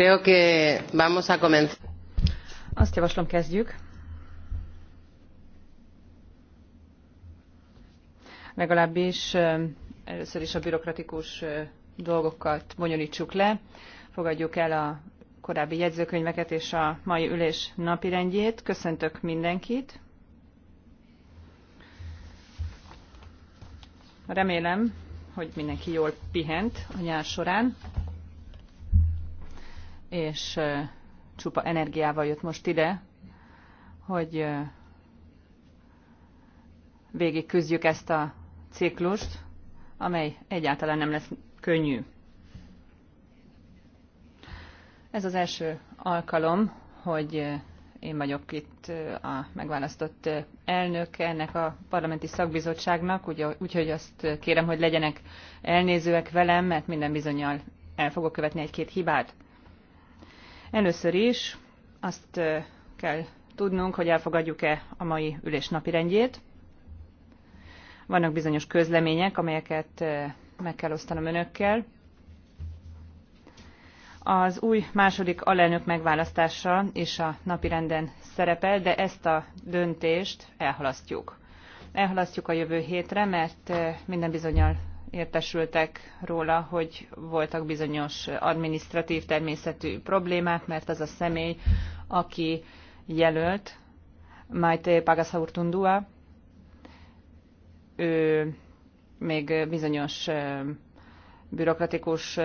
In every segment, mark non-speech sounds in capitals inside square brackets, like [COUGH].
Creo que vamos a comenzar. Azt javaslom, kezdjük. Legalábbis először is a bürokratikus dolgokat bonyolítsuk le. Fogadjuk el a korábbi jegyzőkönyveket és a mai ülés napirendjét. Köszöntök mindenkit. Remélem, hogy mindenki jól pihent a nyár során és csupa energiával jött most ide, hogy végig küzdjük ezt a ciklust, amely egyáltalán nem lesz könnyű. Ez az első alkalom, hogy én vagyok itt a megválasztott elnök ennek a parlamenti szakbizottságnak, úgyhogy azt kérem, hogy legyenek elnézőek velem, mert minden bizonyal el fogok követni egy-két hibát. Először is azt kell tudnunk, hogy elfogadjuk-e a mai ülés napirendjét. Vannak bizonyos közlemények, amelyeket meg kell osztanom önökkel. Az új második alelnök megválasztása és a napirenden szerepel, de ezt a döntést elhalasztjuk. Elhalasztjuk a jövő hétre, mert minden bizonyal értesültek róla, hogy voltak bizonyos administratív természetű problémák, mert az a személy, aki jelölt, Maite Pagasaurtundua, ő még bizonyos bürokratikus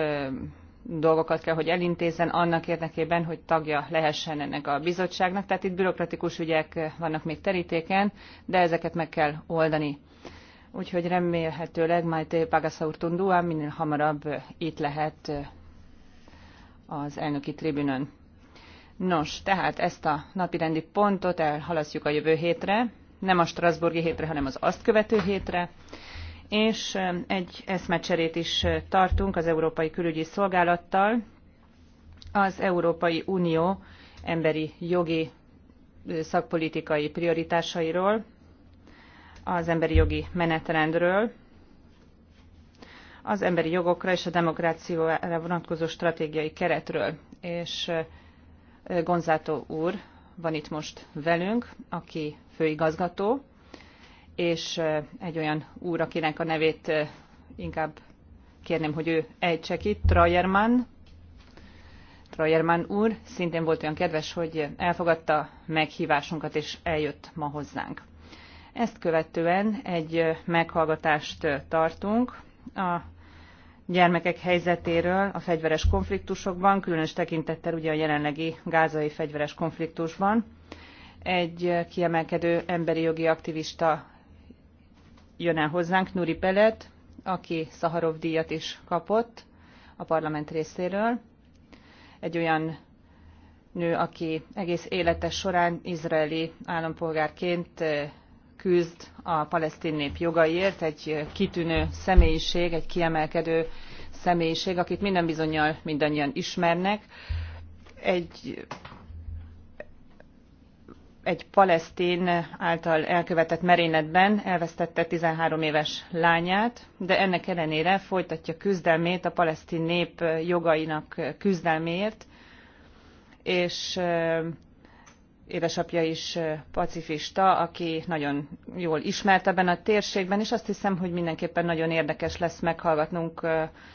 dolgokat kell, hogy elintézzen annak érdekében, hogy tagja lehessen ennek a bizottságnak. Tehát itt bürokratikus ügyek vannak még terítéken, de ezeket meg kell oldani úgyhogy remélhetőleg majd Pagasaur Tunduán minél hamarabb itt lehet az elnöki tribünön. Nos, tehát ezt a rendi pontot elhalasztjuk a jövő hétre, nem a Strasburgi hétre, hanem az azt követő hétre, és egy eszmecserét is tartunk az Európai Külügyi Szolgálattal, az Európai Unió emberi jogi szakpolitikai prioritásairól, az emberi jogi menetrendről, az emberi jogokra és a demokráciára vonatkozó stratégiai keretről. És Gonzátó úr van itt most velünk, aki főigazgató, és egy olyan úr, akinek a nevét inkább kérném, hogy ő egy cseki, Trajerman. Trajerman úr szintén volt olyan kedves, hogy elfogadta meghívásunkat, és eljött ma hozzánk. Ezt követően egy meghallgatást tartunk a gyermekek helyzetéről a fegyveres konfliktusokban, különös tekintettel ugye a jelenlegi gázai fegyveres konfliktusban. Egy kiemelkedő emberi jogi aktivista jön el hozzánk, Nuri Pelet, aki Szaharov díjat is kapott a parlament részéről. Egy olyan nő, aki egész élete során izraeli állampolgárként küzd a palesztin nép jogaiért, egy kitűnő személyiség, egy kiemelkedő személyiség, akit minden bizonyal mindannyian ismernek. Egy, egy palesztin által elkövetett merényletben elvesztette 13 éves lányát, de ennek ellenére folytatja küzdelmét a palesztin nép jogainak küzdelméért, és édesapja is pacifista, aki nagyon jól ismert ebben a térségben, és azt hiszem, hogy mindenképpen nagyon érdekes lesz meghallgatnunk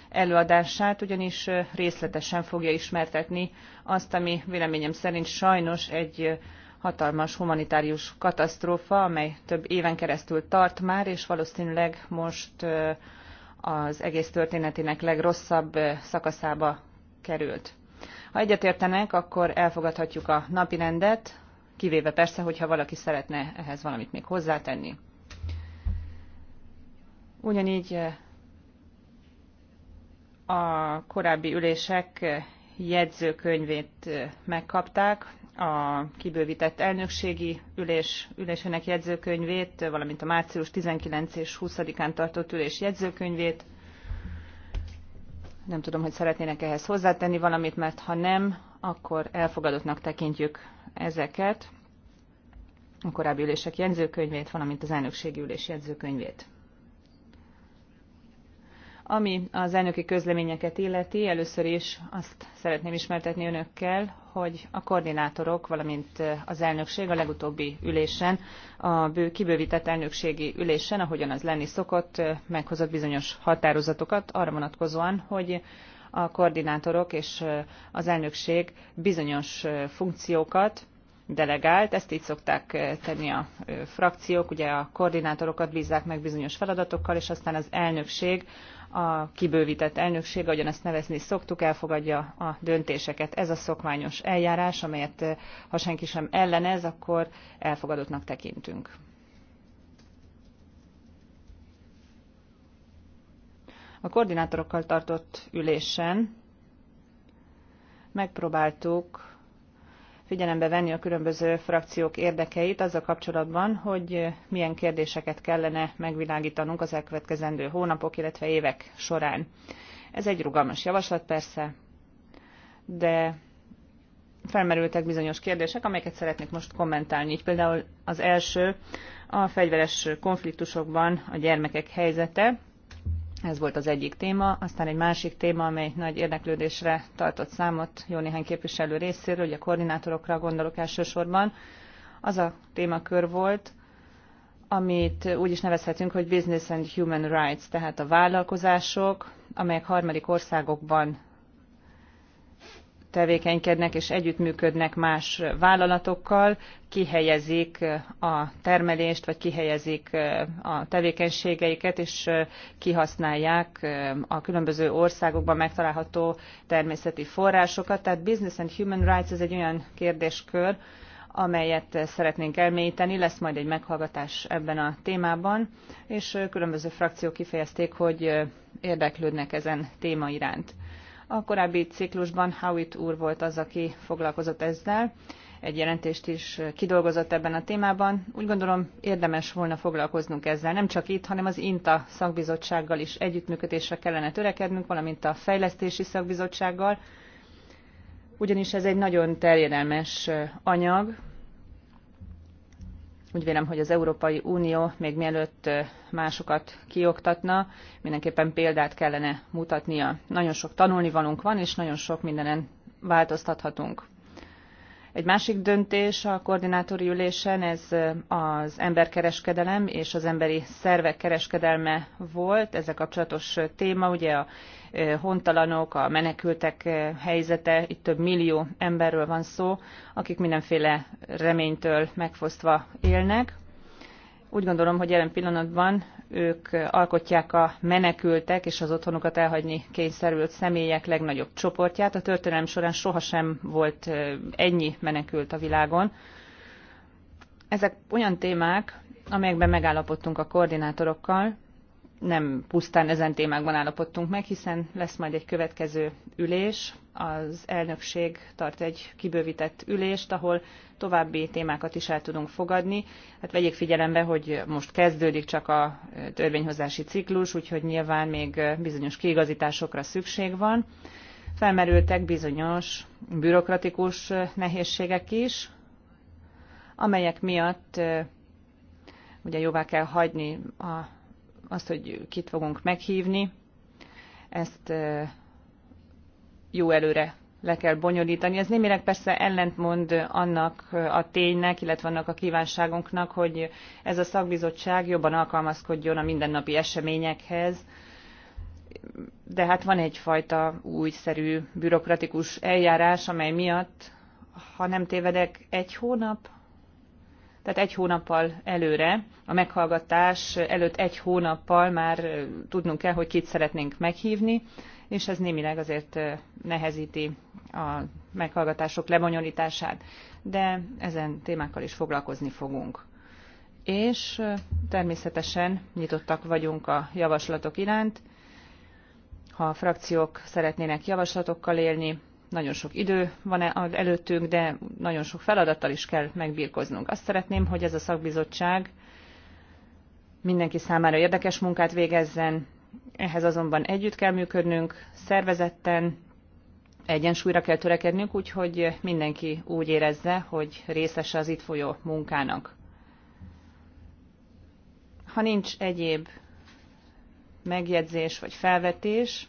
előadását, ugyanis részletesen fogja ismertetni azt, ami véleményem szerint sajnos egy hatalmas humanitárius katasztrófa, amely több éven keresztül tart már, és valószínűleg most az egész történetének legrosszabb szakaszába került. Ha egyetértenek, akkor elfogadhatjuk a rendet kivéve persze, hogyha valaki szeretne ehhez valamit még hozzátenni. Ugyanígy eh, a korábbi ülések eh, jegyzőkönyvét eh, megkapták, a kibővített elnökségi ülés, ülésének jegyzőkönyvét, valamint a március 19 és 20-án tartott ülés jegyzőkönyvét. Nem tudom, hogy szeretnének ehhez hozzátenni valamit, mert ha nem, akkor elfogadottnak tekintjük ezeket, a korábbi ülések jegyzőkönyvét, valamint az elnökségi ülés jegyzőkönyvét. Ami az elnöki közleményeket illeti, először is azt szeretném ismertetni önökkel, hogy a koordinátorok, valamint az elnökség a legutóbbi ülésen, a bő, kibővített elnökségi ülésen, ahogyan az lenni szokott, meghozott bizonyos határozatokat arra vonatkozóan, hogy a koordinátorok és az elnökség bizonyos funkciókat delegált, ezt így szokták tenni a frakciók, ugye a koordinátorokat bízzák meg bizonyos feladatokkal, és aztán az elnökség, a kibővített elnökség, ahogyan ezt nevezni szoktuk, elfogadja a döntéseket. Ez a szokványos eljárás, amelyet ha senki sem ellenez, akkor elfogadottnak tekintünk. A koordinátorokkal tartott ülésen megpróbáltuk figyelembe venni a különböző frakciók érdekeit azzal kapcsolatban, hogy milyen kérdéseket kellene megvilágítanunk az elkövetkezendő hónapok, illetve évek során. Ez egy rugalmas javaslat persze, de felmerültek bizonyos kérdések, amelyeket szeretnék most kommentálni. Így például az első a fegyveres konfliktusokban a gyermekek helyzete, ez volt az egyik téma. Aztán egy másik téma, amely nagy érdeklődésre tartott számot jó néhány képviselő részéről, ugye a koordinátorokra gondolok elsősorban, az a témakör volt, amit úgy is nevezhetünk, hogy business and human rights, tehát a vállalkozások, amelyek harmadik országokban tevékenykednek és együttműködnek más vállalatokkal, kihelyezik a termelést, vagy kihelyezik a tevékenységeiket, és kihasználják a különböző országokban megtalálható természeti forrásokat. Tehát Business and Human Rights ez egy olyan kérdéskör, amelyet szeretnénk elmélyíteni. Lesz majd egy meghallgatás ebben a témában, és különböző frakciók kifejezték, hogy érdeklődnek ezen téma iránt. A korábbi ciklusban Howitt úr volt az, aki foglalkozott ezzel, egy jelentést is kidolgozott ebben a témában. Úgy gondolom érdemes volna foglalkoznunk ezzel, nem csak itt, hanem az INTA szakbizottsággal is együttműködésre kellene törekednünk, valamint a fejlesztési szakbizottsággal, ugyanis ez egy nagyon terjedelmes anyag, úgy vélem, hogy az Európai Unió még mielőtt másokat kioktatna, mindenképpen példát kellene mutatnia. Nagyon sok tanulnivalunk van, és nagyon sok mindenen változtathatunk. Egy másik döntés a koordinátori ülésen, ez az emberkereskedelem és az emberi szervek kereskedelme volt, ezzel kapcsolatos téma, ugye a hontalanok, a menekültek helyzete, itt több millió emberről van szó, akik mindenféle reménytől megfosztva élnek. Úgy gondolom, hogy jelen pillanatban ők alkotják a menekültek és az otthonukat elhagyni kényszerült személyek legnagyobb csoportját. A történelem során sohasem volt ennyi menekült a világon. Ezek olyan témák, amelyekben megállapodtunk a koordinátorokkal, nem pusztán ezen témákban állapodtunk meg, hiszen lesz majd egy következő ülés. Az elnökség tart egy kibővített ülést, ahol további témákat is el tudunk fogadni. Hát vegyék figyelembe, hogy most kezdődik csak a törvényhozási ciklus, úgyhogy nyilván még bizonyos kiigazításokra szükség van. Felmerültek bizonyos bürokratikus nehézségek is, amelyek miatt eh, ugye jóvá kell hagyni a azt, hogy kit fogunk meghívni, ezt jó előre le kell bonyolítani. Ez némileg persze ellentmond annak a ténynek, illetve annak a kívánságunknak, hogy ez a szakbizottság jobban alkalmazkodjon a mindennapi eseményekhez, de hát van egyfajta újszerű bürokratikus eljárás, amely miatt, ha nem tévedek, egy hónap tehát egy hónappal előre, a meghallgatás előtt egy hónappal már tudnunk kell, hogy kit szeretnénk meghívni, és ez némileg azért nehezíti a meghallgatások lebonyolítását, de ezen témákkal is foglalkozni fogunk. És természetesen nyitottak vagyunk a javaslatok iránt, ha a frakciók szeretnének javaslatokkal élni, nagyon sok idő van előttünk, de nagyon sok feladattal is kell megbírkoznunk. Azt szeretném, hogy ez a szakbizottság mindenki számára érdekes munkát végezzen, ehhez azonban együtt kell működnünk, szervezetten, egyensúlyra kell törekednünk, úgyhogy mindenki úgy érezze, hogy részese az itt folyó munkának. Ha nincs egyéb megjegyzés vagy felvetés,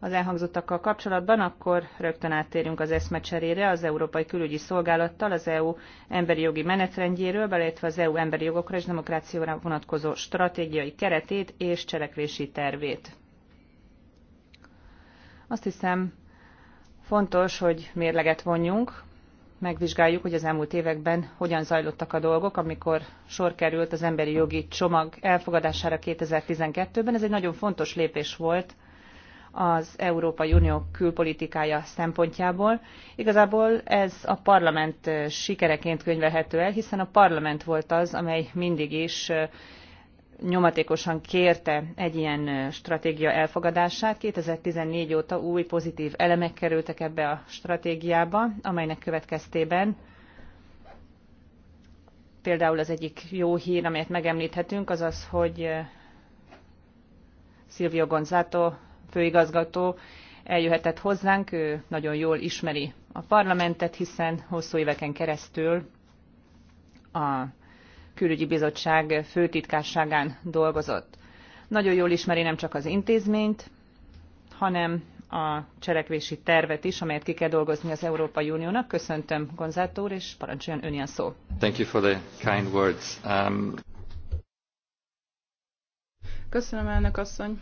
az elhangzottakkal kapcsolatban, akkor rögtön áttérünk az eszmecserére az Európai Külügyi Szolgálattal, az EU emberi jogi menetrendjéről, beleértve az EU emberi jogokra és demokrációra vonatkozó stratégiai keretét és cselekvési tervét. Azt hiszem, fontos, hogy mérleget vonjunk, megvizsgáljuk, hogy az elmúlt években hogyan zajlottak a dolgok, amikor sor került az emberi jogi csomag elfogadására 2012-ben. Ez egy nagyon fontos lépés volt az Európai Unió külpolitikája szempontjából. Igazából ez a parlament sikereként könyvelhető el, hiszen a parlament volt az, amely mindig is nyomatékosan kérte egy ilyen stratégia elfogadását. 2014 óta új pozitív elemek kerültek ebbe a stratégiába, amelynek következtében például az egyik jó hír, amelyet megemlíthetünk, az az, hogy Silvio Gonzato főigazgató eljöhetett hozzánk, ő nagyon jól ismeri a parlamentet, hiszen hosszú éveken keresztül a külügyi bizottság főtitkárságán dolgozott. Nagyon jól ismeri nem csak az intézményt, hanem a cselekvési tervet is, amelyet ki kell dolgozni az Európai Uniónak. Köszöntöm, Gonzát úr, és parancsoljon ön ilyen szó. Thank you for the kind words. Um... Köszönöm, elnök asszony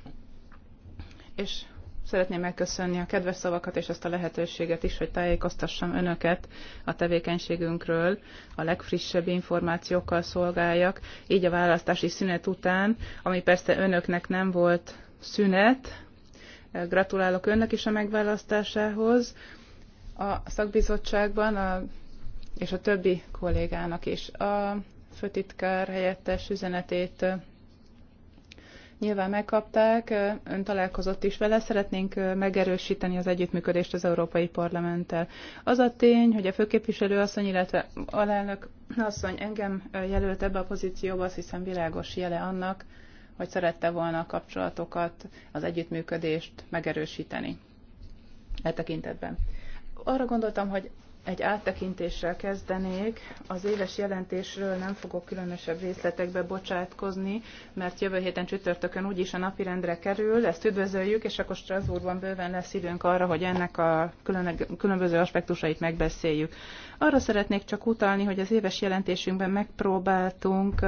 és szeretném megköszönni a kedves szavakat és ezt a lehetőséget is, hogy tájékoztassam önöket a tevékenységünkről, a legfrissebb információkkal szolgáljak, így a választási szünet után, ami persze önöknek nem volt szünet, gratulálok önnek is a megválasztásához, a szakbizottságban a, és a többi kollégának is. A főtitkár helyettes üzenetét Nyilván megkapták, ön találkozott is vele, szeretnénk megerősíteni az együttműködést az Európai Parlamenttel. Az a tény, hogy a főképviselő asszony, illetve alelnök asszony engem jelölt ebbe a pozícióba, azt hiszem világos jele annak, hogy szerette volna a kapcsolatokat, az együttműködést megerősíteni e tekintetben. Arra gondoltam, hogy egy áttekintéssel kezdenék. Az éves jelentésről nem fogok különösebb részletekbe bocsátkozni, mert jövő héten csütörtökön úgyis a napirendre kerül, ezt üdvözöljük, és akkor Strasbourgban bőven lesz időnk arra, hogy ennek a különböző aspektusait megbeszéljük. Arra szeretnék csak utalni, hogy az éves jelentésünkben megpróbáltunk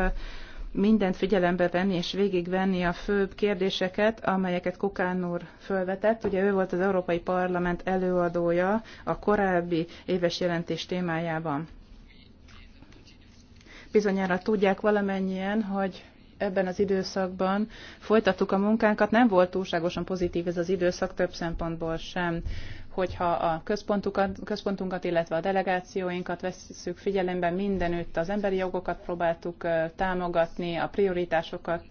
mindent figyelembe venni és végigvenni a főbb kérdéseket, amelyeket Kukán úr fölvetett. Ugye ő volt az Európai Parlament előadója a korábbi éves jelentés témájában. Bizonyára tudják valamennyien, hogy ebben az időszakban folytattuk a munkánkat, nem volt túlságosan pozitív ez az időszak több szempontból sem hogyha a központunkat, központunkat, illetve a delegációinkat vesszük figyelembe mindenütt, az emberi jogokat próbáltuk támogatni, a prioritásokat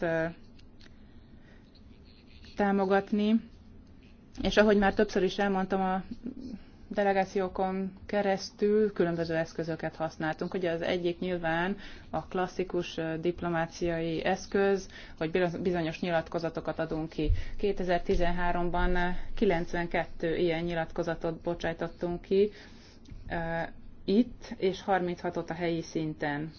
támogatni, és ahogy már többször is elmondtam a delegációkon keresztül különböző eszközöket használtunk. Ugye az egyik nyilván a klasszikus diplomáciai eszköz, hogy bizonyos nyilatkozatokat adunk ki. 2013-ban 92 ilyen nyilatkozatot bocsájtottunk ki itt, és 36-ot a helyi szinten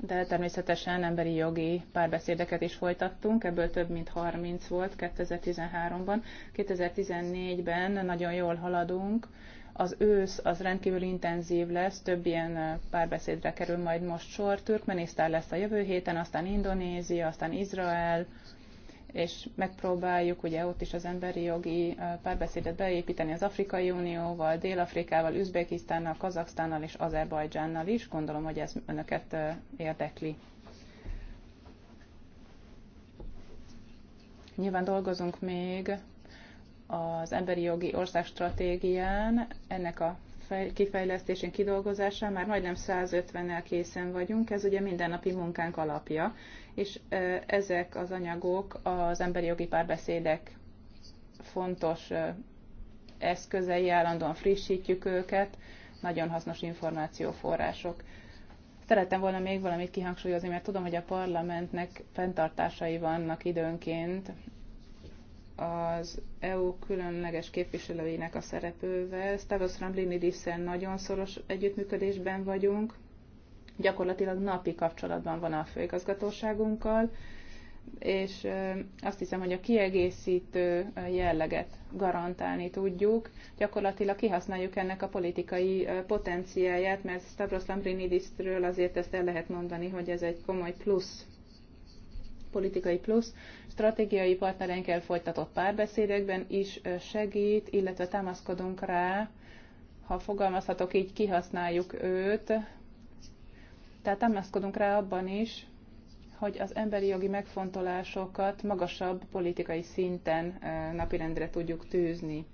de természetesen emberi jogi párbeszédeket is folytattunk, ebből több mint 30 volt 2013-ban. 2014-ben nagyon jól haladunk, az ősz az rendkívül intenzív lesz, több ilyen párbeszédre kerül majd most sor. Türkmenisztán lesz a jövő héten, aztán Indonézia, aztán Izrael, és megpróbáljuk ugye ott is az emberi jogi párbeszédet beépíteni az Afrikai Unióval, Dél-Afrikával, Üzbekisztánnal, Kazaksztánnal és Azerbajdzsánnal is. Gondolom, hogy ez önöket érdekli. Nyilván dolgozunk még az emberi jogi országstratégián. Ennek a kifejlesztésén, kidolgozásán már majdnem 150-nel készen vagyunk, ez ugye mindennapi munkánk alapja, és ezek az anyagok az emberi jogi párbeszédek fontos eszközei, állandóan frissítjük őket, nagyon hasznos információforrások. Szerettem volna még valamit kihangsúlyozni, mert tudom, hogy a parlamentnek fenntartásai vannak időnként az EU különleges képviselőinek a szerepővel. Stavros Ramblinidis-szel nagyon szoros együttműködésben vagyunk. Gyakorlatilag napi kapcsolatban van a főigazgatóságunkkal, és azt hiszem, hogy a kiegészítő jelleget garantálni tudjuk. Gyakorlatilag kihasználjuk ennek a politikai potenciáját, mert Stavros Lambrinidisről azért ezt el lehet mondani, hogy ez egy komoly plusz, politikai plusz, stratégiai partnerenkkel folytatott párbeszédekben is segít, illetve támaszkodunk rá, ha fogalmazhatok így, kihasználjuk őt. Tehát támaszkodunk rá abban is, hogy az emberi jogi megfontolásokat magasabb politikai szinten napirendre tudjuk tűzni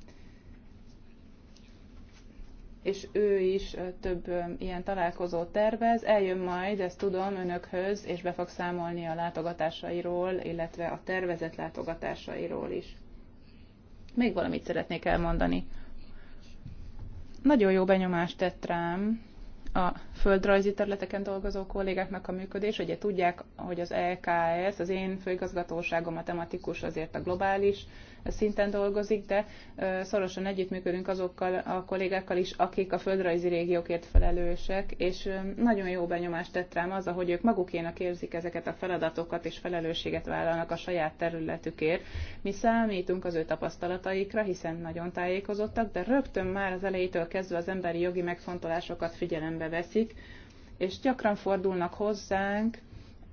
és ő is több ilyen találkozót tervez. Eljön majd, ezt tudom, önökhöz, és be fog számolni a látogatásairól, illetve a tervezett látogatásairól is. Még valamit szeretnék elmondani. Nagyon jó benyomást tett rám a földrajzi területeken dolgozó kollégáknak a működés. Ugye tudják, hogy az LKS, e az én főigazgatóságom, a tematikus azért a globális szinten dolgozik, de szorosan együttműködünk azokkal a kollégákkal is, akik a földrajzi régiókért felelősek, és nagyon jó benyomást tett rám az, ahogy ők magukénak érzik ezeket a feladatokat, és felelősséget vállalnak a saját területükért. Mi számítunk az ő tapasztalataikra, hiszen nagyon tájékozottak, de rögtön már az elejétől kezdve az emberi jogi megfontolásokat figyelembe veszik, és gyakran fordulnak hozzánk,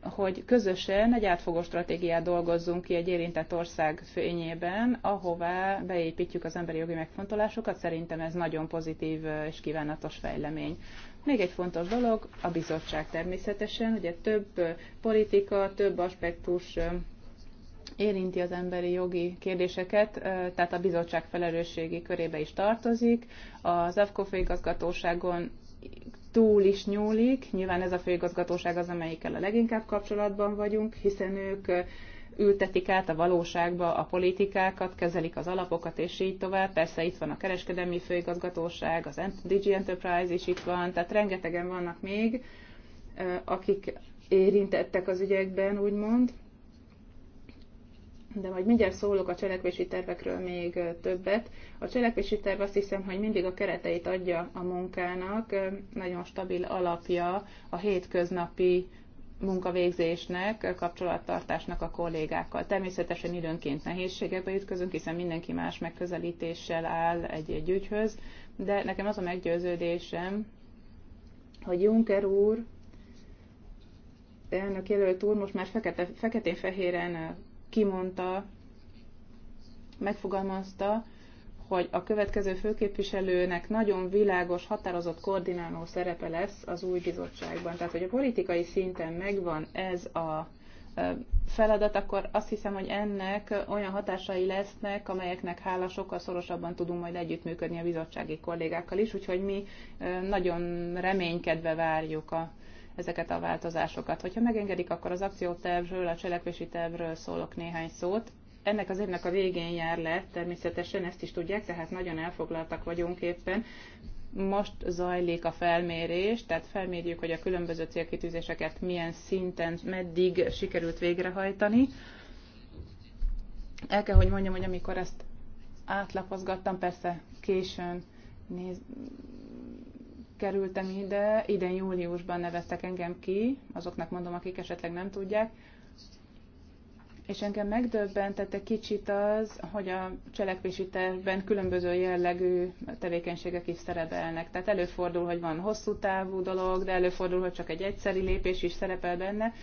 hogy közösen egy átfogó stratégiát dolgozzunk ki egy érintett ország fényében, ahová beépítjük az emberi jogi megfontolásokat. Szerintem ez nagyon pozitív és kívánatos fejlemény. Még egy fontos dolog, a bizottság természetesen, ugye több politika, több aspektus érinti az emberi jogi kérdéseket, tehát a bizottság felelősségi körébe is tartozik. Az AFKO igazgatóságon túl is nyúlik. Nyilván ez a főigazgatóság az, amelyikkel a leginkább kapcsolatban vagyunk, hiszen ők ültetik át a valóságba a politikákat, kezelik az alapokat, és így tovább. Persze itt van a kereskedelmi főigazgatóság, az Digi Enterprise is itt van, tehát rengetegen vannak még, akik érintettek az ügyekben, úgymond de majd mindjárt szólok a cselekvési tervekről még többet. A cselekvési terv azt hiszem, hogy mindig a kereteit adja a munkának, nagyon stabil alapja a hétköznapi munkavégzésnek, kapcsolattartásnak a kollégákkal. Természetesen időnként nehézségekbe ütközünk, hiszen mindenki más megközelítéssel áll egy-egy ügyhöz, de nekem az a meggyőződésem, hogy Juncker úr elnök jelölt úr most már fekete, feketén-fehéren kimondta, megfogalmazta, hogy a következő főképviselőnek nagyon világos, határozott koordináló szerepe lesz az új bizottságban. Tehát, hogy a politikai szinten megvan ez a feladat, akkor azt hiszem, hogy ennek olyan hatásai lesznek, amelyeknek hála sokkal szorosabban tudunk majd együttműködni a bizottsági kollégákkal is, úgyhogy mi nagyon reménykedve várjuk a ezeket a változásokat. Hogyha megengedik, akkor az akciótervről, a cselekvési tervről szólok néhány szót. Ennek az évnek a végén jár le, természetesen ezt is tudják, tehát nagyon elfoglaltak vagyunk éppen. Most zajlik a felmérés, tehát felmérjük, hogy a különböző célkitűzéseket milyen szinten, meddig sikerült végrehajtani. El kell, hogy mondjam, hogy amikor ezt átlapozgattam, persze későn néz, kerültem ide, idén júliusban neveztek engem ki, azoknak mondom, akik esetleg nem tudják, és engem megdöbbentett egy kicsit az, hogy a cselekvési tervben különböző jellegű tevékenységek is szerepelnek. Tehát előfordul, hogy van hosszú távú dolog, de előfordul, hogy csak egy egyszeri lépés is szerepel benne.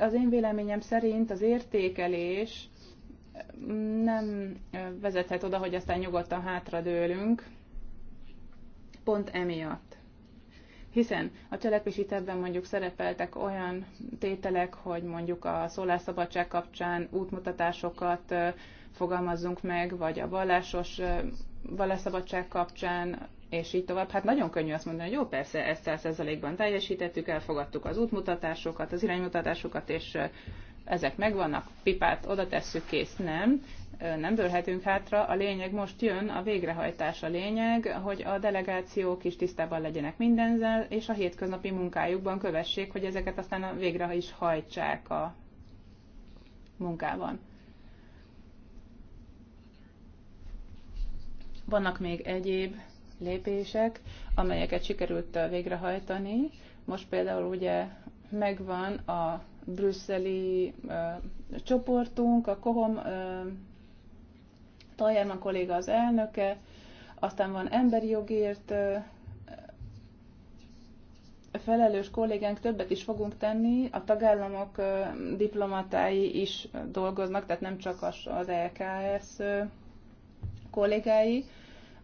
Az én véleményem szerint az értékelés nem vezethet oda, hogy aztán nyugodtan hátradőlünk, pont emiatt. Hiszen a cselekvési tervben mondjuk szerepeltek olyan tételek, hogy mondjuk a szólásszabadság kapcsán útmutatásokat fogalmazzunk meg, vagy a vallásos vallásszabadság kapcsán és így tovább. Hát nagyon könnyű azt mondani, hogy jó, persze, ezt 100%-ban teljesítettük, elfogadtuk az útmutatásokat, az iránymutatásokat, és ezek megvannak, pipát oda tesszük, kész, nem nem dőlhetünk hátra, a lényeg most jön, a végrehajtás a lényeg, hogy a delegációk is tisztában legyenek mindenzel, és a hétköznapi munkájukban kövessék, hogy ezeket aztán a végre is hajtsák a munkában. Vannak még egyéb lépések, amelyeket sikerült végrehajtani. Most például ugye megvan a brüsszeli ö, csoportunk, a Kohom ö, Taján a kolléga az elnöke, aztán van emberi jogért felelős kollégánk, többet is fogunk tenni, a tagállamok diplomatái is dolgoznak, tehát nem csak az LKS e kollégái,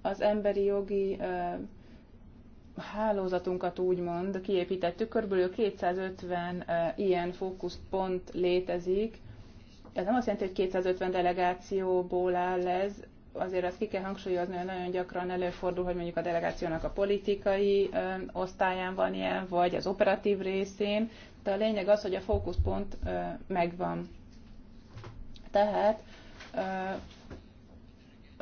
az emberi jogi hálózatunkat úgymond kiépítettük, körülbelül 250 ilyen fókuszpont létezik, ez nem azt jelenti, hogy 250 delegációból áll ez, azért azt ki kell hangsúlyozni, hogy nagyon gyakran előfordul, hogy mondjuk a delegációnak a politikai ö, osztályán van ilyen, vagy az operatív részén, de a lényeg az, hogy a fókuszpont ö, megvan. Tehát ö,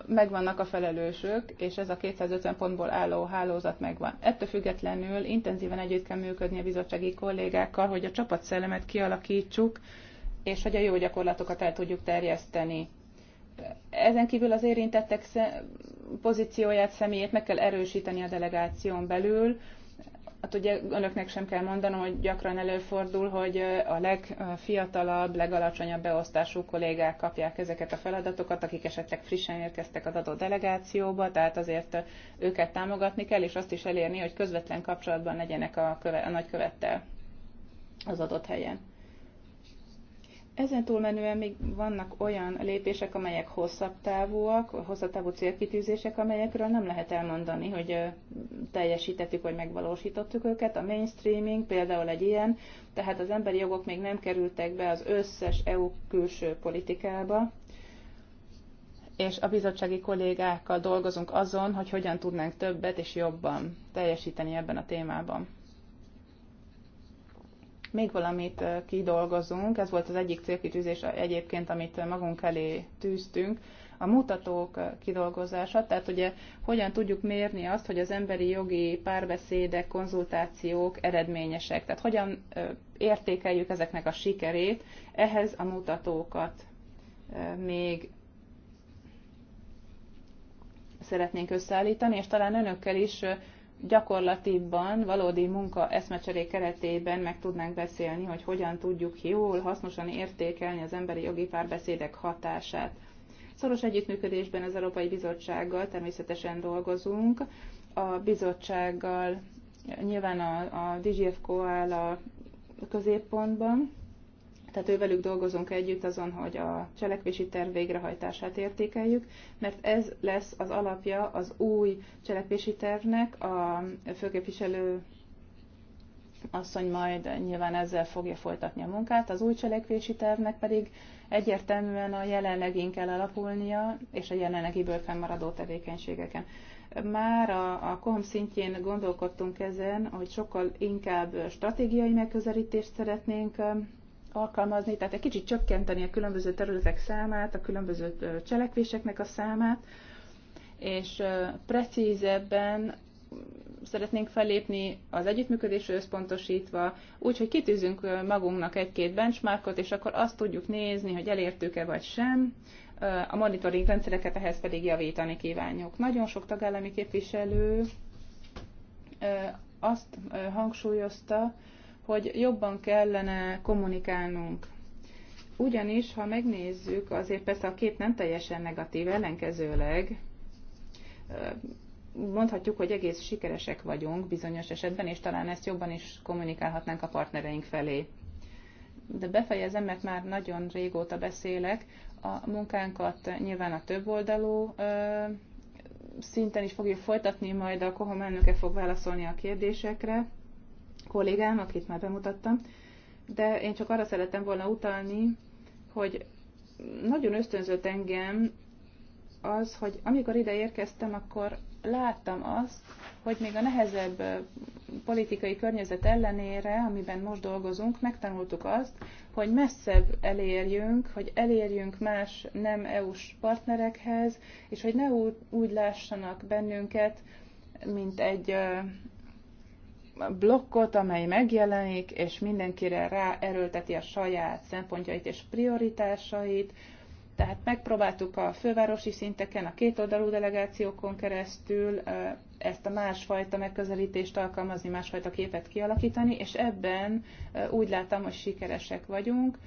megvannak a felelősök, és ez a 250 pontból álló hálózat megvan. Ettől függetlenül intenzíven együtt kell működni a bizottsági kollégákkal, hogy a csapatszellemet kialakítsuk, és hogy a jó gyakorlatokat el tudjuk terjeszteni. Ezen kívül az érintettek pozícióját, személyét meg kell erősíteni a delegáción belül. Hát ugye önöknek sem kell mondanom, hogy gyakran előfordul, hogy a legfiatalabb, legalacsonyabb beosztású kollégák kapják ezeket a feladatokat, akik esetleg frissen érkeztek az adott delegációba, tehát azért őket támogatni kell, és azt is elérni, hogy közvetlen kapcsolatban legyenek a, köve, a nagykövettel az adott helyen. Ezen túlmenően még vannak olyan lépések, amelyek hosszabb távúak, hosszabb távú célkitűzések, amelyekről nem lehet elmondani, hogy teljesítettük vagy megvalósítottuk őket. A mainstreaming például egy ilyen, tehát az emberi jogok még nem kerültek be az összes EU külső politikába, és a bizottsági kollégákkal dolgozunk azon, hogy hogyan tudnánk többet és jobban teljesíteni ebben a témában még valamit kidolgozunk, ez volt az egyik célkitűzés egyébként, amit magunk elé tűztünk, a mutatók kidolgozása, tehát ugye hogyan tudjuk mérni azt, hogy az emberi jogi párbeszédek, konzultációk eredményesek, tehát hogyan értékeljük ezeknek a sikerét, ehhez a mutatókat még szeretnénk összeállítani, és talán önökkel is gyakorlatiban, valódi munka eszmecseré keretében meg tudnánk beszélni, hogy hogyan tudjuk jól, hasznosan értékelni az emberi jogi párbeszédek hatását. Szoros együttműködésben az Európai Bizottsággal természetesen dolgozunk. A bizottsággal nyilván a, a DGFCO áll a középpontban, tehát ővelük dolgozunk együtt azon, hogy a cselekvési terv végrehajtását értékeljük, mert ez lesz az alapja az új cselekvési tervnek, a főképviselő asszony majd nyilván ezzel fogja folytatni a munkát, az új cselekvési tervnek pedig egyértelműen a jelenlegén kell alapulnia, és a jelenlegiből fennmaradó tevékenységeken. Már a, a KOM szintjén gondolkodtunk ezen, hogy sokkal inkább stratégiai megközelítést szeretnénk alkalmazni, tehát egy kicsit csökkenteni a különböző területek számát, a különböző cselekvéseknek a számát, és precízebben szeretnénk felépni az együttműködésre összpontosítva, úgyhogy kitűzünk magunknak egy-két benchmarkot, és akkor azt tudjuk nézni, hogy elértük-e vagy sem, a monitoring rendszereket ehhez pedig javítani kívánjuk. Nagyon sok tagállami képviselő azt hangsúlyozta, hogy jobban kellene kommunikálnunk. Ugyanis, ha megnézzük, azért persze a kép nem teljesen negatív, ellenkezőleg mondhatjuk, hogy egész sikeresek vagyunk bizonyos esetben, és talán ezt jobban is kommunikálhatnánk a partnereink felé. De befejezem, mert már nagyon régóta beszélek. A munkánkat nyilván a többoldalú szinten is fogjuk folytatni, majd a Kohom elnöke fog válaszolni a kérdésekre kollégám, akit már bemutattam, de én csak arra szerettem volna utalni, hogy nagyon ösztönzött engem az, hogy amikor ide érkeztem, akkor láttam azt, hogy még a nehezebb politikai környezet ellenére, amiben most dolgozunk, megtanultuk azt, hogy messzebb elérjünk, hogy elérjünk más nem EU-s partnerekhez, és hogy ne úgy, lássanak bennünket, mint egy blokkot, amely megjelenik, és mindenkire rá erőlteti a saját szempontjait és prioritásait. Tehát megpróbáltuk a fővárosi szinteken, a kétoldalú delegációkon keresztül ezt a másfajta megközelítést alkalmazni, másfajta képet kialakítani, és ebben úgy láttam, hogy sikeresek vagyunk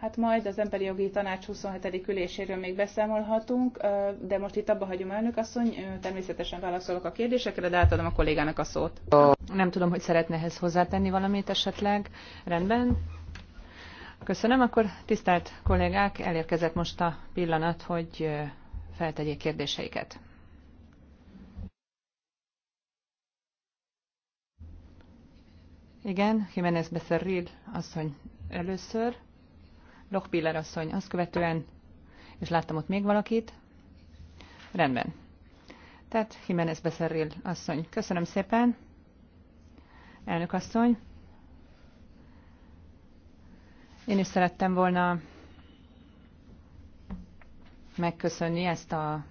Hát majd az Emberi Jogi Tanács 27. üléséről még beszámolhatunk, de most itt abba hagyom elnök asszony, természetesen válaszolok a kérdésekre, de átadom a kollégának a szót. Nem tudom, hogy szeretne ehhez hozzátenni valamit esetleg. Rendben. Köszönöm, akkor tisztelt kollégák, elérkezett most a pillanat, hogy feltegyék kérdéseiket. Igen, Jiménez Becerril asszony először. Lochbiller asszony, azt követően, és láttam ott még valakit. Rendben. Tehát Jimenez Beszerril asszony. Köszönöm szépen. Elnök asszony. Én is szerettem volna megköszönni ezt a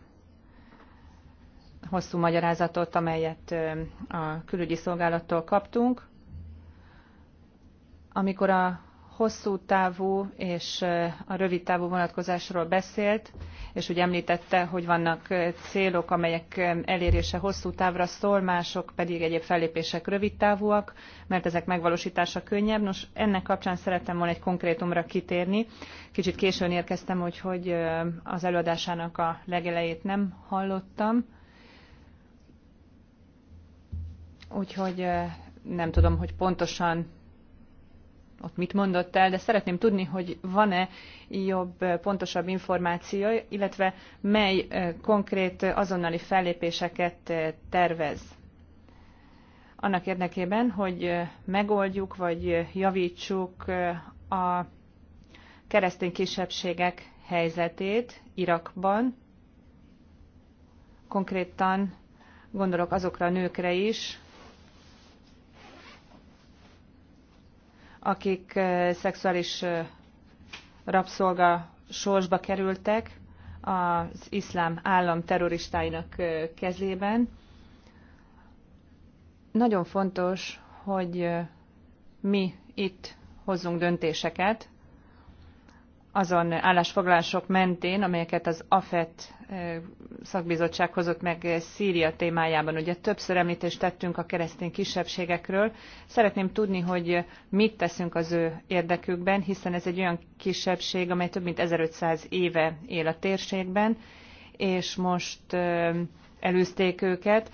hosszú magyarázatot, amelyet a külügyi szolgálattól kaptunk. Amikor a hosszú távú és a rövid távú vonatkozásról beszélt, és úgy említette, hogy vannak célok, amelyek elérése hosszú távra szól, mások pedig egyéb fellépések rövid távúak, mert ezek megvalósítása könnyebb. Nos, ennek kapcsán szerettem volna egy konkrétumra kitérni. Kicsit későn érkeztem, úgyhogy az előadásának a legelejét nem hallottam. Úgyhogy nem tudom, hogy pontosan ott mit mondott el, de szeretném tudni, hogy van-e jobb, pontosabb információ, illetve mely konkrét azonnali fellépéseket tervez annak érdekében, hogy megoldjuk vagy javítsuk a keresztény kisebbségek helyzetét Irakban. Konkrétan gondolok azokra a nőkre is, akik szexuális rabszolga sorsba kerültek az iszlám állam terroristáinak kezében. Nagyon fontos, hogy mi itt hozzunk döntéseket, azon állásfoglalások mentén, amelyeket az AFET eh, szakbizottság hozott meg Szíria témájában. Ugye többször említést tettünk a keresztény kisebbségekről. Szeretném tudni, hogy mit teszünk az ő érdekükben, hiszen ez egy olyan kisebbség, amely több mint 1500 éve él a térségben, és most eh, elűzték őket.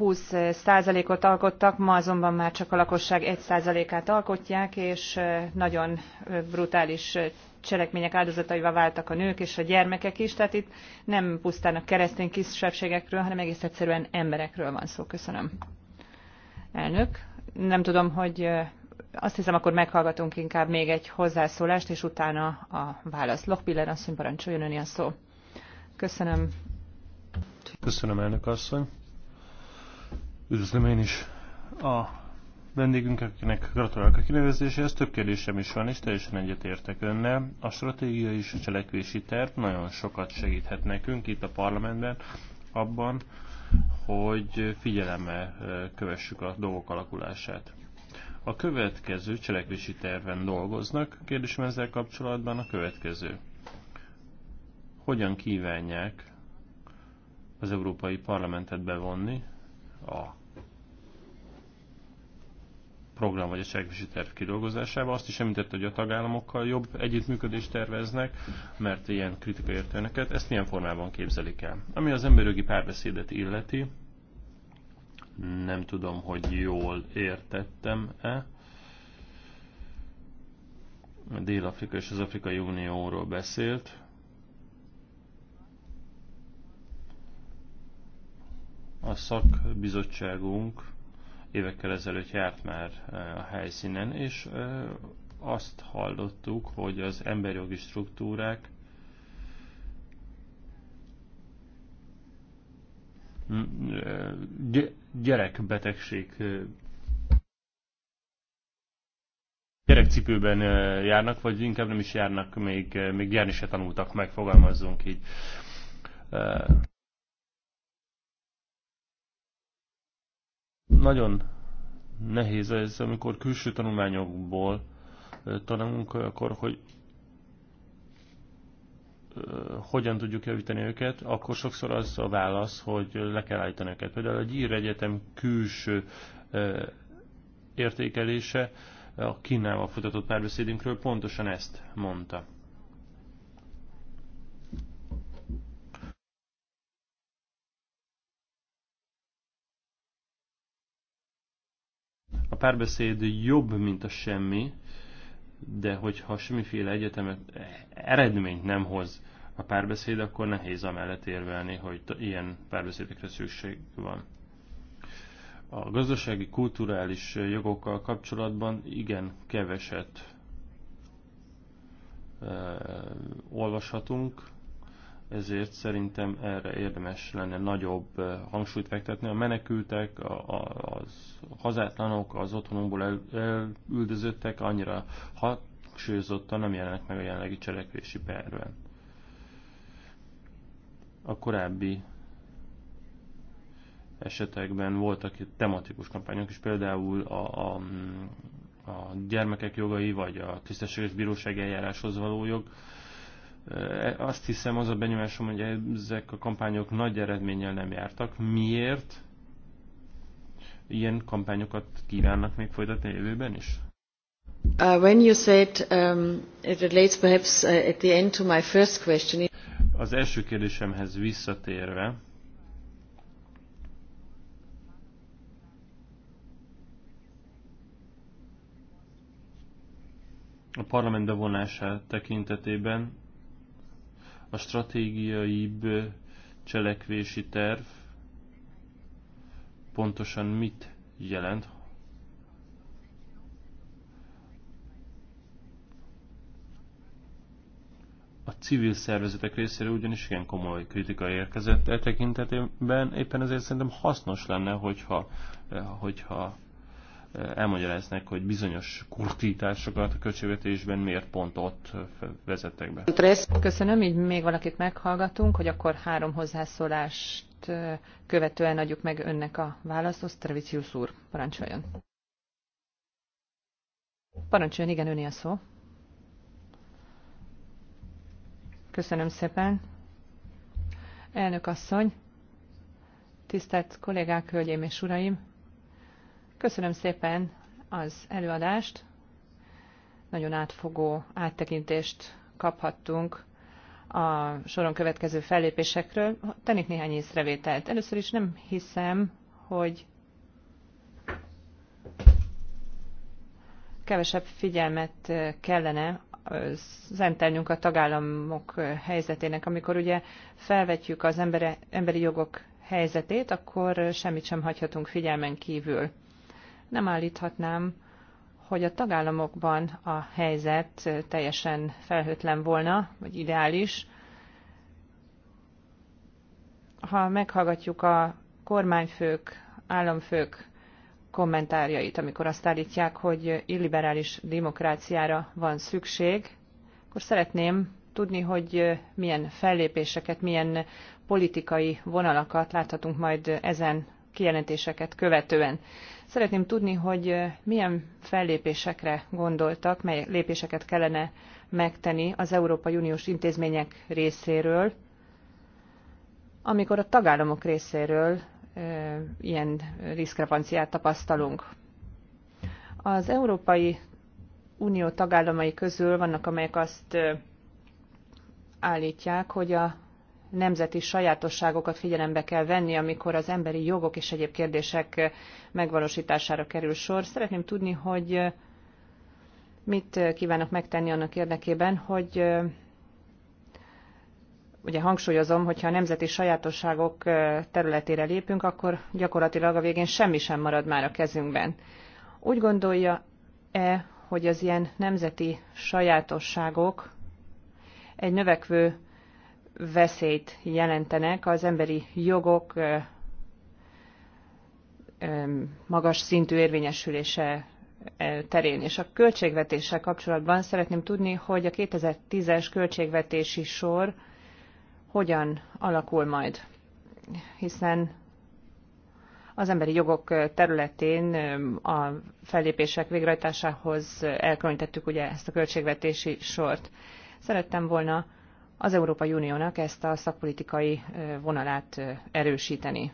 20%-ot alkottak, ma azonban már csak a lakosság 1%-át alkotják, és nagyon brutális cselekmények áldozataival váltak a nők és a gyermekek is, tehát itt nem pusztán a keresztény kisebbségekről, hanem egész egyszerűen emberekről van szó. Köszönöm. Elnök, nem tudom, hogy azt hiszem, akkor meghallgatunk inkább még egy hozzászólást, és utána a válasz. Lochbiller asszony, parancsoljon öni a szó. Köszönöm. Köszönöm, elnök asszony. Üdvözlöm én is a vendégünk, akinek gratulálok a kinevezéséhez. Több kérdésem is van, és teljesen egyetértek önnel. A stratégia és a cselekvési terv nagyon sokat segíthet nekünk itt a parlamentben abban, hogy figyelemmel kövessük a dolgok alakulását. A következő cselekvési terven dolgoznak. Kérdésem ezzel kapcsolatban a következő. Hogyan kívánják az Európai Parlamentet bevonni a program vagy a cselekvési terv kidolgozásába. Azt is említette, hogy a tagállamokkal jobb együttműködést terveznek, mert ilyen kritika értelmeket. Ezt milyen formában képzelik el? Ami az emberjogi párbeszédet illeti, nem tudom, hogy jól értettem-e. Dél-Afrika és az Afrikai Unióról beszélt. A szakbizottságunk évekkel ezelőtt járt már e, a helyszínen, és e, azt hallottuk, hogy az emberjogi struktúrák e, gyerekbetegség gyerekcipőben járnak, vagy inkább nem is járnak, még, még járni se tanultak meg, fogalmazzunk így. Nagyon nehéz ez, amikor külső tanulmányokból tanulunk, akkor hogy hogyan tudjuk javítani őket, akkor sokszor az a válasz, hogy le kell állítani őket. Például a Gyír Egyetem külső értékelése a Kínával folytatott párbeszédünkről pontosan ezt mondta. A párbeszéd jobb, mint a semmi, de hogyha semmiféle egyetemet eredményt nem hoz a párbeszéd, akkor nehéz amellett érvelni, hogy ilyen párbeszédekre szükség van. A gazdasági, kulturális jogokkal kapcsolatban igen keveset olvashatunk, ezért szerintem erre érdemes lenne nagyobb eh, hangsúlyt fektetni. A menekültek, a, a, az hazátlanok, az otthonunkból el, elüldözöttek annyira hangsúlyozottan nem jelennek meg a jelenlegi cselekvési perben. A korábbi esetekben voltak tematikus kampányok is, például a, a, a gyermekek jogai, vagy a tisztességes bíróság eljáráshoz való jog, azt hiszem, az a benyomásom, hogy ezek a kampányok nagy eredménnyel nem jártak. Miért ilyen kampányokat kívánnak még folytatni a jövőben is? Uh, when you said um, it relates perhaps uh, at the end to my first question. Az első kérdésemhez visszatérve, a parlament bevonását tekintetében a stratégiaibb cselekvési terv pontosan mit jelent, a civil szervezetek részéről ugyanis igen komoly kritika érkezett e tekintetében, éppen ezért szerintem hasznos lenne, hogyha, eh, hogyha elmagyaráznak, hogy bizonyos kurtításokat a költségvetésben miért pont ott vezettek be. Köszönöm, így még valakit meghallgatunk, hogy akkor három hozzászólást követően adjuk meg önnek a válaszhoz. Trevicius úr, parancsoljon. Parancsoljon, igen, öné a szó. Köszönöm szépen. Elnök asszony, tisztelt kollégák, hölgyeim és uraim! Köszönöm szépen az előadást. Nagyon átfogó áttekintést kaphattunk a soron következő fellépésekről. Tennék néhány észrevételt. Először is nem hiszem, hogy kevesebb figyelmet kellene szentelnünk a tagállamok helyzetének. Amikor ugye felvetjük az embere, emberi jogok helyzetét, akkor semmit sem hagyhatunk figyelmen kívül nem állíthatnám, hogy a tagállamokban a helyzet teljesen felhőtlen volna, vagy ideális. Ha meghallgatjuk a kormányfők, államfők kommentárjait, amikor azt állítják, hogy illiberális demokráciára van szükség, akkor szeretném tudni, hogy milyen fellépéseket, milyen politikai vonalakat láthatunk majd ezen kijelentéseket követően. Szeretném tudni, hogy milyen fellépésekre gondoltak, mely lépéseket kellene megtenni az Európai Uniós intézmények részéről, amikor a tagállamok részéről e, ilyen diszkrepanciát tapasztalunk. Az Európai Unió tagállamai közül vannak, amelyek azt állítják, hogy a nemzeti sajátosságokat figyelembe kell venni, amikor az emberi jogok és egyéb kérdések megvalósítására kerül sor. Szeretném tudni, hogy mit kívánok megtenni annak érdekében, hogy ugye hangsúlyozom, hogyha a nemzeti sajátosságok területére lépünk, akkor gyakorlatilag a végén semmi sem marad már a kezünkben. Úgy gondolja-e, hogy az ilyen nemzeti sajátosságok egy növekvő veszélyt jelentenek az emberi jogok magas szintű érvényesülése terén. És a költségvetéssel kapcsolatban szeretném tudni, hogy a 2010-es költségvetési sor hogyan alakul majd. Hiszen az emberi jogok területén a fellépések végrehajtásához elkülönítettük ugye ezt a költségvetési sort. Szerettem volna az Európai Uniónak ezt a szakpolitikai vonalát erősíteni.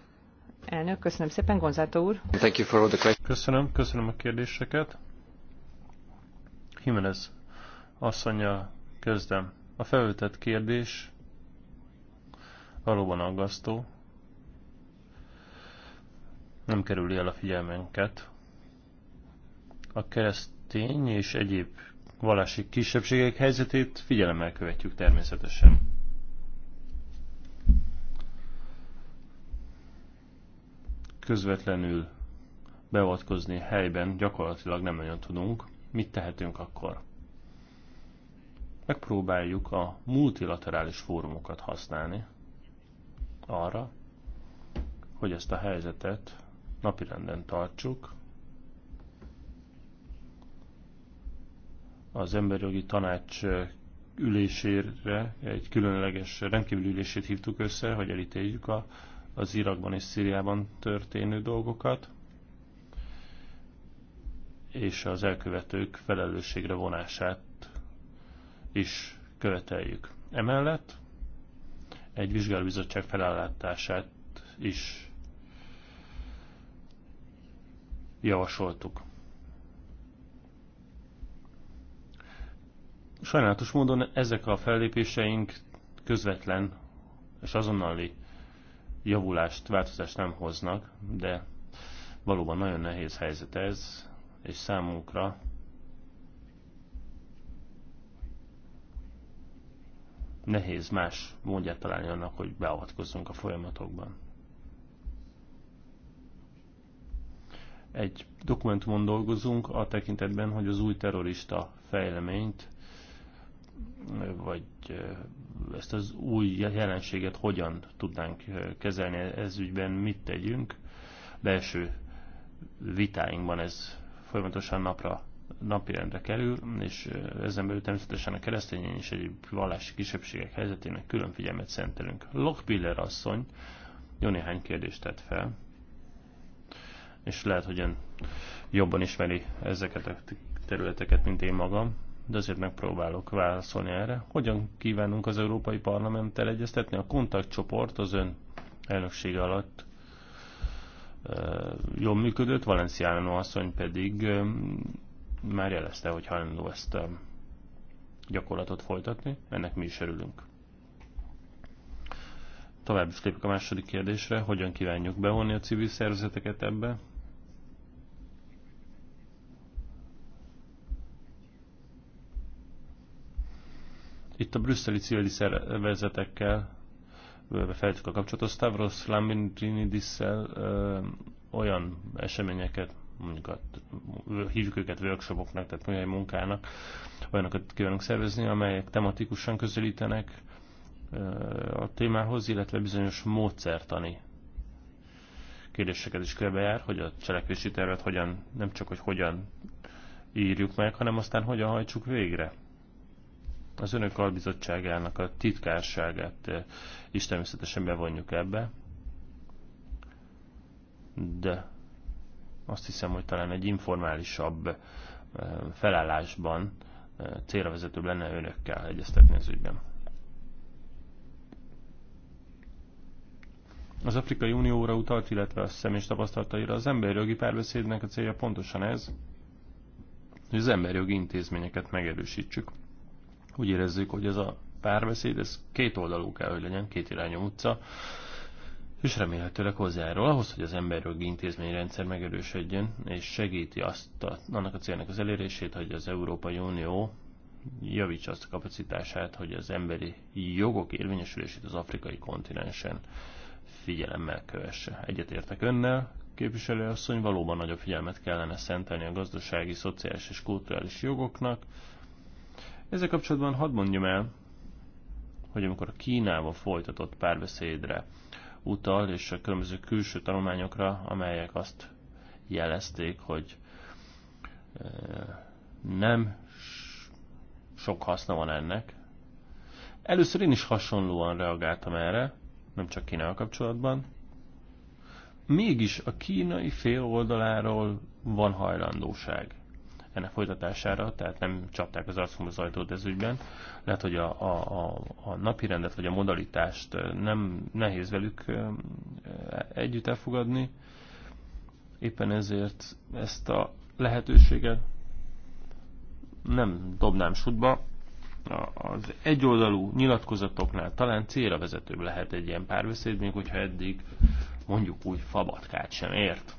Elnök, köszönöm szépen, Gonzátó úr. Thank you for all the questions. Köszönöm, köszönöm a kérdéseket. Jimenez asszonya, kezdem. A felültett kérdés valóban aggasztó. Nem kerüli el a figyelmenket. A keresztény és egyéb vallási kisebbségek helyzetét figyelemmel követjük természetesen. Közvetlenül beavatkozni helyben gyakorlatilag nem nagyon tudunk. Mit tehetünk akkor? Megpróbáljuk a multilaterális fórumokat használni arra, hogy ezt a helyzetet napirenden tartsuk, az emberjogi tanács ülésére, egy különleges rendkívül ülését hívtuk össze, hogy elítéljük a, az Irakban és Szíriában történő dolgokat, és az elkövetők felelősségre vonását is követeljük. Emellett egy vizsgálóbizottság felállítását is javasoltuk. Sajnálatos módon ezek a fellépéseink közvetlen és azonnali javulást, változást nem hoznak, de valóban nagyon nehéz helyzet ez, és számunkra nehéz más módját találni annak, hogy beavatkozzunk a folyamatokban. Egy dokumentumon dolgozunk a tekintetben, hogy az új terrorista fejleményt vagy ezt az új jelenséget hogyan tudnánk kezelni ez ügyben, mit tegyünk. Belső vitáinkban ez folyamatosan napra napirendre kerül, és ezen belül természetesen a keresztény és egyéb vallási kisebbségek helyzetének külön figyelmet szentelünk. Lockpiller asszony jó néhány kérdést tett fel, és lehet, hogy ön jobban ismeri ezeket a területeket, mint én magam de azért megpróbálok válaszolni erre. Hogyan kívánunk az Európai Parlamenttel egyeztetni? A kontaktcsoport az ön elnöksége alatt jól működött, Valenciano asszony pedig már jelezte, hogy hajlandó ezt a gyakorlatot folytatni, ennek mi is örülünk. Tovább is lépek a második kérdésre, hogyan kívánjuk bevonni a civil szervezeteket ebbe. Itt a brüsszeli civil szervezetekkel feltük a kapcsolatot. Stavros Lambrinidis-szel olyan eseményeket, mondjuk a, hívjuk őket workshopoknak, tehát műhely munkának, olyanokat kívánunk szervezni, amelyek tematikusan közelítenek a témához, illetve bizonyos módszertani kérdéseket is körbejár, hogy a cselekvési tervet hogyan, nem csak hogy hogyan írjuk meg, hanem aztán hogyan hajtsuk végre. Az önök albizottságának a titkárságát eh, is természetesen bevonjuk ebbe, de azt hiszem, hogy talán egy informálisabb eh, felállásban eh, célra vezetőbb lenne önökkel egyeztetni az ügyben. Az Afrikai Unióra utalt, illetve a személyes tapasztalataira az jogi párbeszédnek a célja pontosan ez, hogy az jogi intézményeket megerősítsük. Úgy érezzük, hogy ez a párbeszéd, ez két oldalú kell, hogy legyen, két irányú utca, és remélhetőleg hozzájárul ahhoz, hogy az emberjogi intézményrendszer megerősödjön, és segíti azt a, annak a célnak az elérését, hogy az Európai Unió javítsa azt a kapacitását, hogy az emberi jogok érvényesülését az afrikai kontinensen figyelemmel kövesse. Egyetértek önnel, képviselőasszony, valóban nagyobb figyelmet kellene szentelni a gazdasági, szociális és kulturális jogoknak, ezzel kapcsolatban hadd mondjam el, hogy amikor a Kínával folytatott párbeszédre utal, és a különböző külső tanulmányokra, amelyek azt jelezték, hogy eh, nem sok haszna van ennek. Először én is hasonlóan reagáltam erre, nem csak Kínával kapcsolatban. Mégis a kínai fél oldaláról van hajlandóság ennek folytatására, tehát nem csapták az arcunkba az ajtót ez ügyben. Lehet, hogy a, a, a, a napi rendet vagy a modalitást nem nehéz velük együtt elfogadni, éppen ezért ezt a lehetőséget nem dobnám sútba. Az egyoldalú nyilatkozatoknál talán célra vezetőbb lehet egy ilyen párbeszéd, még hogyha eddig mondjuk úgy fabatkát sem ért.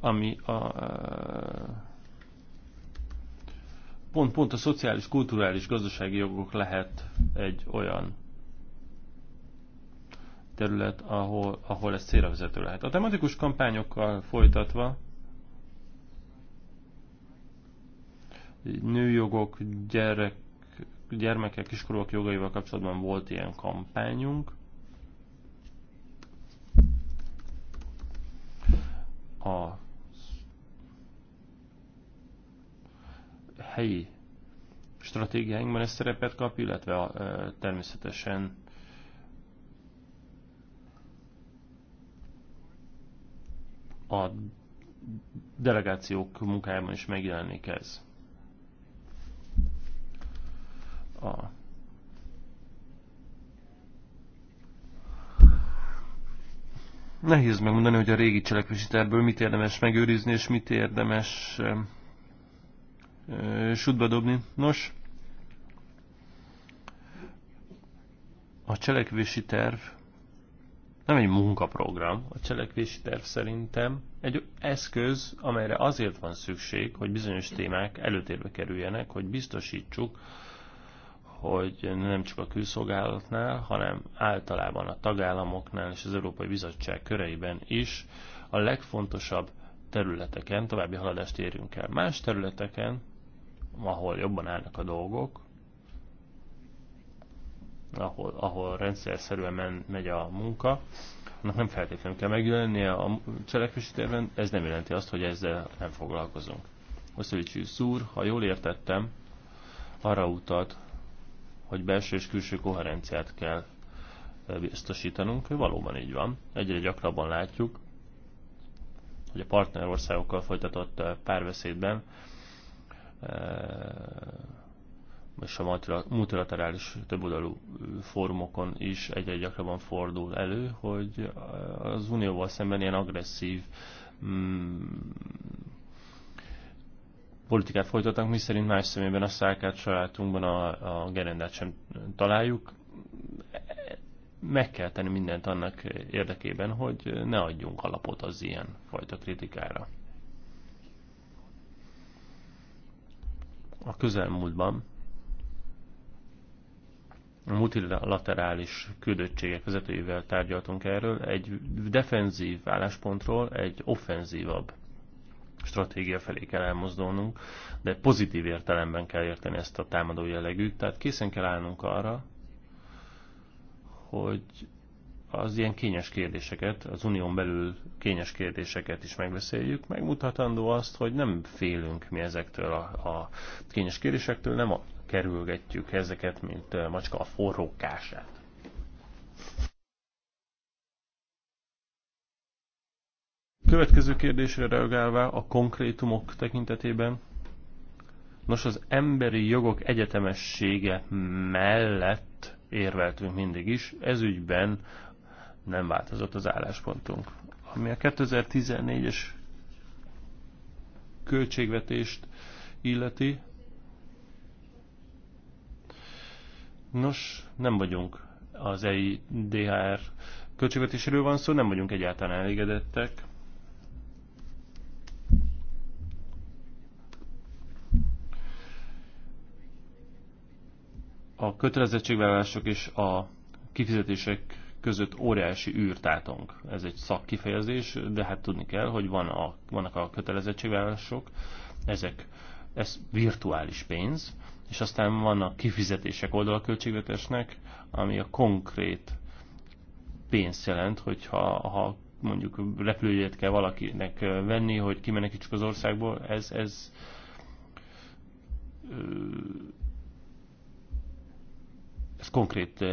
ami a, eh, pont, pont a szociális, kulturális, gazdasági jogok lehet egy olyan terület, ahol, ahol ez vezető lehet. A tematikus kampányokkal folytatva nőjogok, gyerek, gyermekek, kiskorúak jogaival kapcsolatban volt ilyen kampányunk. A helyi stratégiáinkban ez szerepet kap, illetve a, természetesen a delegációk munkájában is megjelenik ez. A Nehéz megmondani, hogy a régi cselekvési tervből mit érdemes megőrizni, és mit érdemes sútba dobni. Nos, a cselekvési terv nem egy munkaprogram, a cselekvési terv szerintem egy eszköz, amelyre azért van szükség, hogy bizonyos témák előtérbe kerüljenek, hogy biztosítsuk, hogy nem csak a külszolgálatnál, hanem általában a tagállamoknál és az Európai Bizottság köreiben is a legfontosabb területeken további haladást érjünk el. Más területeken ahol jobban állnak a dolgok, ahol, ahol szerűen men, megy a munka, annak nem feltétlenül kell megjelennie a cselekvési terven, ez nem jelenti azt, hogy ezzel nem foglalkozunk. Oszevicsi szúr, ha jól értettem, arra utalt, hogy belső és külső koherenciát kell biztosítanunk, hogy valóban így van. Egyre gyakrabban látjuk, hogy a partnerországokkal folytatott párbeszédben Eh, és a multilaterális többoldalú eh, fórumokon is egyre gyakrabban fordul elő, hogy eh, az unióval szemben ilyen agresszív mm, politikát folytatnak, mi szerint más szemében a szárkát családunkban a, a gerendát sem találjuk. Meg kell tenni mindent annak érdekében, hogy ne adjunk alapot az ilyen fajta kritikára. a közelmúltban a multilaterális küldöttségek vezetőjével tárgyaltunk erről, egy defenzív álláspontról egy offenzívabb stratégia felé kell elmozdulnunk, de pozitív értelemben kell érteni ezt a támadó jellegű, tehát készen kell állnunk arra, hogy az ilyen kényes kérdéseket, az unión belül kényes kérdéseket is megbeszéljük, megmutatandó azt, hogy nem félünk mi ezektől a, a kényes kérdésektől, nem a, kerülgetjük ezeket, mint macska a forró kását. Következő kérdésre reagálva a konkrétumok tekintetében. Nos, az emberi jogok egyetemessége mellett érveltünk mindig is. Ez ügyben nem változott az álláspontunk. Ami a 2014-es költségvetést illeti, nos, nem vagyunk az e DHR költségvetéséről van szó, nem vagyunk egyáltalán elégedettek. A kötelezettségvállalások és a kifizetések között óriási űrtátunk. Ez egy szakkifejezés, de hát tudni kell, hogy van a, vannak a kötelezettségvállalások, ezek, ez virtuális pénz, és aztán vannak kifizetések oldalköltségvetésnek, ami a konkrét pénzt jelent, hogyha ha mondjuk repülőjét kell valakinek venni, hogy kimenekítsük az országból, ez, ez ez konkrét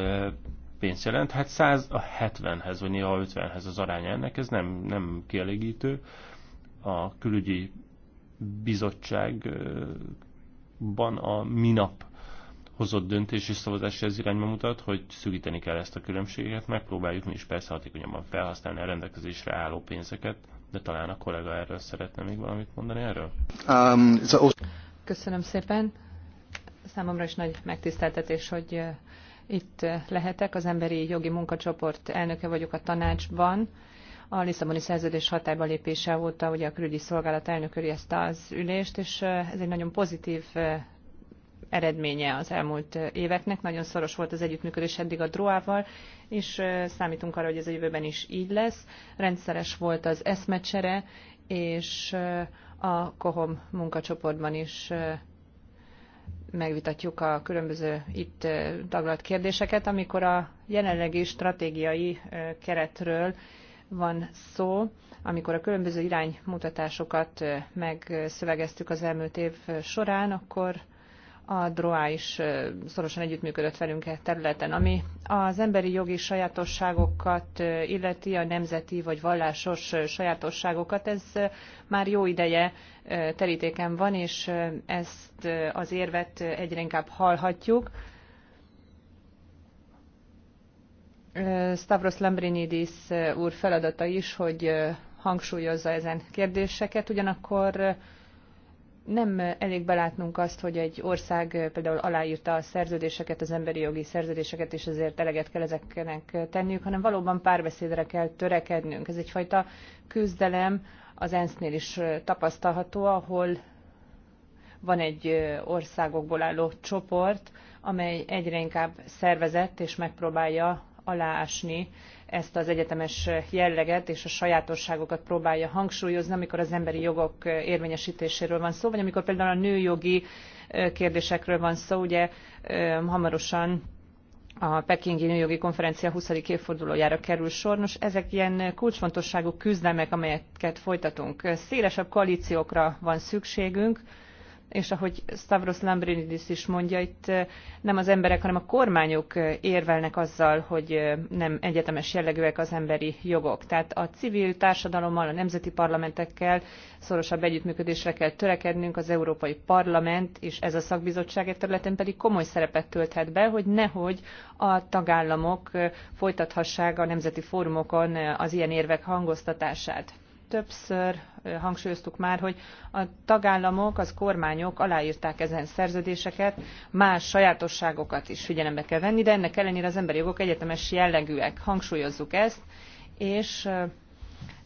pénzt jelent. Hát 100 a 70-hez, vagy néha 50-hez az aránya ennek, ez nem, nem kielégítő. A külügyi bizottságban a minap hozott döntés és szavazás ez irányba mutat, hogy szügíteni kell ezt a különbséget, megpróbáljuk mi is persze hatékonyabban felhasználni a rendelkezésre álló pénzeket, de talán a kollega erről szeretne még valamit mondani erről. Um, so... Köszönöm szépen. Számomra is nagy megtiszteltetés, hogy itt lehetek, az emberi jogi munkacsoport elnöke vagyok a tanácsban. A Lisszaboni szerződés hatályba lépése óta ugye a külügyi szolgálat elnököri ezt az ülést, és ez egy nagyon pozitív eredménye az elmúlt éveknek. Nagyon szoros volt az együttműködés eddig a DROA-val, és számítunk arra, hogy ez a jövőben is így lesz. Rendszeres volt az eszmecsere, és a KOHOM munkacsoportban is megvitatjuk a különböző itt taglalt kérdéseket, amikor a jelenlegi stratégiai keretről van szó, amikor a különböző iránymutatásokat megszövegeztük az elmúlt év során, akkor a DROA is szorosan együttműködött velünk a e területen, ami az emberi jogi sajátosságokat illeti, a nemzeti vagy vallásos sajátosságokat, ez már jó ideje terítéken van, és ezt az érvet egyre inkább hallhatjuk. Stavros Lambrinidis úr feladata is, hogy hangsúlyozza ezen kérdéseket, ugyanakkor nem elég belátnunk azt, hogy egy ország eh, például aláírta a szerződéseket, az emberi jogi szerződéseket, és ezért eleget kell ezeknek tenniük, hanem valóban párbeszédre kell törekednünk. Ez egyfajta küzdelem az ENSZ-nél is eh, tapasztalható, ahol van egy eh, országokból álló csoport, amely egyre inkább szervezett és megpróbálja aláásni ezt az egyetemes jelleget és a sajátosságokat próbálja hangsúlyozni, amikor az emberi jogok érvényesítéséről van szó, vagy amikor például a nőjogi kérdésekről van szó, ugye hamarosan a Pekingi Nőjogi Konferencia 20. évfordulójára kerül sor. Nos, ezek ilyen kulcsfontosságú küzdelmek, amelyeket folytatunk. Szélesebb koalíciókra van szükségünk, és ahogy Stavros Lambrinidis is mondja, itt nem az emberek, hanem a kormányok érvelnek azzal, hogy nem egyetemes jellegűek az emberi jogok. Tehát a civil társadalommal, a nemzeti parlamentekkel szorosabb együttműködésre kell törekednünk, az Európai Parlament és ez a szakbizottság egy területen pedig komoly szerepet tölthet be, hogy nehogy a tagállamok folytathassák a nemzeti fórumokon az ilyen érvek hangoztatását Többször hangsúlyoztuk már, hogy a tagállamok, az kormányok aláírták ezen szerződéseket, más sajátosságokat is figyelembe kell venni, de ennek ellenére az emberi jogok egyetemes jellegűek. Hangsúlyozzuk ezt, és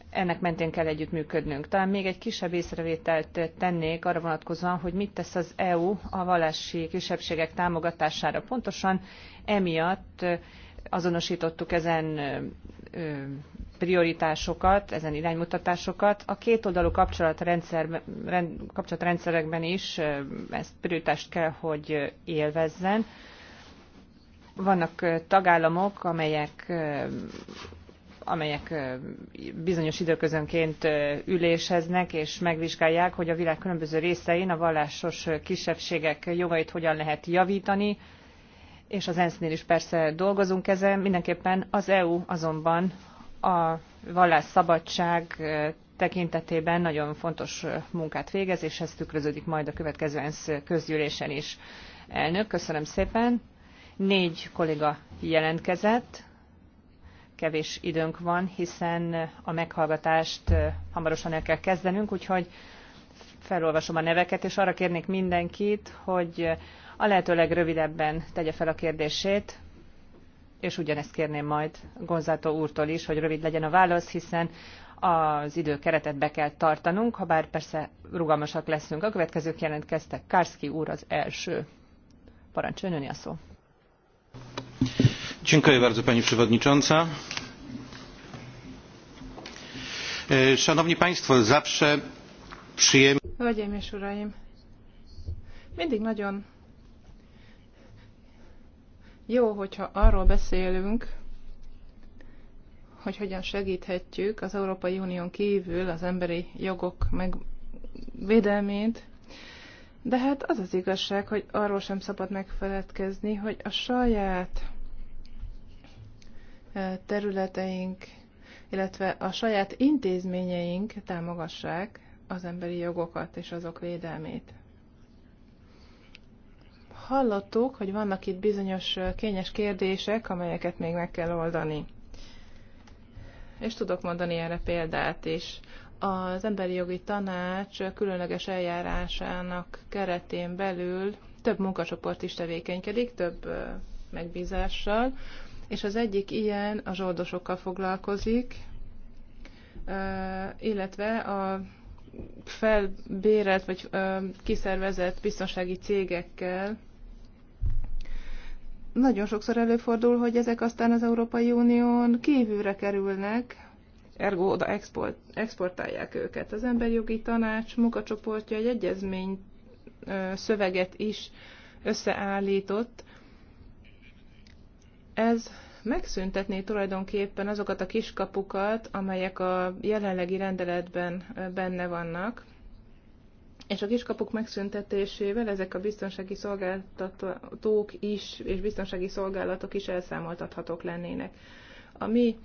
ennek mentén kell együttműködnünk. Talán még egy kisebb észrevételt tennék arra vonatkozóan, hogy mit tesz az EU a vallási kisebbségek támogatására. Pontosan emiatt azonosítottuk ezen prioritásokat, ezen iránymutatásokat. A kétoldalú oldalú kapcsolatrendszerekben is ezt prioritást kell, hogy élvezzen. Vannak tagállamok, amelyek amelyek bizonyos időközönként üléseznek és megvizsgálják, hogy a világ különböző részein a vallásos kisebbségek jogait hogyan lehet javítani, és az ENSZ-nél is persze dolgozunk ezen. Mindenképpen az EU azonban a vallásszabadság szabadság tekintetében nagyon fontos munkát végez, és ez tükröződik majd a következő ENSZ közgyűlésen is. Elnök, köszönöm szépen. Négy kolléga jelentkezett, kevés időnk van, hiszen a meghallgatást hamarosan el kell kezdenünk, úgyhogy felolvasom a neveket, és arra kérnék mindenkit, hogy a lehető legrövidebben tegye fel a kérdését, és ugyanezt kérném majd Gonzátó úrtól is, hogy rövid legyen a válasz, hiszen az időkeretet be kell tartanunk, ha bár persze rugalmasak leszünk. A következők jelentkeztek. Karski úr az első. Parancsoljon a szó. Dziękuję bardzo pani przewodnicząca. E, szanowni państwo, zawsze przyjemnie Hölgyeim és uraim, mindig nagyon jó, hogyha arról beszélünk, hogy hogyan segíthetjük az Európai Unión kívül az emberi jogok megvédelmét, de hát az az igazság, hogy arról sem szabad megfeledkezni, hogy a saját területeink, illetve a saját intézményeink támogassák az emberi jogokat és azok védelmét. Hallottuk, hogy vannak itt bizonyos kényes kérdések, amelyeket még meg kell oldani. És tudok mondani erre példát is. Az emberi jogi tanács különleges eljárásának keretén belül több munkacsoport is tevékenykedik, több megbízással, és az egyik ilyen a zsoldosokkal foglalkozik, illetve a felbérelt vagy kiszervezett biztonsági cégekkel, nagyon sokszor előfordul, hogy ezek aztán az Európai Unión kívülre kerülnek, ergo oda export, exportálják őket. Az Emberjogi Tanács munkacsoportja egy egyezmény szöveget is összeállított. Ez megszüntetné tulajdonképpen azokat a kiskapukat, amelyek a jelenlegi rendeletben benne vannak, és a kiskapuk megszüntetésével ezek a biztonsági szolgáltatók is, és biztonsági szolgálatok is elszámoltathatók lennének. A mi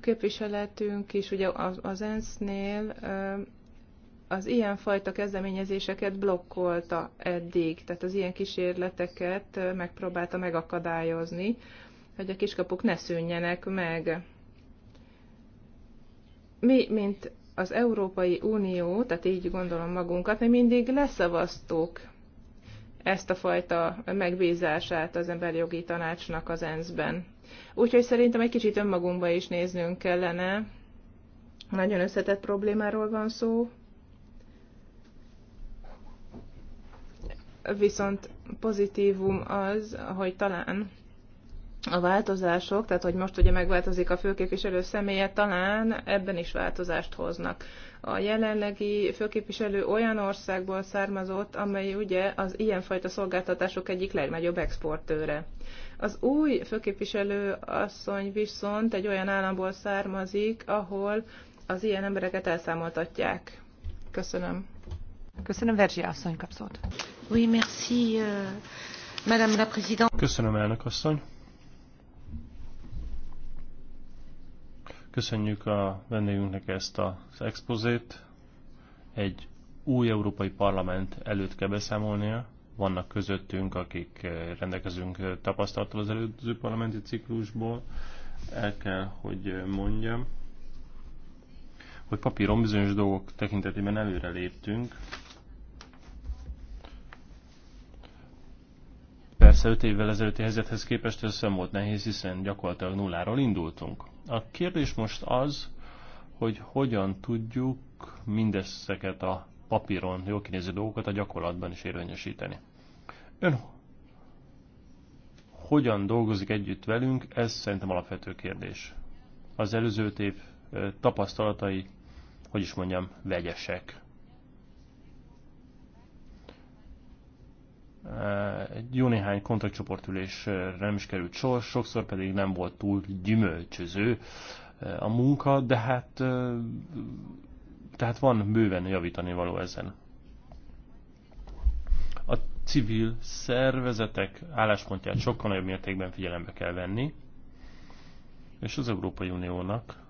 képviseletünk is, ugye az ENSZ-nél az ilyenfajta kezdeményezéseket blokkolta eddig, tehát az ilyen kísérleteket megpróbálta megakadályozni, hogy a kiskapuk ne szűnjenek meg. Mi, mint az Európai Unió, tehát így gondolom magunkat, mi mindig leszavaztuk ezt a fajta megbízását az emberi jogi tanácsnak az ENSZ-ben. Úgyhogy szerintem egy kicsit önmagunkba is néznünk kellene. Nagyon összetett problémáról van szó. Viszont pozitívum az, hogy talán a változások, tehát hogy most ugye megváltozik a főképviselő személye, talán ebben is változást hoznak. A jelenlegi főképviselő olyan országból származott, amely ugye az ilyenfajta szolgáltatások egyik legnagyobb exportőre. Az új főképviselő asszony viszont egy olyan államból származik, ahol az ilyen embereket elszámoltatják. Köszönöm. Köszönöm, Verzsi asszony kapszót. Oui, merci, euh, Madame la Présidente. Köszönöm, elnök asszony. Köszönjük a vendégünknek ezt az expozét. Egy új Európai Parlament előtt kell beszámolnia. Vannak közöttünk, akik eh, rendelkezünk eh, tapasztalattal az előző parlamenti ciklusból. El kell, hogy eh, mondjam, hogy papíron bizonyos dolgok tekintetében előre léptünk, persze 5 évvel ezelőtti helyzethez képest volt nehéz, hiszen gyakorlatilag nulláról indultunk. A kérdés most az, hogy hogyan tudjuk mindezeket a papíron jól kinéző dolgokat a gyakorlatban is érvényesíteni. Ön hogyan dolgozik együtt velünk, ez szerintem alapvető kérdés. Az előző év tapasztalatai, hogy is mondjam, vegyesek. jó néhány kontaktcsoportülésre nem is került sor, sokszor pedig nem volt túl gyümölcsöző eh, a munka, de hát eh, tehát van bőven javítani való ezen. A civil szervezetek álláspontját sokkal nagyobb mértékben figyelembe kell venni, és az Európai Uniónak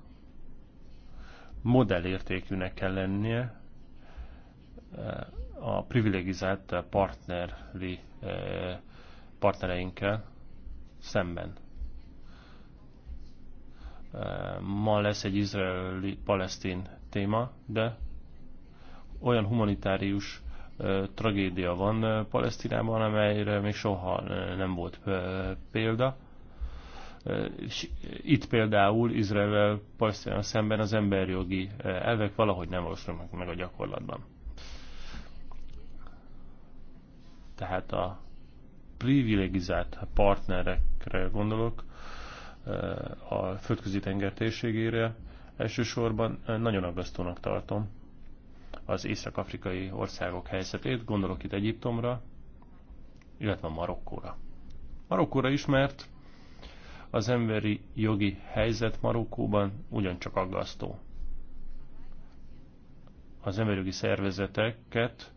modellértékűnek kell lennie eh, a privilegizált partneri eh, partnereinkkel szemben. Eh, ma lesz egy izraeli-palesztin téma, de olyan humanitárius eh, tragédia van Palesztinában, amelyre még soha nem volt példa. Itt például Izrael-Palesztinában szemben az emberjogi elvek valahogy nem valósulnak meg a gyakorlatban. tehát a privilegizált partnerekre gondolok, eh, a földközi tenger térségére elsősorban eh, nagyon aggasztónak tartom az észak-afrikai országok helyzetét, gondolok itt Egyiptomra, illetve Marokkóra. Marokkóra is, mert az emberi jogi helyzet Marokkóban ugyancsak aggasztó. Az emberi jogi szervezeteket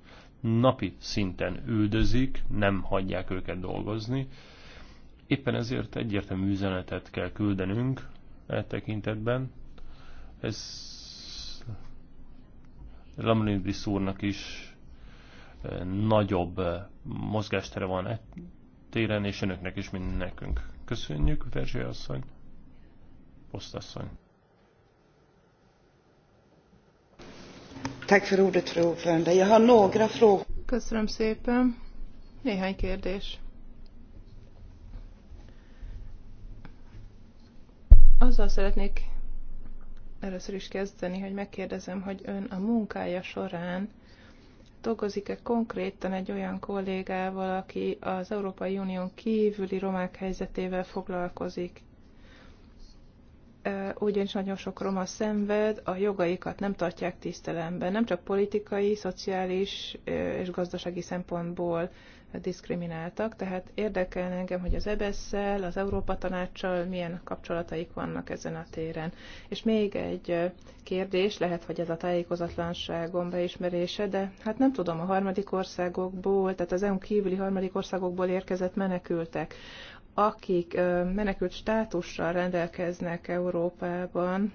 napi szinten üldözik, nem hagyják őket dolgozni. Éppen ezért egyértelmű üzenetet kell küldenünk e tekintetben. Ez Lamrindri szúrnak is e, nagyobb e, mozgástere van e téren, és önöknek is, mint nekünk. Köszönjük, Verzsé asszony, posztasszony. Köszönöm szépen. Néhány kérdés. Azzal szeretnék először is kezdeni, hogy megkérdezem, hogy ön a munkája során dolgozik-e konkrétan egy olyan kollégával, aki az Európai Unión kívüli romák helyzetével foglalkozik? ugyanis nagyon sok roma szenved, a jogaikat nem tartják tisztelemben, nem csak politikai, szociális és gazdasági szempontból diszkrimináltak, tehát érdekel engem, hogy az EBSZ-szel, az Európa Tanácssal milyen kapcsolataik vannak ezen a téren. És még egy kérdés, lehet, hogy ez a tájékozatlanságom beismerése, de hát nem tudom, a harmadik országokból, tehát az EU kívüli harmadik országokból érkezett menekültek akik menekült státussal rendelkeznek Európában,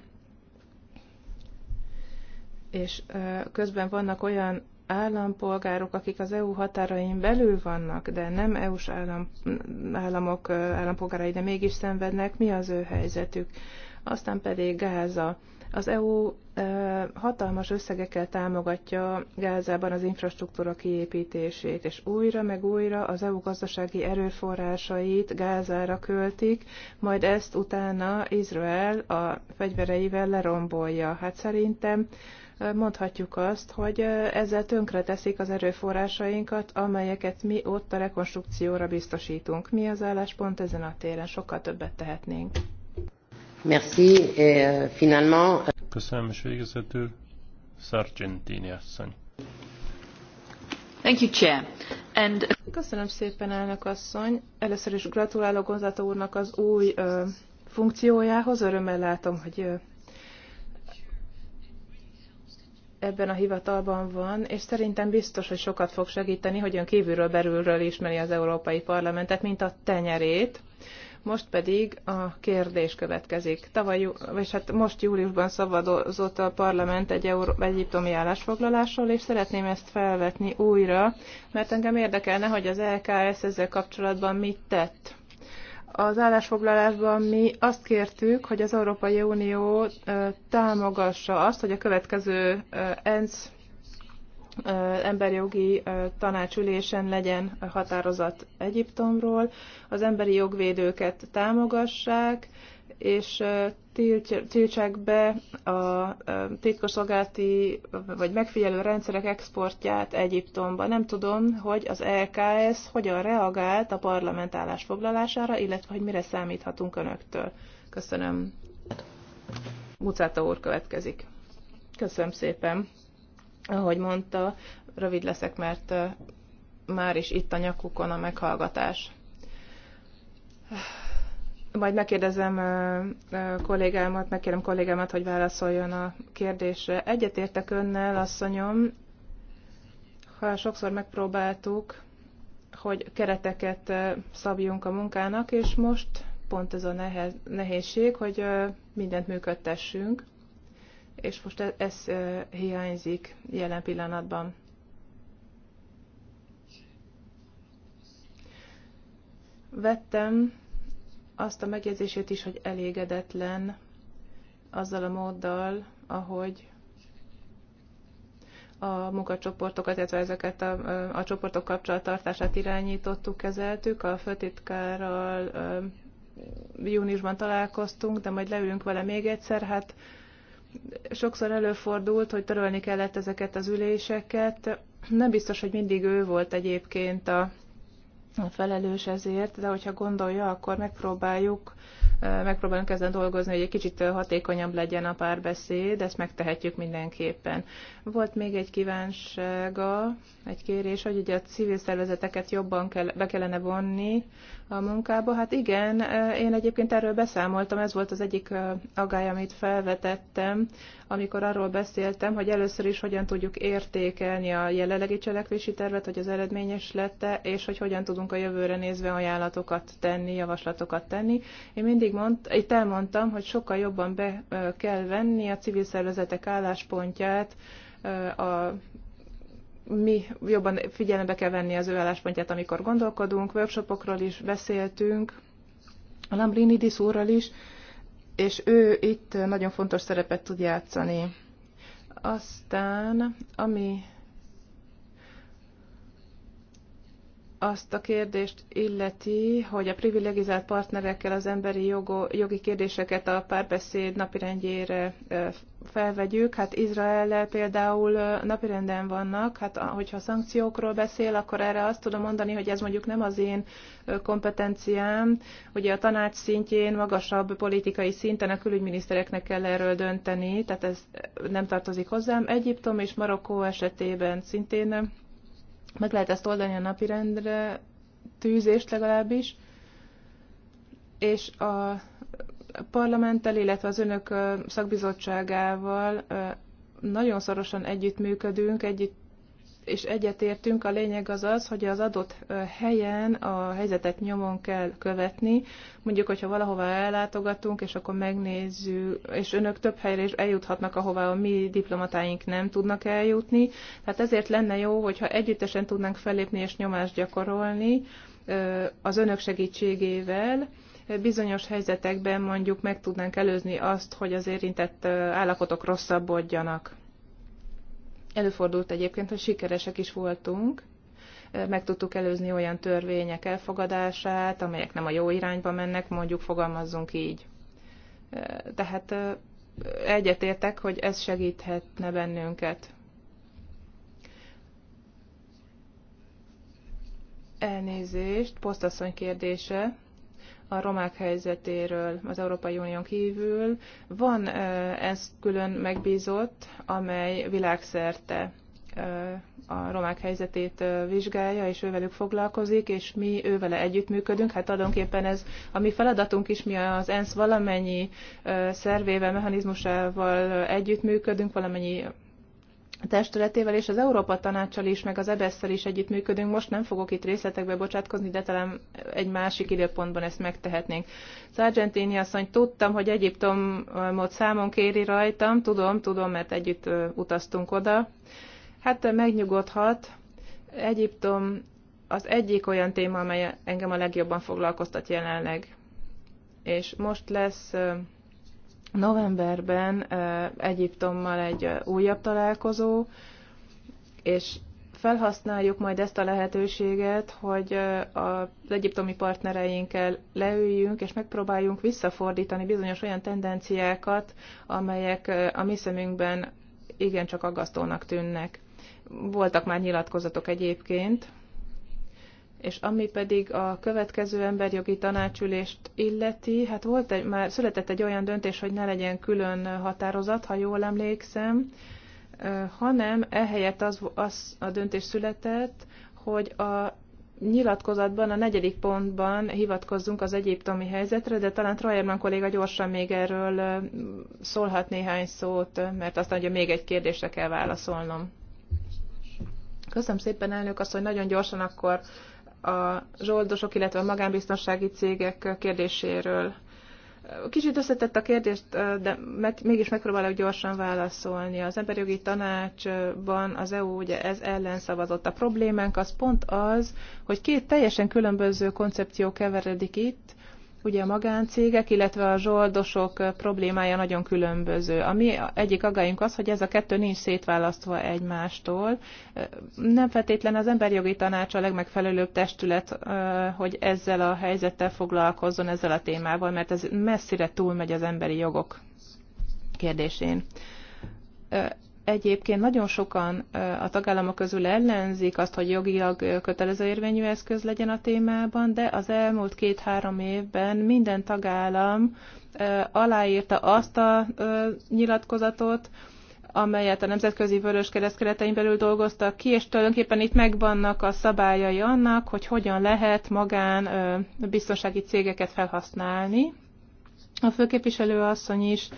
és közben vannak olyan állampolgárok, akik az EU határain belül vannak, de nem EU-s állam, államok állampolgárai, de mégis szenvednek, mi az ő helyzetük. Aztán pedig Gáza az EU hatalmas összegekkel támogatja Gázában az infrastruktúra kiépítését, és újra meg újra az EU gazdasági erőforrásait Gázára költik, majd ezt utána Izrael a fegyvereivel lerombolja. Hát szerintem mondhatjuk azt, hogy ezzel tönkre teszik az erőforrásainkat, amelyeket mi ott a rekonstrukcióra biztosítunk. Mi az álláspont ezen a téren? Sokkal többet tehetnénk. Merci, et euh, finalement... Euh, Köszönöm, és végezetül Sargentini asszony. Thank you, Chair. And... Uh, Köszönöm szépen, elnök asszony. Először is gratulálok Gonzato úrnak az új uh, funkciójához. Örömmel látom, hogy uh, ebben a hivatalban van, és szerintem biztos, hogy sokat fog segíteni, hogy ön kívülről belülről ismeri az Európai Parlamentet, mint a tenyerét. Uh, most pedig a kérdés következik. Tavaly, vagy hát most júliusban szabadozott a parlament egy euró, egyiptomi állásfoglalásról, és szeretném ezt felvetni újra, mert engem érdekelne, hogy az LKS ezzel kapcsolatban mit tett. Az állásfoglalásban mi azt kértük, hogy az Európai Unió támogassa azt, hogy a következő ENSZ emberjogi tanácsülésen legyen határozat Egyiptomról, az emberi jogvédőket támogassák, és tiltsák be a titkosszolgálati vagy megfigyelő rendszerek exportját Egyiptomba. Nem tudom, hogy az LKS hogyan reagált a parlament állásfoglalására, illetve hogy mire számíthatunk önöktől. Köszönöm. Mucáta úr következik. Köszönöm szépen. Ahogy mondta, rövid leszek, mert már is itt a nyakukon a meghallgatás. Majd megkérdezem kollégámat, megkérem kollégámat, hogy válaszoljon a kérdésre. Egyetértek önnel, asszonyom, ha sokszor megpróbáltuk, hogy kereteket szabjunk a munkának, és most pont ez a nehézség, hogy mindent működtessünk és most e- ez hiányzik jelen pillanatban. Vettem azt a megjegyzését is, hogy elégedetlen azzal a móddal, ahogy a munkacsoportokat, illetve ezeket a, a csoportok kapcsolattartását irányítottuk, kezeltük. A főtitkárral júniusban találkoztunk, de majd leülünk vele még egyszer. Hát sokszor előfordult, hogy törölni kellett ezeket az üléseket. Nem biztos, hogy mindig ő volt egyébként a felelős ezért, de hogyha gondolja, akkor megpróbáljuk megpróbálunk ezen dolgozni, hogy egy kicsit hatékonyabb legyen a párbeszéd, ezt megtehetjük mindenképpen. Volt még egy kívánsága, egy kérés, hogy ugye a civil szervezeteket jobban kell, be kellene vonni a munkába. Hát igen, én egyébként erről beszámoltam, ez volt az egyik agály, amit felvetettem amikor arról beszéltem, hogy először is hogyan tudjuk értékelni a jelenlegi cselekvési tervet, hogy az eredményes lette, és hogy hogyan tudunk a jövőre nézve ajánlatokat tenni, javaslatokat tenni. Én mindig mond, itt elmondtam, hogy sokkal jobban be kell venni a civil szervezetek álláspontját, a mi jobban figyelembe kell venni az ő álláspontját, amikor gondolkodunk, workshopokról is beszéltünk, a Lambrini úrral is, és ő itt nagyon fontos szerepet tud játszani. Aztán, ami azt a kérdést illeti, hogy a privilegizált partnerekkel az emberi jogo, jogi kérdéseket a párbeszéd napirendjére felvegyük. Hát izrael például napirenden vannak, hát hogyha szankciókról beszél, akkor erre azt tudom mondani, hogy ez mondjuk nem az én kompetenciám. Ugye a tanács szintjén, magasabb politikai szinten a külügyminisztereknek kell erről dönteni, tehát ez nem tartozik hozzám. Egyiptom és Marokkó esetében szintén meg lehet ezt oldani a napirendre tűzést legalábbis, és a parlamenttel, illetve az önök szakbizottságával nagyon szorosan együttműködünk, együtt és egyetértünk, a lényeg az az, hogy az adott helyen a helyzetet nyomon kell követni. Mondjuk, hogyha valahova ellátogatunk, és akkor megnézzük, és önök több helyre is eljuthatnak, ahová a mi diplomatáink nem tudnak eljutni. Tehát ezért lenne jó, hogyha együttesen tudnánk fellépni és nyomást gyakorolni az önök segítségével, bizonyos helyzetekben mondjuk meg tudnánk előzni azt, hogy az érintett állapotok rosszabbodjanak. Előfordult egyébként, hogy sikeresek is voltunk, meg tudtuk előzni olyan törvények elfogadását, amelyek nem a jó irányba mennek, mondjuk fogalmazzunk így. Tehát egyetértek, hogy ez segíthetne bennünket. Elnézést, posztasszony kérdése a romák helyzetéről az Európai Unión kívül. Van ez külön megbízott, amely világszerte a romák helyzetét vizsgálja, és ővelük foglalkozik, és mi ővele együttműködünk. Hát tulajdonképpen ez a mi feladatunk is, mi az ENSZ valamennyi szervével, mechanizmusával együttműködünk, valamennyi testületével és az Európa Tanácssal is, meg az ebsz e szel is együttműködünk. Most nem fogok itt részletekbe bocsátkozni, de talán egy másik időpontban ezt megtehetnénk. Sargentini asszony, tudtam, hogy Egyiptomot számon kéri rajtam, tudom, tudom, mert együtt utaztunk oda. Hát megnyugodhat. Egyiptom az egyik olyan téma, amely engem a legjobban foglalkoztat jelenleg. És most lesz Novemberben Egyiptommal egy újabb találkozó, és felhasználjuk majd ezt a lehetőséget, hogy az egyiptomi partnereinkkel leüljünk, és megpróbáljunk visszafordítani bizonyos olyan tendenciákat, amelyek a mi szemünkben igencsak aggasztónak tűnnek. Voltak már nyilatkozatok egyébként és ami pedig a következő emberjogi tanácsülést illeti, hát volt egy, már született egy olyan döntés, hogy ne legyen külön határozat, ha jól emlékszem, hanem ehelyett az, az a döntés született, hogy a nyilatkozatban, a negyedik pontban hivatkozzunk az egyiptomi helyzetre, de talán Trajerman kolléga gyorsan még erről szólhat néhány szót, mert aztán mondja, még egy kérdésre kell válaszolnom. Köszönöm szépen, elnök azt, hogy nagyon gyorsan akkor a zsoldosok, illetve a magánbiztonsági cégek kérdéséről. Kicsit összetett a kérdést, de mégis megpróbálok gyorsan válaszolni. Az emberjogi tanácsban az EU ugye ez ellen szavazott. A problémánk az pont az, hogy két teljesen különböző koncepció keveredik itt, ugye a magáncégek, illetve a zsoldosok problémája nagyon különböző. A mi egyik agályunk az, hogy ez a kettő nincs szétválasztva egymástól. Nem feltétlen az emberjogi tanács a legmegfelelőbb testület, hogy ezzel a helyzettel foglalkozzon, ezzel a témával, mert ez messzire túlmegy az emberi jogok kérdésén Egyébként nagyon sokan a tagállamok közül ellenzik azt, hogy jogilag kötelező érvényű eszköz legyen a témában, de az elmúlt két-három évben minden tagállam aláírta azt a nyilatkozatot, amelyet a Nemzetközi Vörös Kereszt keretein belül dolgoztak ki, és tulajdonképpen itt megvannak a szabályai annak, hogy hogyan lehet magán biztonsági cégeket felhasználni. A főképviselő asszony is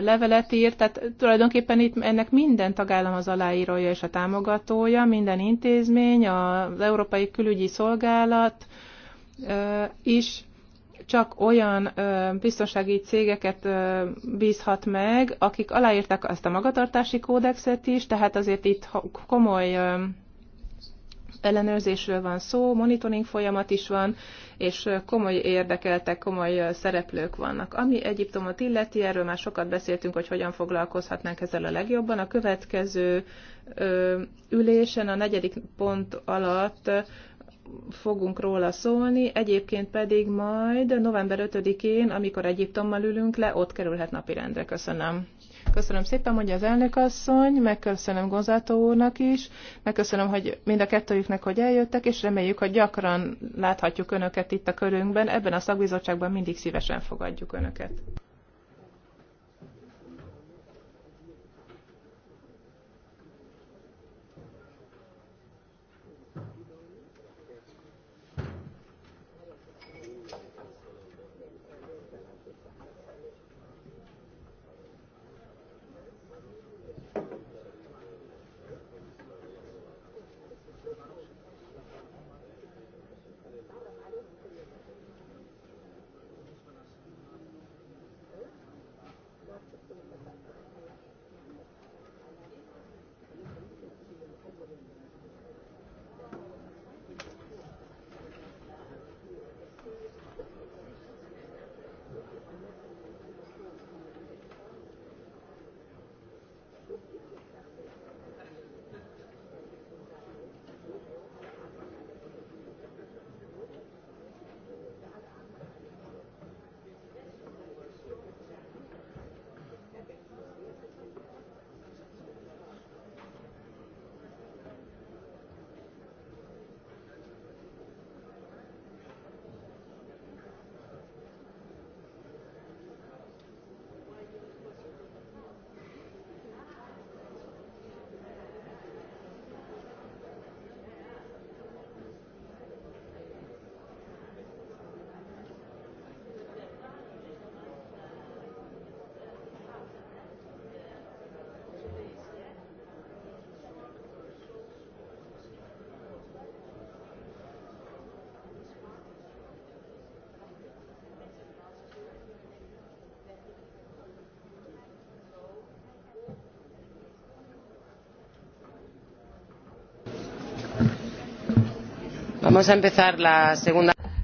levelet írt, tehát tulajdonképpen itt ennek minden tagállam az aláírója és a támogatója, minden intézmény, az Európai Külügyi Szolgálat is csak olyan biztonsági cégeket bízhat meg, akik aláírták azt a magatartási kódexet is, tehát azért itt komoly ellenőrzésről van szó, monitoring folyamat is van, és komoly érdekeltek, komoly szereplők vannak. Ami Egyiptomot illeti, erről már sokat beszéltünk, hogy hogyan foglalkozhatnánk ezzel a legjobban. A következő ülésen a negyedik pont alatt fogunk róla szólni, egyébként pedig majd november 5-én, amikor Egyiptommal ülünk le, ott kerülhet napirendre. Köszönöm. Köszönöm szépen, mondja az elnök asszony, megköszönöm Gonzátó úrnak is, megköszönöm hogy mind a kettőjüknek, hogy eljöttek, és reméljük, hogy gyakran láthatjuk Önöket itt a körünkben, ebben a szakbizottságban mindig szívesen fogadjuk Önöket.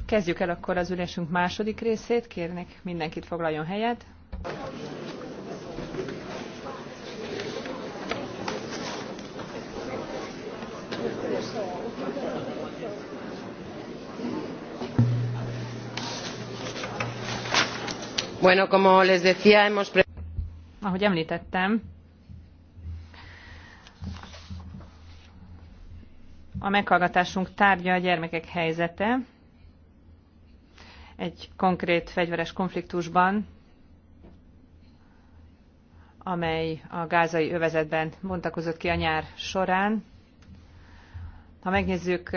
Kezdjük el akkor az ülésünk második részét. Kérnék mindenkit foglaljon helyet. Ahogy említettem, A meghallgatásunk tárgya a gyermekek helyzete egy konkrét fegyveres konfliktusban, amely a gázai övezetben bontakozott ki a nyár során. Ha megnézzük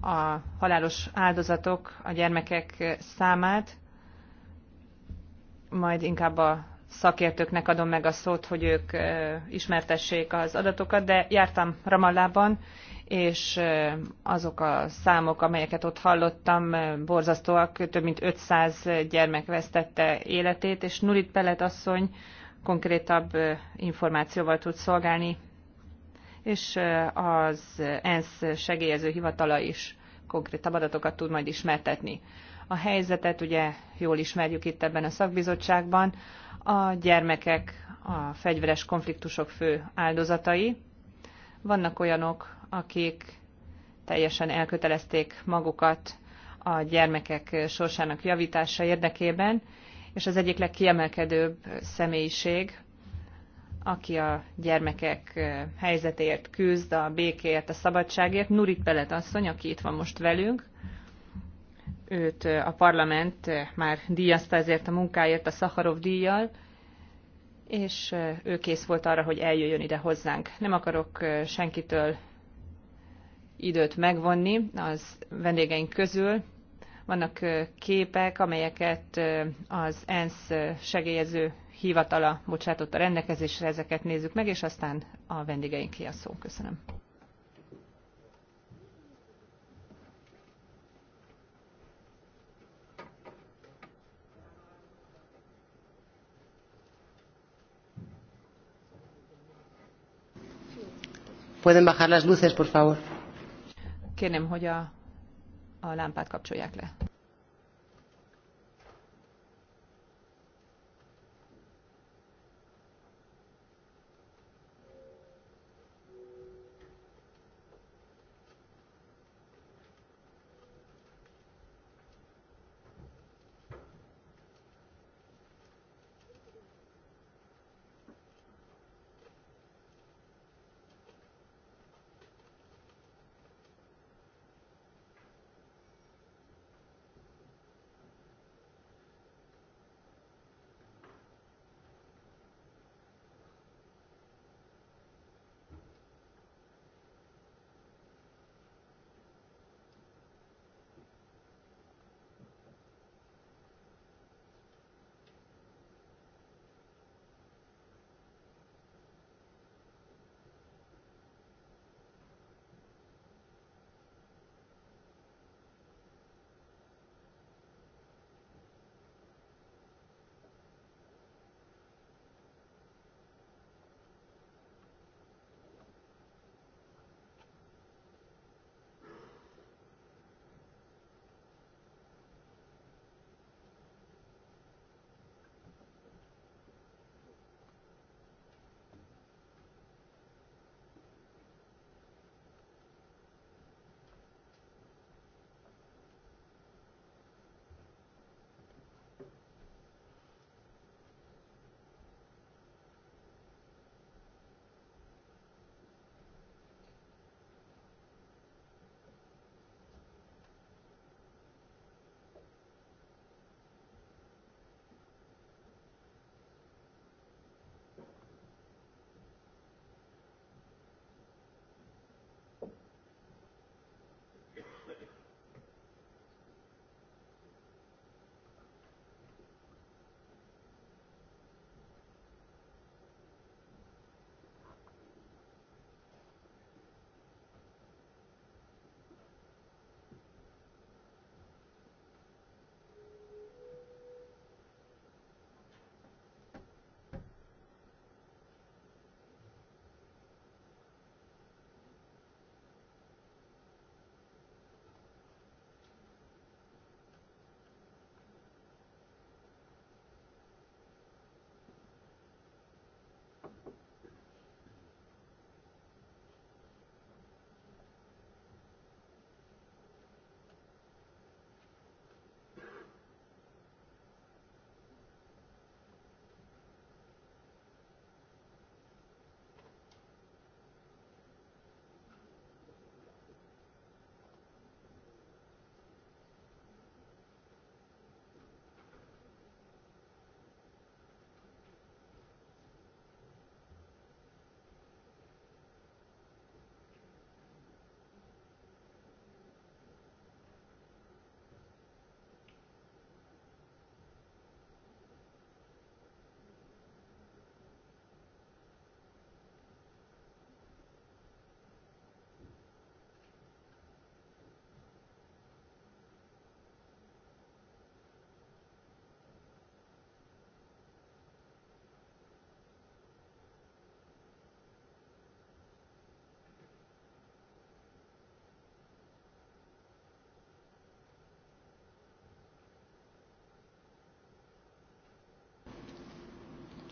a halálos áldozatok, a gyermekek számát, majd inkább a szakértőknek adom meg a szót, hogy ők ismertessék az adatokat, de jártam Ramallában, és azok a számok, amelyeket ott hallottam, borzasztóak, több mint 500 gyermek vesztette életét, és Nurit Pellet asszony konkrétabb információval tud szolgálni, és az ENSZ segélyező hivatala is konkrétabb adatokat tud majd ismertetni. A helyzetet ugye jól ismerjük itt ebben a szakbizottságban, a gyermekek a fegyveres konfliktusok fő áldozatai. Vannak olyanok, akik teljesen elkötelezték magukat a gyermekek sorsának javítása érdekében, és az egyik legkiemelkedőbb személyiség, aki a gyermekek helyzetért küzd, a békéért, a szabadságért, Nurit Pelet asszony, aki itt van most velünk. Őt a parlament már díjazta ezért a munkáért a Szaharov díjjal, és ő kész volt arra, hogy eljöjjön ide hozzánk. Nem akarok senkitől időt megvonni az vendégeink közül. Vannak képek, amelyeket az ENSZ segélyező hivatala bocsátott a rendelkezésre, ezeket nézzük meg, és aztán a vendégeinké a szó. Köszönöm. pueden bajar las luces por favor. Kérném, hogy a, a lámpát kapcsolják le.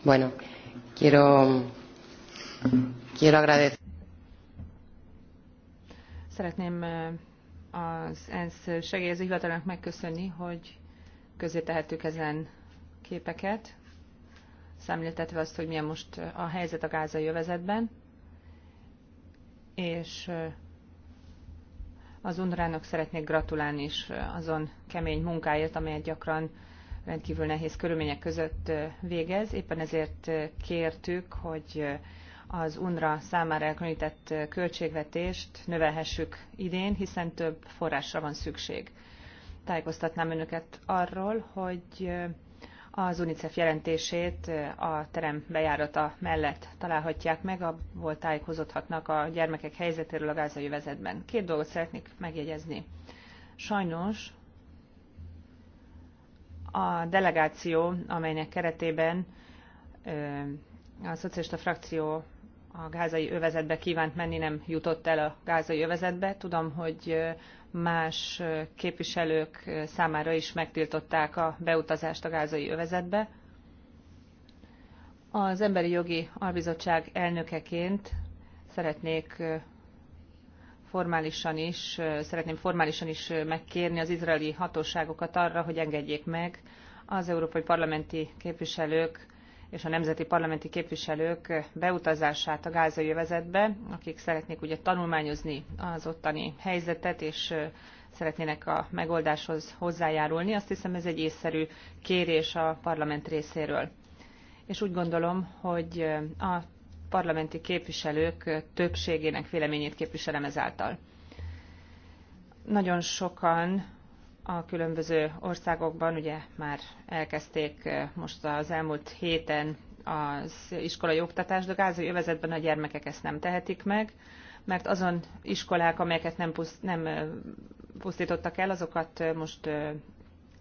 Bueno, quiero, quiero agradecer. Szeretném eh, az ENSZ segélyező hivatalának megköszönni, hogy közé tehettük ezen képeket, szemléltetve azt, hogy milyen most eh, a helyzet a gázai jövezetben, és eh, az undrának szeretnék gratulálni is azon kemény munkáért, amelyet gyakran rendkívül nehéz körülmények között végez. Éppen ezért kértük, hogy az UNRA számára elkülönített költségvetést növelhessük idén, hiszen több forrásra van szükség. Tájékoztatnám önöket arról, hogy az UNICEF jelentését a terem bejárata mellett találhatják meg, abból tájékozódhatnak a gyermekek helyzetéről a gázai vezetben. Két dolgot szeretnék megjegyezni. Sajnos a delegáció, amelynek keretében a szocialista frakció a gázai övezetbe kívánt menni, nem jutott el a gázai övezetbe. Tudom, hogy más képviselők számára is megtiltották a beutazást a gázai övezetbe. Az Emberi Jogi Albizottság elnökeként szeretnék formálisan is, szeretném formálisan is megkérni az izraeli hatóságokat arra, hogy engedjék meg az európai parlamenti képviselők és a nemzeti parlamenti képviselők beutazását a gázai övezetbe, akik szeretnék ugye tanulmányozni az ottani helyzetet, és szeretnének a megoldáshoz hozzájárulni. Azt hiszem ez egy észszerű kérés a parlament részéről. És úgy gondolom, hogy a parlamenti képviselők többségének véleményét képviselem ezáltal. Nagyon sokan a különböző országokban ugye már elkezdték eh, most az elmúlt héten az iskolai oktatást, de gázai övezetben a gyermekek ezt nem tehetik meg, mert azon iskolák, amelyeket nem, puszt, nem eh, pusztítottak el, azokat eh, most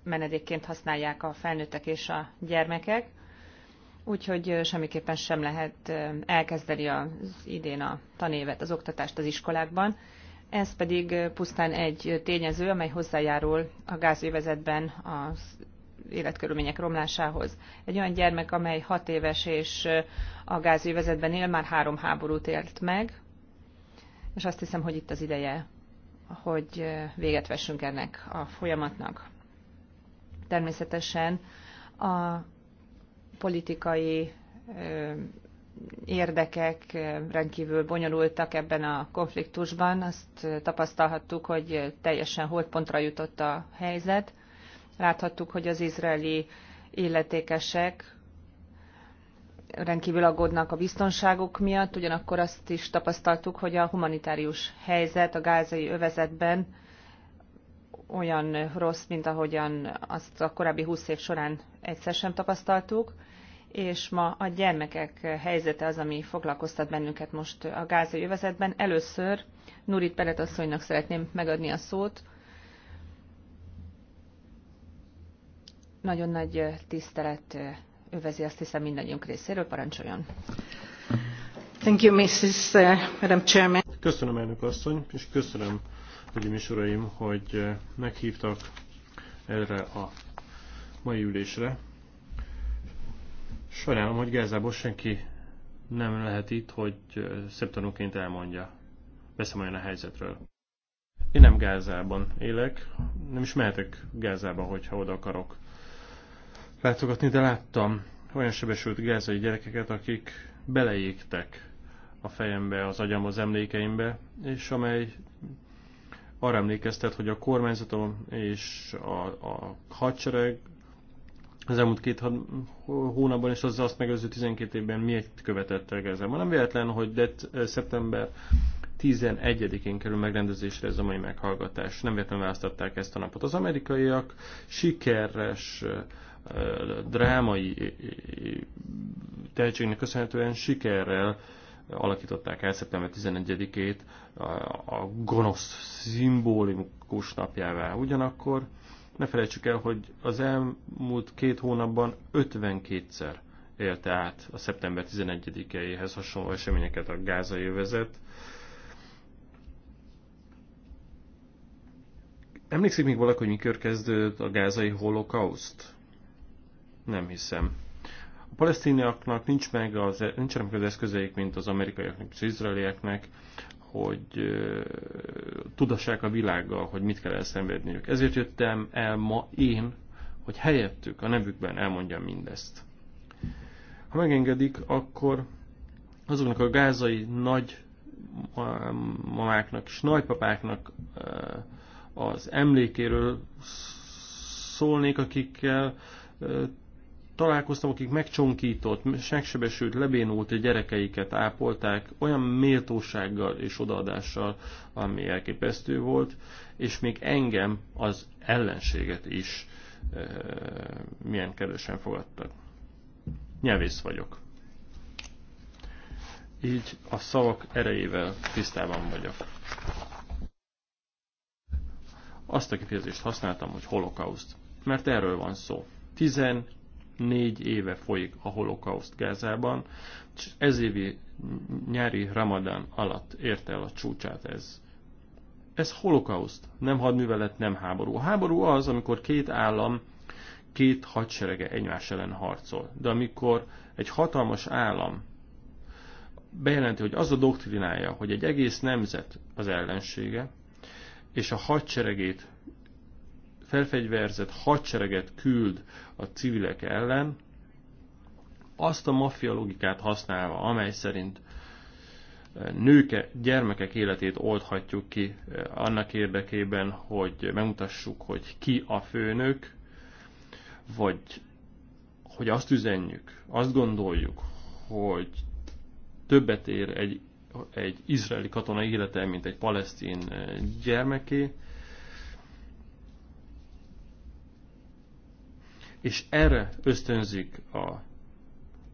menedékként használják a felnőttek és a gyermekek úgyhogy semmiképpen sem lehet elkezdeni az idén a tanévet, az oktatást az iskolákban. Ez pedig pusztán egy tényező, amely hozzájárul a gázövezetben az életkörülmények romlásához. Egy olyan gyermek, amely hat éves és a gázövezetben él, már három háborút élt meg, és azt hiszem, hogy itt az ideje, hogy véget vessünk ennek a folyamatnak. Természetesen a politikai érdekek rendkívül bonyolultak ebben a konfliktusban. Azt tapasztalhattuk, hogy teljesen holdpontra jutott a helyzet. Láthattuk, hogy az izraeli illetékesek rendkívül aggódnak a biztonságuk miatt, ugyanakkor azt is tapasztaltuk, hogy a humanitárius helyzet a gázai övezetben olyan rossz, mint ahogyan azt a korábbi 20 év során egyszer sem tapasztaltuk és ma a gyermekek helyzete az, ami foglalkoztat bennünket most a gázai övezetben. Először Nurit Pelet asszonynak szeretném megadni a szót. Nagyon nagy tisztelet övezi azt hiszem mindannyiunk részéről. Parancsoljon! Thank you, Mrs. Uh, Madam Chairman. Köszönöm, elnök asszony, és köszönöm, hölgyeim és uraim, hogy uh, meghívtak erre a mai ülésre. Sajnálom, hogy Gázából senki nem lehet itt, hogy szeptanúként elmondja. olyan a helyzetről. Én nem Gázában élek, nem is mehetek Gázába, hogyha oda akarok látogatni, de láttam olyan sebesült gázai gyerekeket, akik beleégtek a fejembe, az agyam, az emlékeimbe, és amely arra emlékeztet, hogy a kormányzatom és a, a hadsereg az elmúlt két hónapban és az azt megelőző 12 évben miért követett el Gázában. Nem véletlen, hogy de szeptember 11-én kerül megrendezésre ez a mai meghallgatás. Nem véletlenül választották ezt a napot. Az amerikaiak sikeres drámai tehetségnek köszönhetően sikerrel alakították el szeptember 11-ét a gonosz szimbolikus napjává. Ugyanakkor ne felejtsük el, hogy az elmúlt két hónapban 52-szer élte át a szeptember 11-éhez hasonló eseményeket a gázai övezet. Emlékszik még valaki, hogy mikor kezdődött a gázai holokauszt? Nem hiszem. A palesztiniaknak nincs meg az, e- nincsenek meg az eszközeik, mint az amerikaiaknak és az izraelieknek hogy tudassák a világgal, hogy mit kell elszenvedniük. Ezért jöttem el ma én, hogy helyettük a nevükben elmondjam mindezt. Ha megengedik, akkor azoknak a gázai nagy mamáknak és nagypapáknak az emlékéről szólnék, akikkel találkoztam, akik megcsonkított, megsebesült, lebénult gyerekeiket ápolták olyan méltósággal és odaadással, ami elképesztő volt, és még engem az ellenséget is e, milyen kedvesen fogadtak. Nyelvész vagyok. Így a szavak erejével tisztában vagyok. Azt a kifejezést használtam, hogy holokauszt, mert erről van szó négy éve folyik a holokauszt Gázában, és ez évi nyári ramadán alatt ért el a csúcsát ez. Ez holokauszt, nem hadművelet, nem háború. A háború az, amikor két állam, két hadserege egymás ellen harcol. De amikor egy hatalmas állam bejelenti, hogy az a doktrinája, hogy egy egész nemzet az ellensége, és a hadseregét felfegyverzett hadsereget küld a civilek ellen, azt a maffia logikát használva, amely szerint eh, nőke, gyermekek életét oldhatjuk ki eh, annak érdekében, hogy megmutassuk, hogy ki a főnök, vagy hogy azt üzenjük, azt gondoljuk, hogy többet ér egy, egy izraeli katona élete, mint egy palesztin eh, gyermeké, és erre ösztönzik a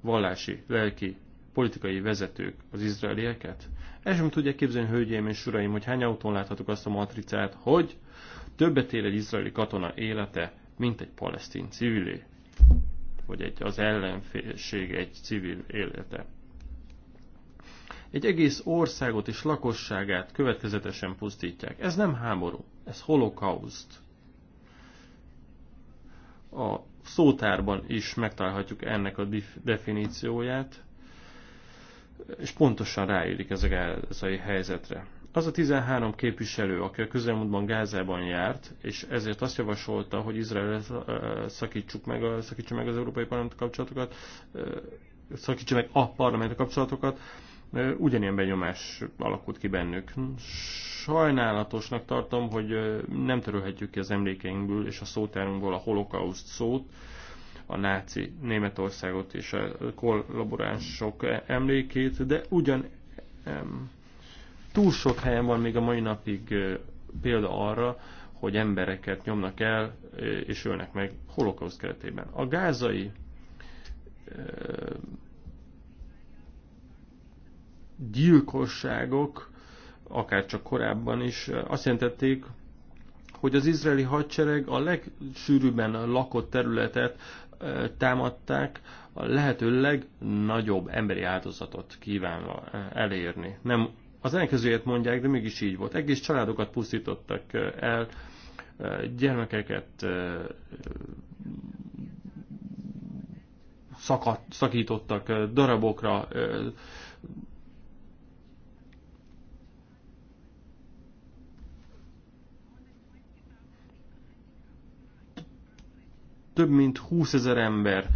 vallási, lelki, politikai vezetők az izraelieket? El sem tudják képzelni, hölgyeim és uraim, hogy hány autón láthatok azt a matricát, hogy többet ér egy izraeli katona élete, mint egy palesztin civilé, vagy egy, az ellenség egy civil élete. Egy egész országot és lakosságát következetesen pusztítják. Ez nem háború, ez holokauszt. A szótárban is megtalálhatjuk ennek a definícióját, és pontosan ráírik ez a gázai helyzetre. Az a 13 képviselő, aki a közelmúltban Gázában járt, és ezért azt javasolta, hogy Izrael szakítsuk meg, szakítsa meg az európai parlament kapcsolatokat, szakítsa meg a parlament kapcsolatokat, ugyanilyen benyomás alakult ki bennük. Sajnálatosnak tartom, hogy nem törölhetjük ki az emlékeinkből és a szótárunkból a holokauszt szót, a náci Németországot és a kollaboránsok emlékét, de ugyan túl sok helyen van még a mai napig példa arra, hogy embereket nyomnak el és ölnek meg holokauszt keretében. A gázai gyilkosságok, akár csak korábban is, azt jelentették, hogy az izraeli hadsereg a legsűrűbben lakott területet támadták, a lehető legnagyobb emberi áldozatot kívánva elérni. Nem az elkezőjét mondják, de mégis így volt. Egész családokat pusztítottak el, gyermekeket szakadt, szakítottak darabokra, Több mint 20 ezer ember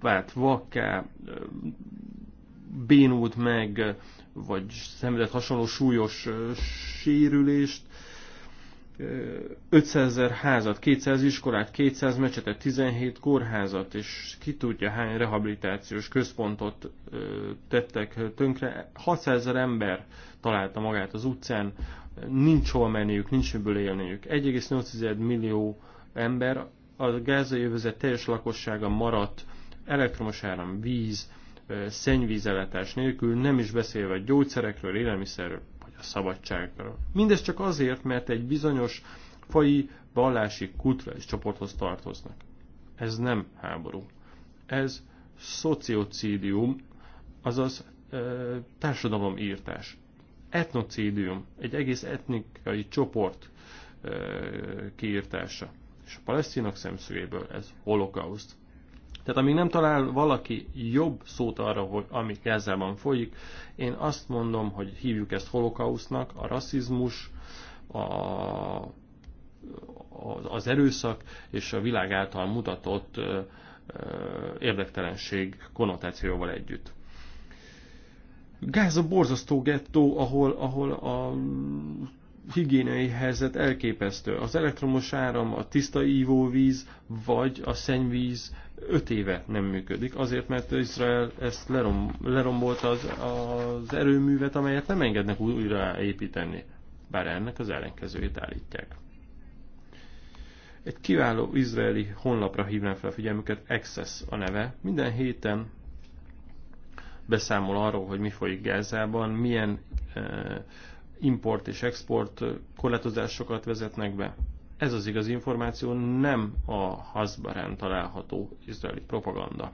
vált vakká, bénult meg, vagy szenvedett hasonló súlyos sérülést. 500 ezer házat, 200 iskolát, 200 mecsetet, 17 kórházat, és ki tudja hány rehabilitációs központot tettek tönkre. 600 ezer ember találta magát az utcán, nincs hol menniük, nincs miből élniük. 1,8 millió ember, a gázai övezet teljes lakossága maradt elektromos áram, víz, szennyvízeletás nélkül, nem is beszélve gyógyszerekről, élelmiszerről, vagy a szabadságról. Mindez csak azért, mert egy bizonyos fai, vallási, kulturális csoporthoz tartoznak. Ez nem háború. Ez szociocídium, azaz e, írtás Etnocídium, egy egész etnikai csoport e, kiírtása és a palesztinok szemszögéből ez holokauszt. Tehát amíg nem talál valaki jobb szót arra, hogy ami kezelben folyik, én azt mondom, hogy hívjuk ezt holokausznak, a rasszizmus, a, az erőszak és a világ által mutatott érdektelenség konnotációval együtt. Gáza borzasztó gettó, ahol, ahol a higiéniai helyzet elképesztő. Az elektromos áram, a tiszta ívóvíz vagy a szennyvíz öt éve nem működik, azért mert Izrael ezt lerom, lerombolta az, az erőművet, amelyet nem engednek újraépíteni, bár ennek az ellenkezőjét állítják. Egy kiváló izraeli honlapra hívnám fel a figyelmüket, Access a neve. Minden héten beszámol arról, hogy mi folyik Gázában, milyen uh, import és export korlátozásokat vezetnek be. Ez az igaz információ nem a Hasbarán található izraeli propaganda.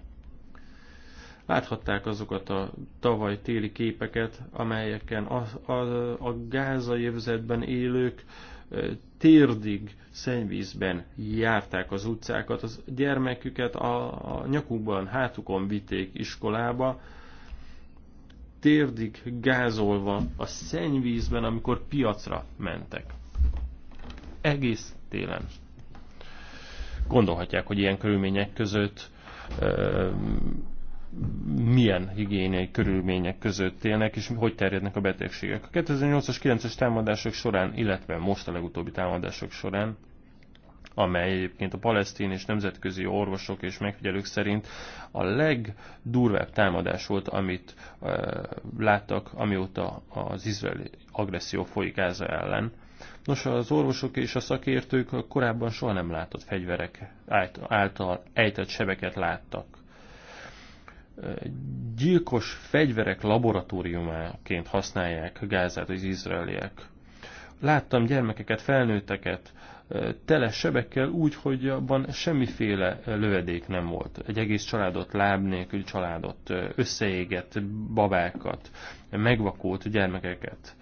Láthatták azokat a tavaly téli képeket, amelyeken a, a, a gázai övezetben élők térdig szennyvízben járták az utcákat, az gyermeküket a, a nyakukban, hátukon vitték iskolába, térdig gázolva a szennyvízben, amikor piacra mentek. Egész télen. Gondolhatják, hogy ilyen körülmények között milyen higiéniai körülmények között élnek, és hogy terjednek a betegségek. A 2008-as, 9-es támadások során, illetve most a legutóbbi támadások során amely egyébként a palesztin és nemzetközi orvosok és megfigyelők szerint a legdurvább támadás volt, amit e, láttak, amióta az izraeli agresszió folyik Gáza ellen. Nos, az orvosok és a szakértők korábban soha nem látott fegyverek által ejtett sebeket láttak. Gyilkos fegyverek laboratóriumáként használják Gázát az izraeliek. Láttam gyermekeket, felnőtteket, tele sebekkel úgy, hogy abban semmiféle lövedék nem volt. Egy egész családot, láb nélkül családot, összeégett babákat, megvakult gyermekeket.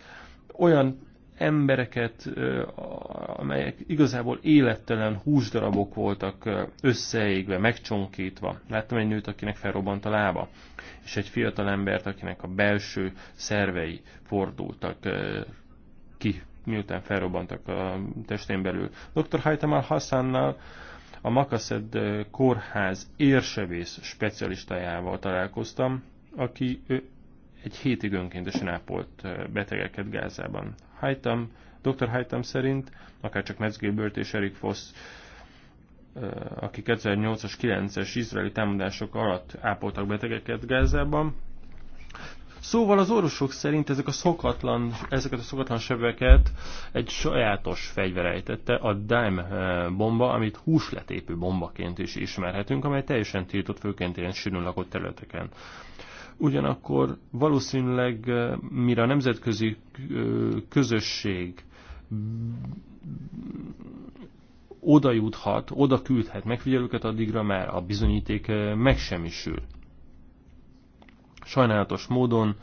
Olyan embereket, amelyek igazából élettelen húsdarabok voltak összeégve, megcsonkítva. Láttam egy nőt, akinek felrobbant a lába, és egy fiatal embert, akinek a belső szervei fordultak ki miután felrobbantak a testén belül. Dr. Haitamal Hassannal a Makaszed kórház érsevész specialistájával találkoztam, aki egy hétig önkéntesen ápolt betegeket Gázában. Haitam, Dr. Haitam szerint, akár csak Metz Gilbert és Eric Foss, akik 2008-as, 9-es izraeli támadások alatt ápoltak betegeket Gázában, Szóval az orvosok szerint ezek a szokatlan, ezeket a szokatlan sebeket egy sajátos fegyver ejtette, a Dime eh, bomba, amit húsletépő bombaként is ismerhetünk, amely teljesen tiltott főként ilyen sűrűn lakott területeken. Ugyanakkor valószínűleg, eh, mire a nemzetközi eh, közösség oda juthat, oda küldhet megfigyelőket, addigra már a bizonyíték megsemmisül. Sajnálatos módon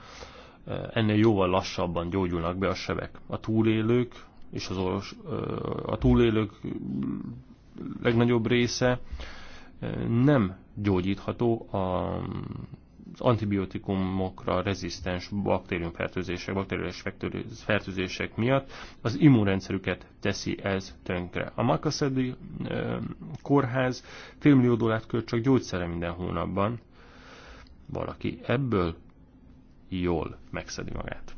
eh, ennél jóval lassabban gyógyulnak be a sebek. A túlélők és az orvos, eh, a túlélők legnagyobb része eh, nem gyógyítható az antibiotikumokra rezisztens baktériumfertőzések, bakteriális fertőzések miatt az immunrendszerüket teszi ez tönkre. A Makaszedi kórház félmillió dollárt költ csak gyógyszere minden hónapban, valaki ebből jól megszedi magát.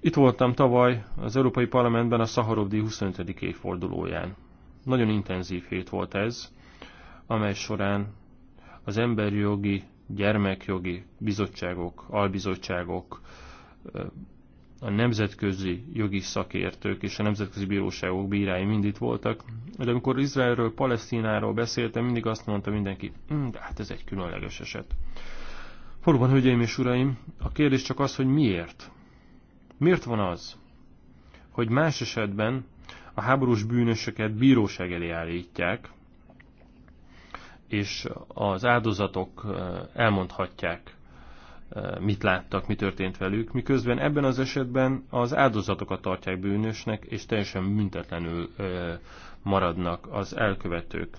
Itt voltam tavaly az Európai Parlamentben a Szaharovdi 25. évfordulóján. Nagyon intenzív hét volt ez, amely során az emberjogi, gyermekjogi bizottságok, albizottságok a nemzetközi jogi szakértők és a nemzetközi bíróságok bírái mind itt voltak, de amikor Izraelről, Palesztináról beszéltem, mindig azt mondta mindenki, hm, de hát ez egy különleges eset. Valóban, hölgyeim és uraim, a kérdés csak az, hogy miért? Miért van az, hogy más esetben a háborús bűnösöket bíróság elé állítják, és az áldozatok eh, elmondhatják mit láttak, mi történt velük, miközben ebben az esetben az áldozatokat tartják bűnösnek, és teljesen büntetlenül maradnak az elkövetők.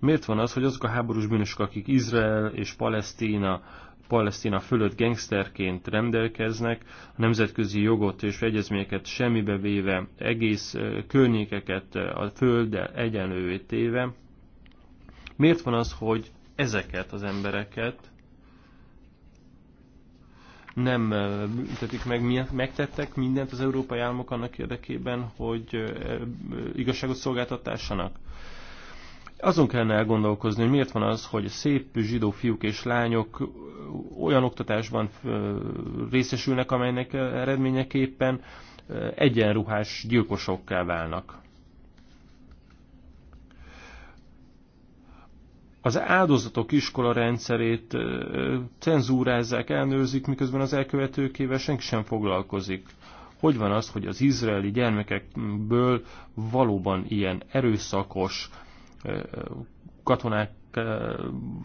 Miért van az, hogy azok a háborús bűnösök, akik Izrael és Palesztina Palesztina fölött gengszterként rendelkeznek, a nemzetközi jogot és egyezményeket semmibe véve, egész környékeket a földdel egyenlővé téve, Miért van az, hogy ezeket az embereket nem büntetik meg, megtettek mindent az európai államok annak érdekében, hogy igazságot szolgáltatássanak? Azon kellene elgondolkozni, hogy miért van az, hogy a szép zsidó fiúk és lányok olyan oktatásban részesülnek, amelynek eredményeképpen egyenruhás gyilkosokká válnak. az áldozatok iskola rendszerét cenzúrázzák, elnőrzik, miközben az elkövetőkével senki sem foglalkozik. Hogy van az, hogy az izraeli gyermekekből valóban ilyen erőszakos katonák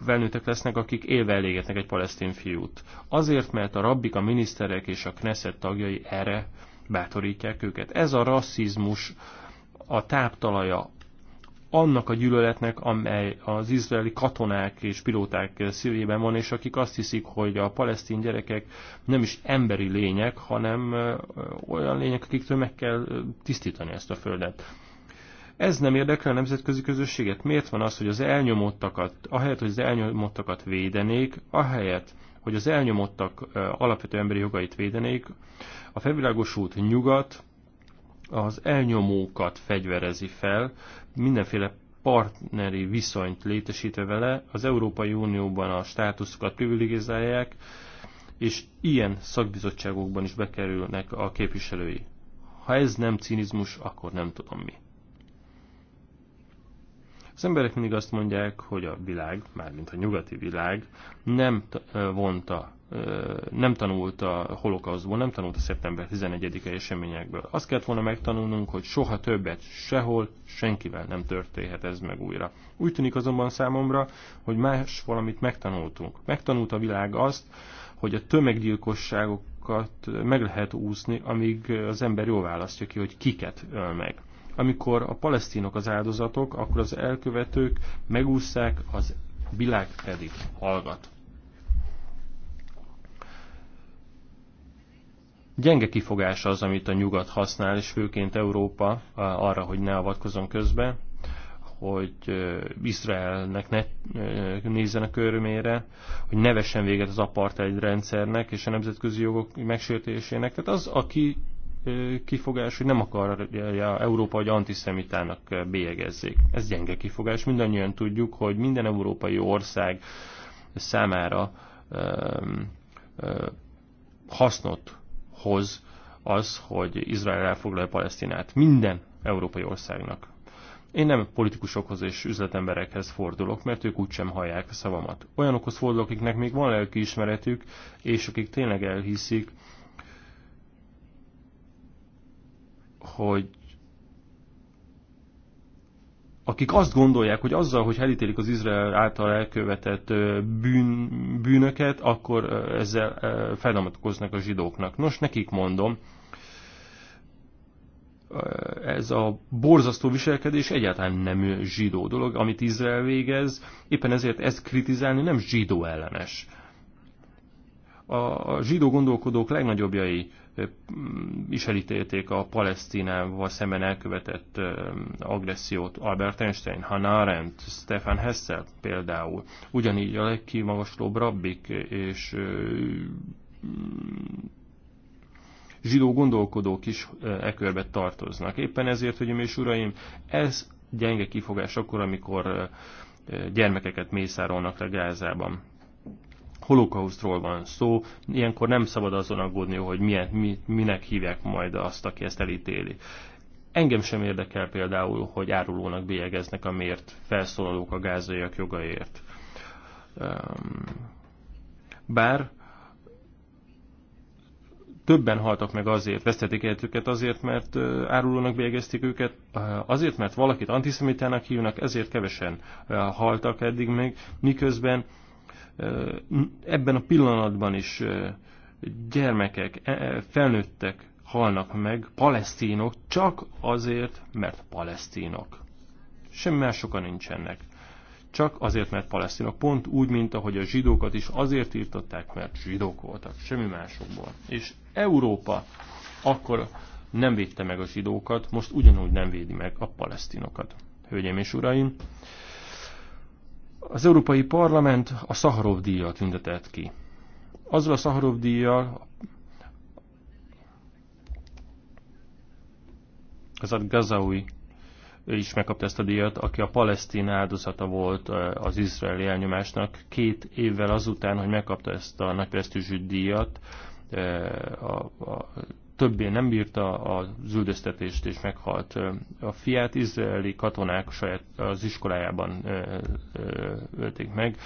felnőttek lesznek, akik élve elégetnek egy palesztin fiút. Azért, mert a rabbik, a miniszterek és a Knesset tagjai erre bátorítják őket. Ez a rasszizmus a táptalaja annak a gyűlöletnek, amely az izraeli katonák és pilóták szívében van, és akik azt hiszik, hogy a palesztin gyerekek nem is emberi lények, hanem olyan lények, akiktől meg kell tisztítani ezt a földet. Ez nem érdekel a nemzetközi közösséget. Miért van az, hogy az elnyomottakat, ahelyett, hogy az elnyomottakat védenék, ahelyett, hogy az elnyomottak alapvető emberi jogait védenék, a felvilágosult nyugat az elnyomókat fegyverezi fel, mindenféle partneri viszonyt létesítve vele, az Európai Unióban a státuszokat privilegizálják, és ilyen szakbizottságokban is bekerülnek a képviselői. Ha ez nem cinizmus, akkor nem tudom mi. Az emberek mindig azt mondják, hogy a világ, mármint a nyugati világ nem vonta nem tanult a holokauszból, nem tanult a szeptember 11-e eseményekből. Azt kellett volna megtanulnunk, hogy soha többet sehol senkivel nem történhet ez meg újra. Úgy tűnik azonban számomra, hogy más valamit megtanultunk. Megtanult a világ azt, hogy a tömeggyilkosságokat meg lehet úszni, amíg az ember jól választja ki, hogy kiket öl meg. Amikor a palesztinok az áldozatok, akkor az elkövetők megúszszák, az világ pedig hallgat. Gyenge kifogás az, amit a nyugat használ, és főként Európa arra, hogy ne avatkozon közbe, hogy Izraelnek ne nézzen a körmére, hogy ne vessen véget az apartheid rendszernek és a nemzetközi jogok megsértésének. Tehát az, aki kifogás, hogy nem akarja Európa, hogy antiszemitának bélyegezzék. Ez gyenge kifogás. Mindannyian tudjuk, hogy minden európai ország számára hasznot hoz az, hogy Izrael elfoglalja Palesztinát minden európai országnak. Én nem politikusokhoz és üzletemberekhez fordulok, mert ők úgysem hallják a szavamat. Olyanokhoz fordulok, akiknek még van lelki ismeretük, és akik tényleg elhiszik, hogy akik azt gondolják, hogy azzal, hogy elítélik az Izrael által elkövetett bűn, bűnöket, akkor ezzel feldamatkoznak a zsidóknak. Nos, nekik mondom, ez a borzasztó viselkedés egyáltalán nem zsidó dolog, amit Izrael végez, éppen ezért ezt kritizálni nem zsidó ellenes. A zsidó gondolkodók legnagyobbjai is elítélték a Palesztinával szemben elkövetett agressziót. Albert Einstein, Hannah Arendt, Stefan Hessel például. Ugyanígy a legkimagaslóbb rabbik és zsidó gondolkodók is e körbe tartoznak. Éppen ezért, hogy és uraim, ez gyenge kifogás akkor, amikor gyermekeket mészárolnak le Gázában holokausztról van szó, ilyenkor nem szabad azon aggódni, hogy milyen, mi, minek hívják majd azt, aki ezt elítéli. Engem sem érdekel például, hogy árulónak bélyegeznek, amiért felszólalók a gázaiak jogaért. Bár többen haltak meg azért, vesztették életüket azért, mert árulónak bélyegezték őket, azért, mert valakit antiszemitának hívnak, ezért kevesen haltak eddig még, miközben ebben a pillanatban is gyermekek, e, e, felnőttek halnak meg, palesztinok, csak azért, mert palesztinok. Semmi más sokan nincsenek. Csak azért, mert palesztinok. Pont úgy, mint ahogy a zsidókat is azért írtották, mert zsidók voltak. Semmi másokból. És Európa akkor nem védte meg a zsidókat, most ugyanúgy nem védi meg a palesztinokat. Hölgyeim és uraim, az Európai Parlament a Szaharov díjat tüntetett ki. Azzal a Szaharov díjjal Azad Gazaui is megkapta ezt a díjat, aki a palesztin áldozata volt az izraeli elnyomásnak. Két évvel azután, hogy megkapta ezt a nagy díjat, a, a többé nem bírta az üldöztetést és meghalt. A fiát izraeli katonák saját az iskolájában ölték meg.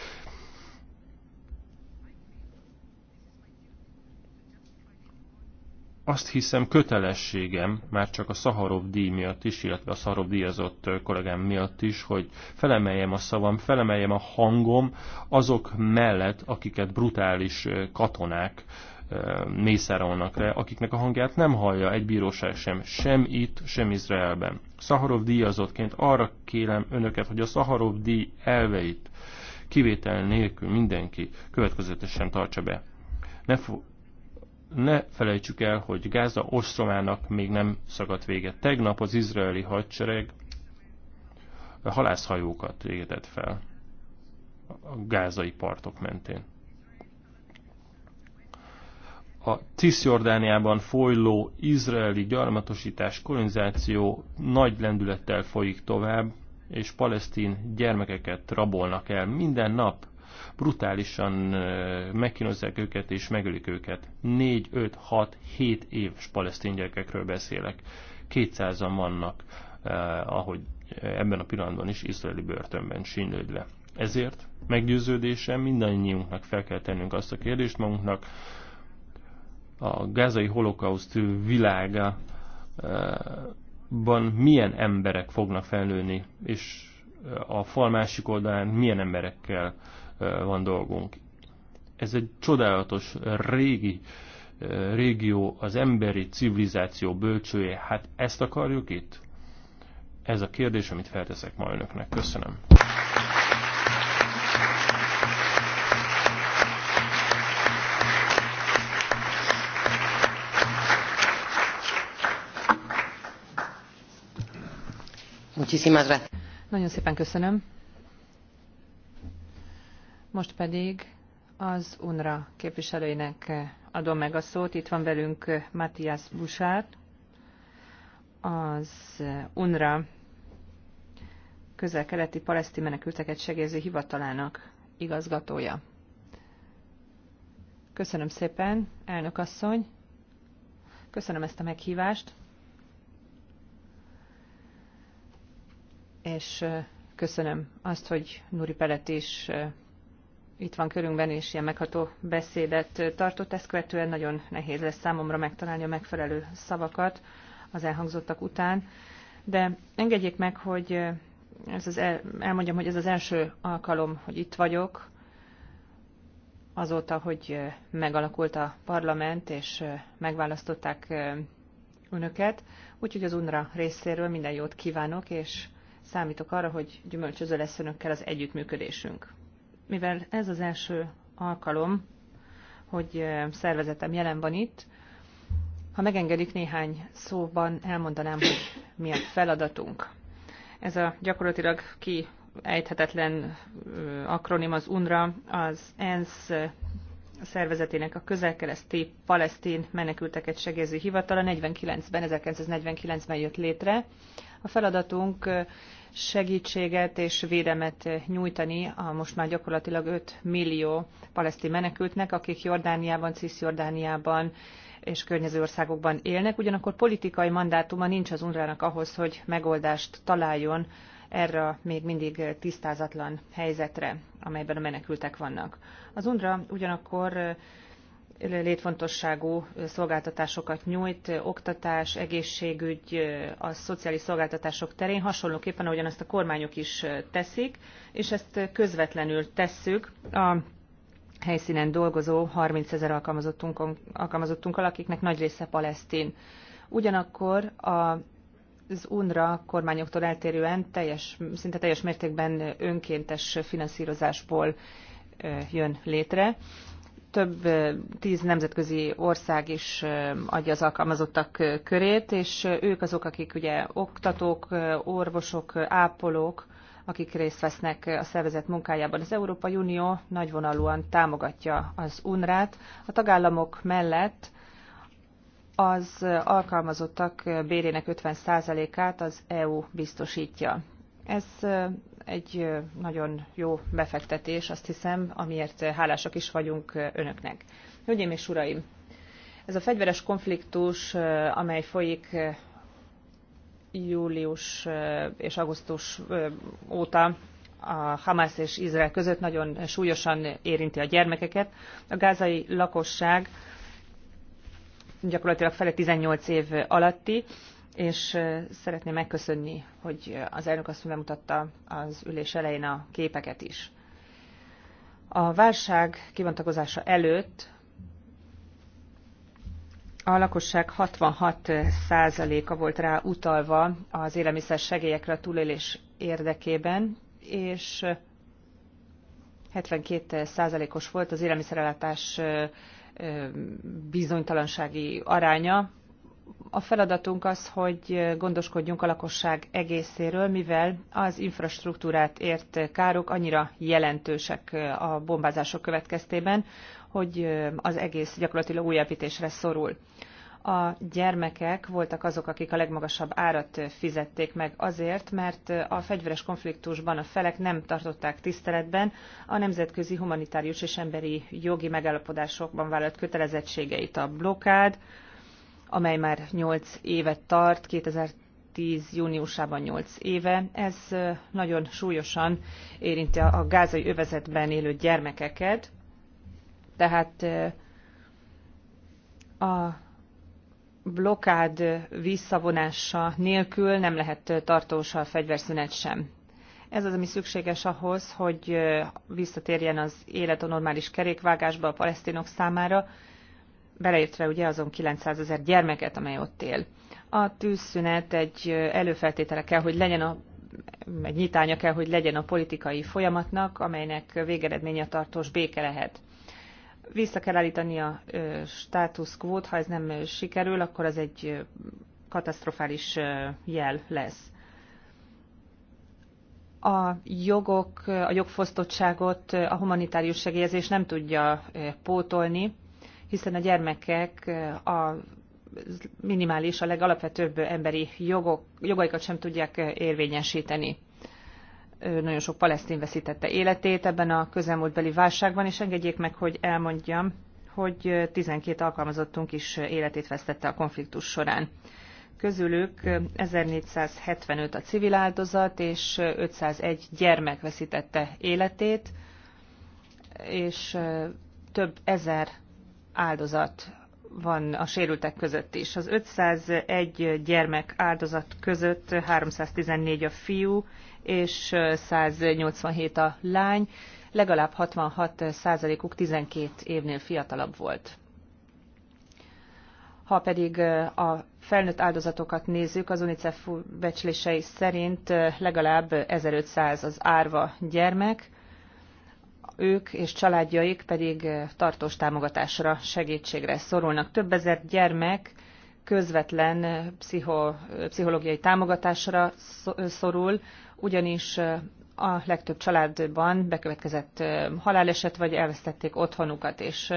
Azt hiszem kötelességem, már csak a Szaharov díj miatt is, illetve a Szaharov díjazott kollégám miatt is, hogy felemeljem a szavam, felemeljem a hangom azok mellett, akiket brutális katonák mészárolnak le, akiknek a hangját nem hallja egy bíróság sem, sem itt, sem Izraelben. Szaharov díjazottként arra kérem önöket, hogy a Szaharov díj elveit kivétel nélkül mindenki következetesen tartsa be. Ne, ne felejtsük el, hogy Gáza ostromának még nem szakadt vége. Tegnap az izraeli hadsereg halászhajókat égetett fel a gázai partok mentén a Cisjordániában folyló izraeli gyarmatosítás, kolonizáció nagy lendülettel folyik tovább, és palesztin gyermekeket rabolnak el minden nap, brutálisan megkínozzák őket és megölik őket. 4, 5, 6, 7 éves palesztin gyerekekről beszélek. 200-an vannak, eh, ahogy ebben a pillanatban is izraeli börtönben sínlődve. Ezért meggyőződésem mindannyiunknak fel kell tennünk azt a kérdést magunknak, a gázai holokauszt világa eh, ban milyen emberek fognak felnőni, és eh, a fal másik oldalán milyen emberekkel eh, van dolgunk. Ez egy csodálatos régi régió, az emberi civilizáció bölcsője. Hát ezt akarjuk itt? Ez a kérdés, amit felteszek ma önöknek. Köszönöm. Nagyon szépen köszönöm. Most pedig az UNRA képviselőinek adom meg a szót. Itt van velünk Matthias Busár, az UNRA közel-keleti palesztin menekülteket segélyező hivatalának igazgatója. Köszönöm szépen, elnök asszony. Köszönöm ezt a meghívást. és köszönöm azt, hogy Nuri Pelet is itt van körünkben, és ilyen megható beszédet tartott. Ezt követően nagyon nehéz lesz számomra megtalálni a megfelelő szavakat az elhangzottak után. De engedjék meg, hogy ez az el, elmondjam, hogy ez az első alkalom, hogy itt vagyok, azóta, hogy megalakult a parlament, és megválasztották önöket. Úgyhogy az UNRA részéről minden jót kívánok, és Számítok arra, hogy gyümölcsöző lesz önökkel az együttműködésünk. Mivel ez az első alkalom, hogy szervezetem jelen van itt, ha megengedik néhány szóban, elmondanám, hogy mi a feladatunk. Ez a gyakorlatilag ki ejthetetlen akronim az UNRA, az ENSZ szervezetének a közel palesztin menekülteket segélyző hivatala 49-ben, 1949-ben jött létre. A feladatunk segítséget és védemet nyújtani a most már gyakorlatilag 5 millió palesztin menekültnek, akik Jordániában, Cisjordániában és környező országokban élnek, ugyanakkor politikai mandátuma nincs az unrának ahhoz, hogy megoldást találjon erre a még mindig tisztázatlan helyzetre, amelyben a menekültek vannak. Az UNRWA ugyanakkor létfontosságú szolgáltatásokat nyújt, oktatás, egészségügy, a szociális szolgáltatások terén, hasonlóképpen, ahogyan ezt a kormányok is teszik, és ezt közvetlenül tesszük a helyszínen dolgozó 30 ezer alkalmazottunkkal, akiknek nagy része palesztin. Ugyanakkor a az unra kormányoktól eltérően teljes, szinte teljes mértékben önkéntes finanszírozásból jön létre, több tíz nemzetközi ország is adja az alkalmazottak körét, és ők azok, akik ugye oktatók, orvosok, ápolók, akik részt vesznek a szervezet munkájában. Az Európai Unió nagyvonalúan támogatja az UNRÁT. A tagállamok mellett az alkalmazottak bérének 50%-át az EU biztosítja. Ez egy nagyon jó befektetés, azt hiszem, amiért hálásak is vagyunk önöknek. Hölgyeim és uraim, ez a fegyveres konfliktus, amely folyik július és augusztus óta a Hamász és Izrael között nagyon súlyosan érinti a gyermekeket. A gázai lakosság gyakorlatilag fele 18 év alatti, és szeretném megköszönni, hogy az elnök azt bemutatta az ülés elején a képeket is. A válság kivontakozása előtt a lakosság 66%-a volt rá utalva az élelmiszer segélyekre a túlélés érdekében, és 72%-os volt az élelmiszerellátás bizonytalansági aránya, a feladatunk az, hogy gondoskodjunk a lakosság egészéről, mivel az infrastruktúrát ért károk annyira jelentősek a bombázások következtében, hogy az egész gyakorlatilag újjelpítésre szorul. A gyermekek voltak azok, akik a legmagasabb árat fizették meg azért, mert a fegyveres konfliktusban a felek nem tartották tiszteletben a nemzetközi humanitárius és emberi jogi megállapodásokban vállalt kötelezettségeit a blokád, amely már 8 évet tart, 2010. júniusában 8 éve. Ez nagyon súlyosan érinti a gázai övezetben élő gyermekeket, tehát a blokád visszavonása nélkül nem lehet tartós a fegyverszünet sem. Ez az, ami szükséges ahhoz, hogy visszatérjen az élet a normális kerékvágásba a palesztinok számára, beleértve ugye azon 900 ezer gyermeket, amely ott él. A tűzszünet egy előfeltétele kell, hogy legyen a egy nyitánya kell, hogy legyen a politikai folyamatnak, amelynek végeredménye a tartós béke lehet. Vissza kell állítani a státusz quo ha ez nem sikerül, akkor az egy katasztrofális jel lesz. A jogok, a jogfosztottságot a humanitárius segélyezés nem tudja pótolni, hiszen a gyermekek a minimális, a legalapvetőbb emberi jogok, jogaikat sem tudják érvényesíteni. Nagyon sok palesztin veszítette életét ebben a közelmúltbeli válságban, és engedjék meg, hogy elmondjam, hogy 12 alkalmazottunk is életét vesztette a konfliktus során. Közülük 1475 a civil áldozat, és 501 gyermek veszítette életét, és több ezer áldozat van a sérültek között is. Az 501 gyermek áldozat között 314 a fiú és 187 a lány, legalább 66 százalékuk 12 évnél fiatalabb volt. Ha pedig a felnőtt áldozatokat nézzük, az UNICEF becslései szerint legalább 1500 az árva gyermek, ők és családjaik pedig eh, tartós támogatásra, segítségre szorulnak. Több ezer gyermek közvetlen eh, pszicho, eh, pszichológiai támogatásra szorul, ugyanis a legtöbb családban bekövetkezett haláleset, vagy elvesztették otthonukat, és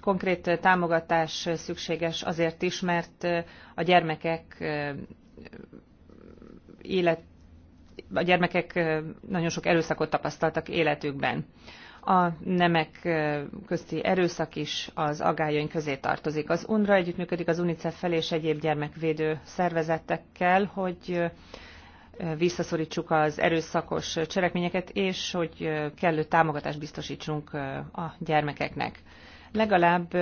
konkrét támogatás szükséges azért is, mert a gyermekek élet a gyermekek nagyon sok erőszakot tapasztaltak életükben. A nemek közti erőszak is az agályaink közé tartozik. Az UNRWA együttműködik az UNICEF-fel és egyéb gyermekvédő szervezetekkel, hogy visszaszorítsuk az erőszakos cselekményeket, és hogy kellő támogatást biztosítsunk a gyermekeknek. Legalább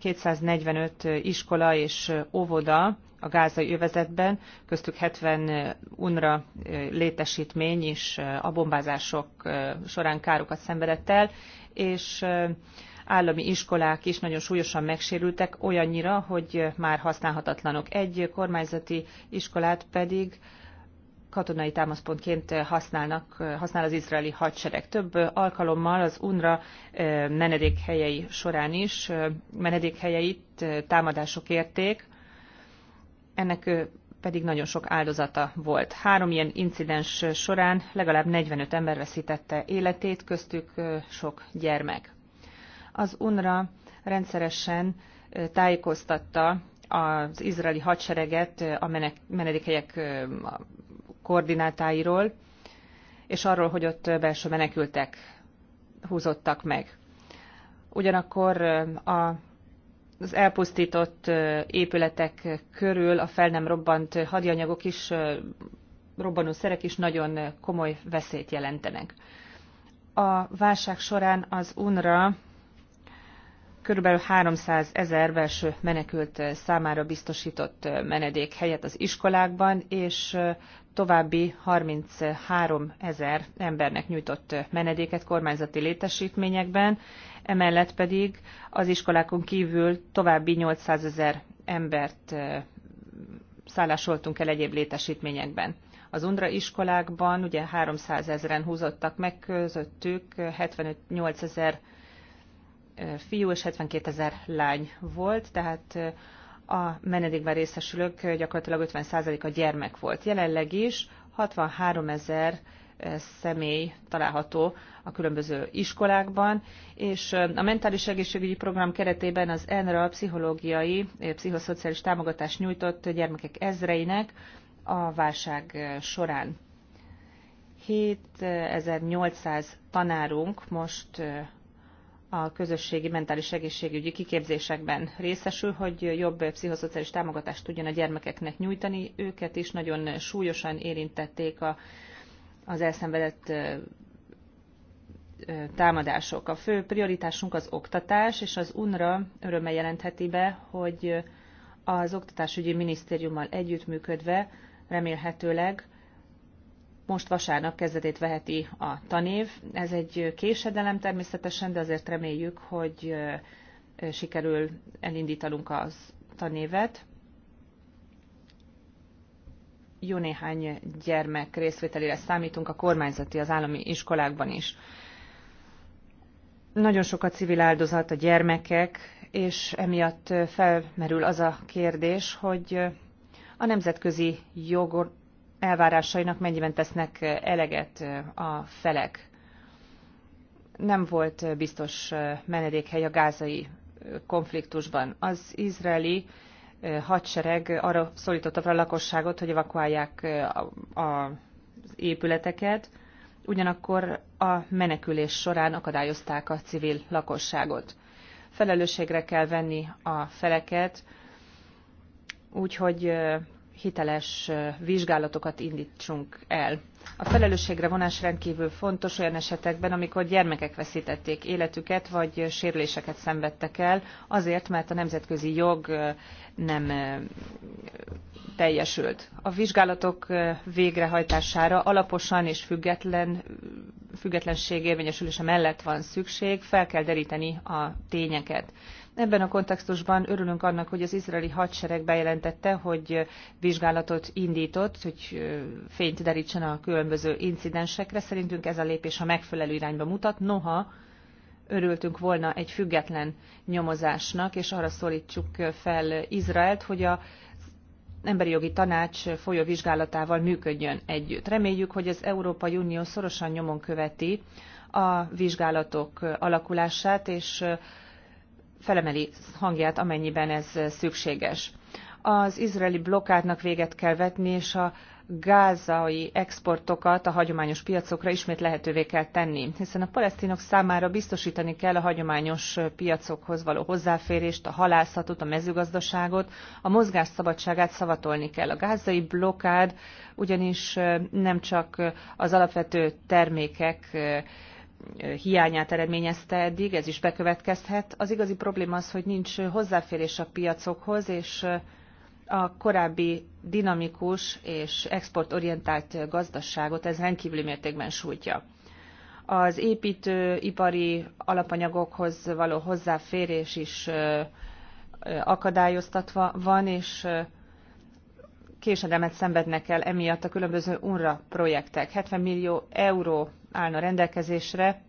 245 iskola és óvoda a gázai övezetben, köztük 70 UNRA eh, létesítmény is eh, a bombázások eh, során károkat szenvedett el, és állami iskolák is nagyon súlyosan megsérültek, olyannyira, hogy már használhatatlanok. Egy kormányzati iskolát pedig katonai támaszpontként használnak, használ az izraeli hadsereg. Több alkalommal az UNRA menedékhelyei során is menedékhelyeit támadások érték, ennek pedig nagyon sok áldozata volt. Három ilyen incidens során legalább 45 ember veszítette életét, köztük sok gyermek. Az UNRA rendszeresen tájékoztatta az izraeli hadsereget a menedékhelyek koordinátáiról, és arról, hogy ott belső menekültek húzottak meg. Ugyanakkor a az elpusztított épületek körül a fel nem robbant hadianyagok is, robbanó szerek is nagyon komoly veszélyt jelentenek. A válság során az UNRA körülbelül 300 ezer belső menekült számára biztosított menedék helyet az iskolákban, és további 33 ezer embernek nyújtott menedéket kormányzati létesítményekben, emellett pedig az iskolákon kívül további 800 ezer embert szállásoltunk el egyéb létesítményekben. Az UNDRA iskolákban ugye 300 ezeren húzottak meg, közöttük 75 ezer fiú és 72 ezer lány volt, tehát a menedékben részesülők gyakorlatilag 50% a gyermek volt. Jelenleg is 63 ezer személy található a különböző iskolákban, és a mentális egészségügyi program keretében az ENRA pszichológiai, pszichoszociális támogatást nyújtott gyermekek ezreinek a válság során. 7800 tanárunk most a közösségi mentális egészségügyi kiképzésekben részesül, hogy jobb pszichoszociális támogatást tudjon a gyermekeknek nyújtani. Őket is nagyon súlyosan érintették a az elszenvedett támadások. A fő prioritásunk az oktatás, és az UNRA örömmel jelentheti be, hogy az Oktatásügyi Minisztériummal együttműködve remélhetőleg most vasárnap kezdetét veheti a tanév. Ez egy késedelem természetesen, de azért reméljük, hogy sikerül elindítanunk az tanévet jó néhány gyermek részvételére számítunk a kormányzati, az állami iskolákban is. Nagyon sok a civil áldozat, a gyermekek, és emiatt felmerül az a kérdés, hogy a nemzetközi jog elvárásainak mennyiben tesznek eleget a felek. Nem volt biztos menedékhely a gázai konfliktusban. Az izraeli hadsereg arra szólította fel a lakosságot, hogy evakuálják az épületeket, ugyanakkor a menekülés során akadályozták a civil lakosságot. Felelősségre kell venni a feleket, úgyhogy hiteles vizsgálatokat indítsunk el. A felelősségre vonás rendkívül fontos olyan esetekben, amikor gyermekek veszítették életüket, vagy sérüléseket szenvedtek el, azért, mert a nemzetközi jog nem teljesült. A vizsgálatok végrehajtására alaposan és független, függetlenség érvényesülése mellett van szükség, fel kell deríteni a tényeket. Ebben a kontextusban örülünk annak, hogy az izraeli hadsereg bejelentette, hogy vizsgálatot indított, hogy fényt derítsen a különböző incidensekre. Szerintünk ez a lépés a megfelelő irányba mutat, noha örültünk volna egy független nyomozásnak, és arra szólítsuk fel Izraelt, hogy a emberi jogi tanács folyó vizsgálatával működjön együtt. Reméljük, hogy az Európai Unió szorosan nyomon követi a vizsgálatok alakulását, és felemeli hangját, amennyiben ez szükséges. Az izraeli blokkádnak véget kell vetni, és a gázai exportokat a hagyományos piacokra ismét lehetővé kell tenni, hiszen a palesztinok számára biztosítani kell a hagyományos piacokhoz való hozzáférést, a halászatot, a mezőgazdaságot, a mozgás szabadságát szavatolni kell. A gázai blokád ugyanis nem csak az alapvető termékek hiányát eredményezte eddig, ez is bekövetkezhet. Az igazi probléma az, hogy nincs hozzáférés a piacokhoz, és eh, a korábbi dinamikus és exportorientált gazdaságot ez rendkívüli mértékben sújtja. Az építőipari alapanyagokhoz való hozzáférés is eh, eh, akadályoztatva van, és késedemet szenvednek el emiatt a különböző UNRWA projektek. 70 millió euró állna rendelkezésre,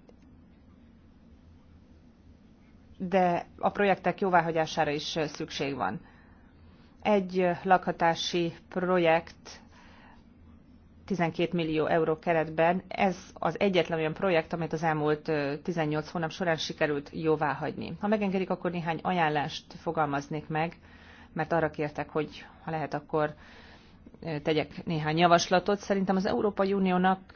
de a projektek jóváhagyására is szükség van. Egy lakhatási projekt 12 millió euró keretben, ez az egyetlen olyan projekt, amit az elmúlt 18 hónap során sikerült jóváhagyni. Ha megengedik, akkor néhány ajánlást fogalmaznék meg, mert arra kértek, hogy ha lehet, akkor tegyek néhány javaslatot. Szerintem az Európai Uniónak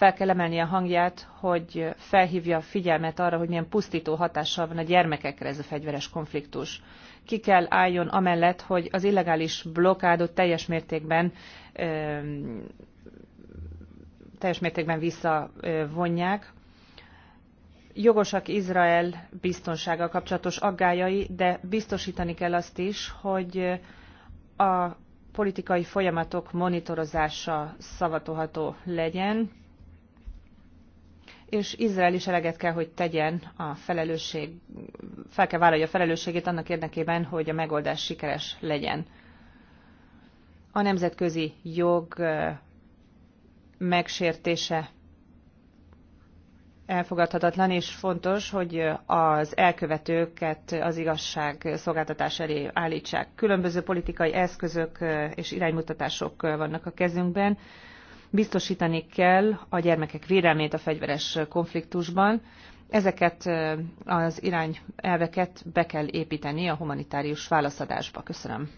fel kell emelni a hangját, hogy felhívja a figyelmet arra, hogy milyen pusztító hatással van a gyermekekre ez a fegyveres konfliktus. Ki kell álljon amellett, hogy az illegális blokádot teljes mértékben teljes mértékben visszavonják. Jogosak Izrael biztonsága kapcsolatos aggájai, de biztosítani kell azt is, hogy a politikai folyamatok monitorozása szavatolható legyen, és Izrael is eleget kell, hogy tegyen a felelősség, fel kell vállalja a felelősségét annak érdekében, hogy a megoldás sikeres legyen. A nemzetközi jog megsértése elfogadhatatlan, és fontos, hogy az elkövetőket az igazság szolgáltatás elé állítsák. Különböző politikai eszközök és iránymutatások vannak a kezünkben biztosítani kell a gyermekek védelmét a fegyveres konfliktusban. Ezeket az irányelveket be kell építeni a humanitárius válaszadásba. Köszönöm.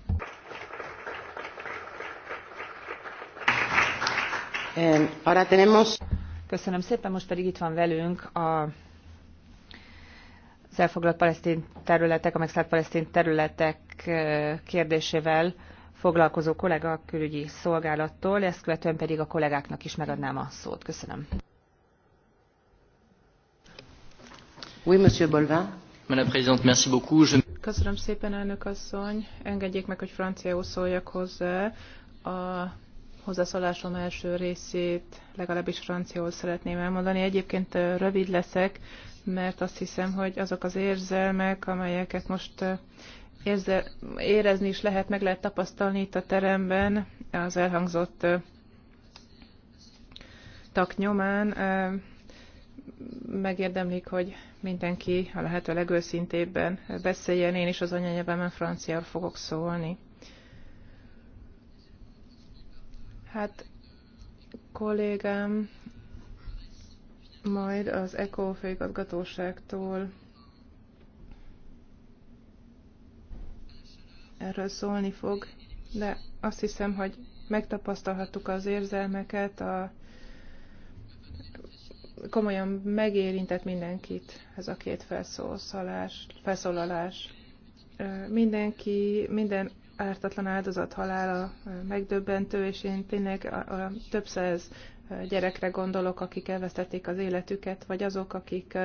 Köszönöm szépen, most pedig itt van velünk a az elfoglalt palesztin területek, a megszállt palesztin területek kérdésével foglalkozó kollega a külügyi szolgálattól, ezt követően pedig a kollégáknak is megadnám a szót. Köszönöm. Oui, monsieur Bolvin. Madame la Présidente, merci beaucoup. Je... Köszönöm szépen, elnök asszony. Engedjék meg, hogy francia szóljak hozzá. A hozzászólásom első részét legalábbis franciául szeretném elmondani. Egyébként rövid leszek, mert azt hiszem, hogy azok az érzelmek, amelyeket most Érzel, érezni is lehet, meg lehet tapasztalni itt a teremben az elhangzott taknyomán. Megérdemlik, hogy mindenki a lehető legőszintébben beszéljen. Én is az anyanyelvemen franciául fogok szólni. Hát kollégám majd az ECO főigazgatóságtól erről szólni fog, de azt hiszem, hogy megtapasztalhattuk az érzelmeket, a komolyan megérintett mindenkit ez a két felszólalás. felszólalás. Mindenki, minden ártatlan áldozat halála megdöbbentő, és én tényleg a, a több száz gyerekre gondolok, akik elvesztették az életüket, vagy azok, akik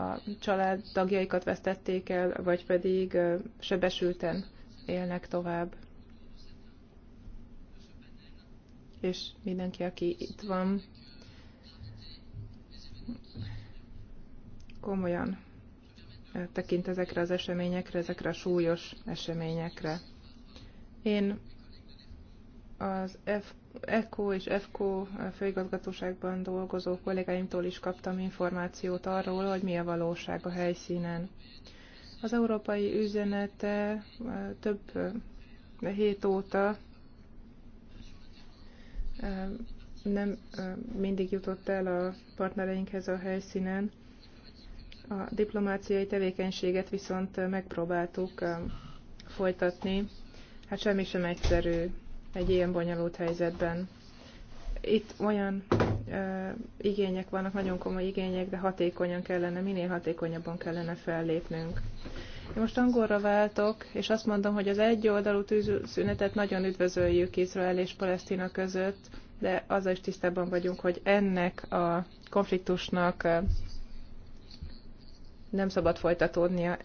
a család tagjaikat vesztették el, vagy pedig sebesülten élnek tovább. És mindenki, aki itt van, komolyan tekint ezekre az eseményekre, ezekre a súlyos eseményekre. Én az F ECO és EFCO főigazgatóságban dolgozó kollégáimtól is kaptam információt arról, hogy mi a valóság a helyszínen. Az európai üzenete több hét óta nem mindig jutott el a partnereinkhez a helyszínen. A diplomáciai tevékenységet viszont megpróbáltuk folytatni. Hát semmi sem egyszerű egy ilyen bonyolult helyzetben. Itt olyan ö, igények vannak, nagyon komoly igények, de hatékonyan kellene, minél hatékonyabban kellene fellépnünk. Én most angolra váltok, és azt mondom, hogy az egyoldalú tűzszünetet nagyon üdvözöljük Izrael és Palesztina között, de azzal is tisztában vagyunk, hogy ennek a konfliktusnak nem szabad folytatódnia.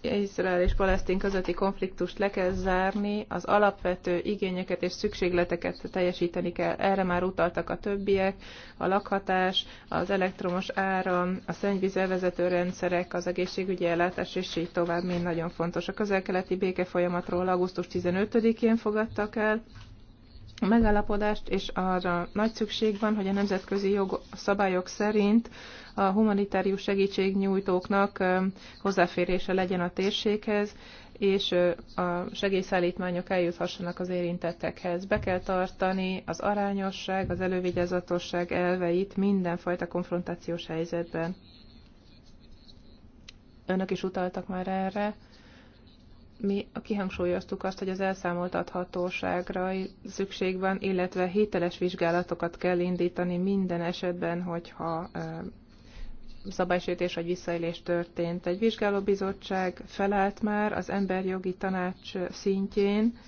Izrael és Palesztin közötti konfliktust le kell zárni, az alapvető igényeket és szükségleteket teljesíteni kell. Erre már utaltak a többiek, a lakhatás, az elektromos áram, a szennyvíz elvezető rendszerek, az egészségügyi ellátás, és így tovább mind nagyon fontos. A közel-keleti békefolyamatról augusztus 15-én fogadtak el megállapodást, és arra nagy szükség van, hogy a nemzetközi jog szabályok szerint a humanitárius segítségnyújtóknak hozzáférése legyen a térséghez, és a segélyszállítmányok eljuthassanak az érintettekhez. Be kell tartani az arányosság, az elővigyázatosság elveit mindenfajta konfrontációs helyzetben. Önök is utaltak már erre. Mi kihangsúlyoztuk azt, hogy az elszámoltathatóságra szükség van, illetve hiteles vizsgálatokat kell indítani minden esetben, hogyha szabálysértés vagy visszaélés történt. Egy vizsgálóbizottság felállt már az emberjogi tanács szintjén,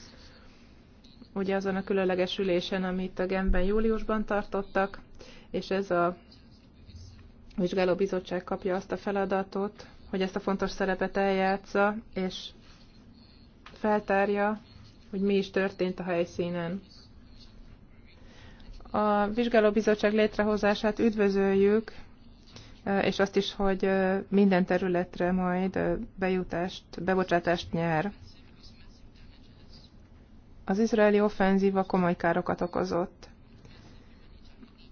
ugye azon a különleges ülésen, amit a Genben júliusban tartottak, és ez a vizsgálóbizottság kapja azt a feladatot, hogy ezt a fontos szerepet eljátsza, és feltárja, hogy mi is történt a helyszínen. A vizsgálóbizottság létrehozását üdvözöljük, és azt is, hogy minden területre majd bejutást, bebocsátást nyer. Az izraeli offenzíva komoly károkat okozott,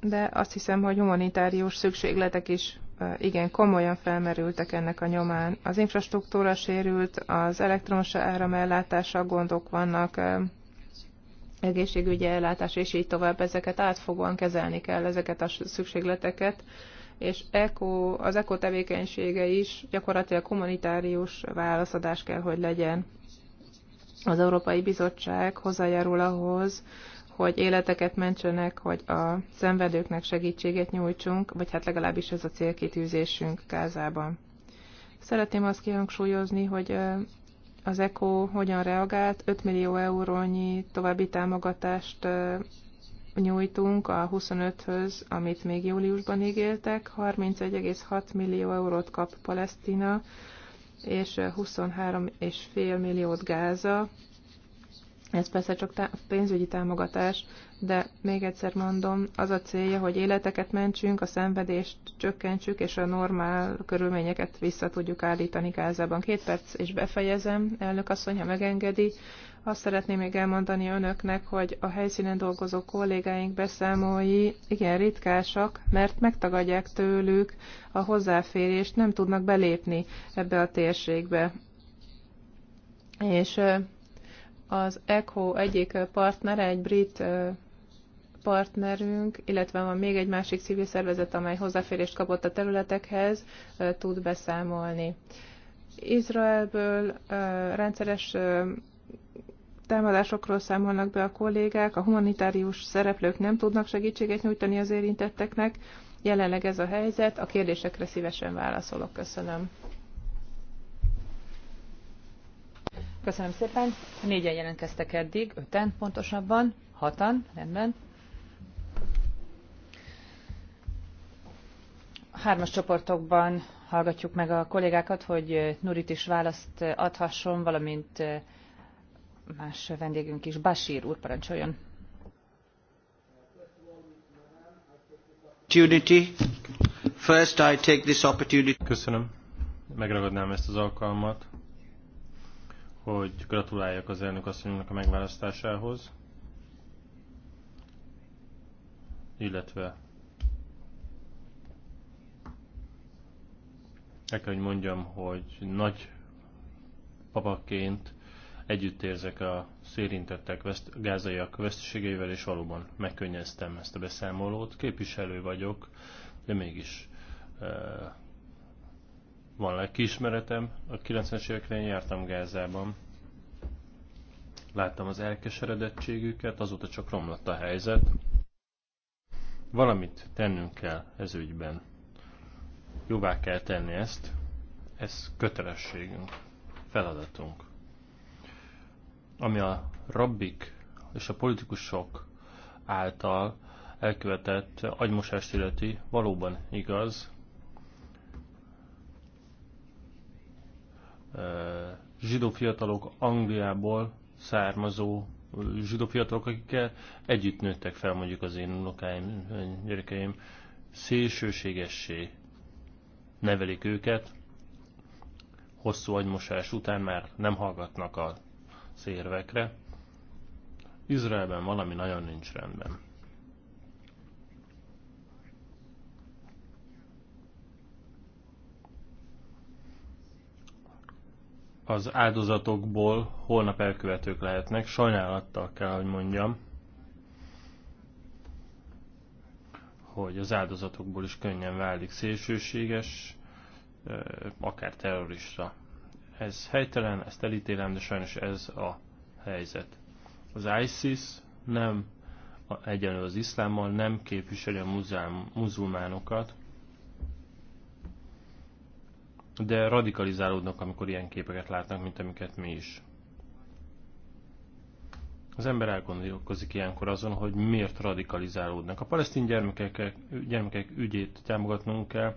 de azt hiszem, hogy humanitárius szükségletek is igen komolyan felmerültek ennek a nyomán. Az infrastruktúra sérült, az elektromos áramellátással gondok vannak, egészségügyi ellátás, és így tovább ezeket átfogóan kezelni kell, ezeket a szükségleteket, és eko, az EKO tevékenysége is gyakorlatilag humanitárius válaszadás kell, hogy legyen. Az Európai Bizottság hozzájárul ahhoz, hogy életeket mentsenek, hogy a szenvedőknek segítséget nyújtsunk, vagy hát legalábbis ez a célkitűzésünk Gázában. Szeretném azt kihangsúlyozni, hogy az ECO hogyan reagált, 5 millió eurónyi további támogatást nyújtunk a 25-höz, amit még júliusban ígértek. 31,6 millió eurót kap Palesztina, és 23,5 milliót Gáza. Ez persze csak tá- pénzügyi támogatás, de még egyszer mondom, az a célja, hogy életeket mentsünk, a szenvedést csökkentsük, és a normál körülményeket vissza tudjuk állítani Gázában. Két perc, és befejezem, elnök asszony, ha megengedi. Azt szeretném még elmondani önöknek, hogy a helyszínen dolgozó kollégáink beszámolói igen ritkásak, mert megtagadják tőlük a hozzáférést, nem tudnak belépni ebbe a térségbe. És az ECHO egyik partnere, egy brit partnerünk, illetve van még egy másik civil szervezet, amely hozzáférést kapott a területekhez, tud beszámolni. Izraelből rendszeres támadásokról számolnak be a kollégák, a humanitárius szereplők nem tudnak segítséget nyújtani az érintetteknek. Jelenleg ez a helyzet, a kérdésekre szívesen válaszolok. Köszönöm. Köszönöm szépen. Négyen jelentkeztek eddig, öten pontosabban, hatan, rendben. Hármas csoportokban hallgatjuk meg a kollégákat, hogy Nurit is választ adhasson, valamint más vendégünk is. Basír úr, parancsoljon. First I take this opportunity. Köszönöm. Megragadnám ezt az alkalmat, hogy gratuláljak az elnök asszonynak a megválasztásához, illetve el kell, hogy mondjam, hogy nagy papaként Együtt érzek a szérintettek veszt, gázaiak veszteségeivel, és valóban megkönnyeztem ezt a beszámolót. Képviselő vagyok, de mégis e, van lelkiismeretem. A 90-es években jártam Gázában. Láttam az elkeseredettségüket, azóta csak romlott a helyzet. Valamit tennünk kell ez ügyben. Jóvá kell tenni ezt, ez kötelességünk, feladatunk ami a rabbik és a politikusok által elkövetett agymosást illeti, valóban igaz. Zsidó fiatalok Angliából származó zsidó fiatalok, akikkel együtt nőttek fel mondjuk az én unokáim, gyerekeim, szélsőségessé nevelik őket, hosszú agymosás után már nem hallgatnak a szérvekre. Izraelben valami nagyon nincs rendben. Az áldozatokból holnap elkövetők lehetnek, sajnálattal kell, hogy mondjam, hogy az áldozatokból is könnyen válik szélsőséges, akár terrorista ez helytelen, ezt elítélem, de sajnos ez a helyzet. Az ISIS nem egyenlő az iszlámmal, nem képviseli a muzulmánokat, de radikalizálódnak, amikor ilyen képeket látnak, mint amiket mi is. Az ember elgondolkozik ilyenkor azon, hogy miért radikalizálódnak. A palesztin gyermekek, gyermekek ügyét támogatnunk kell,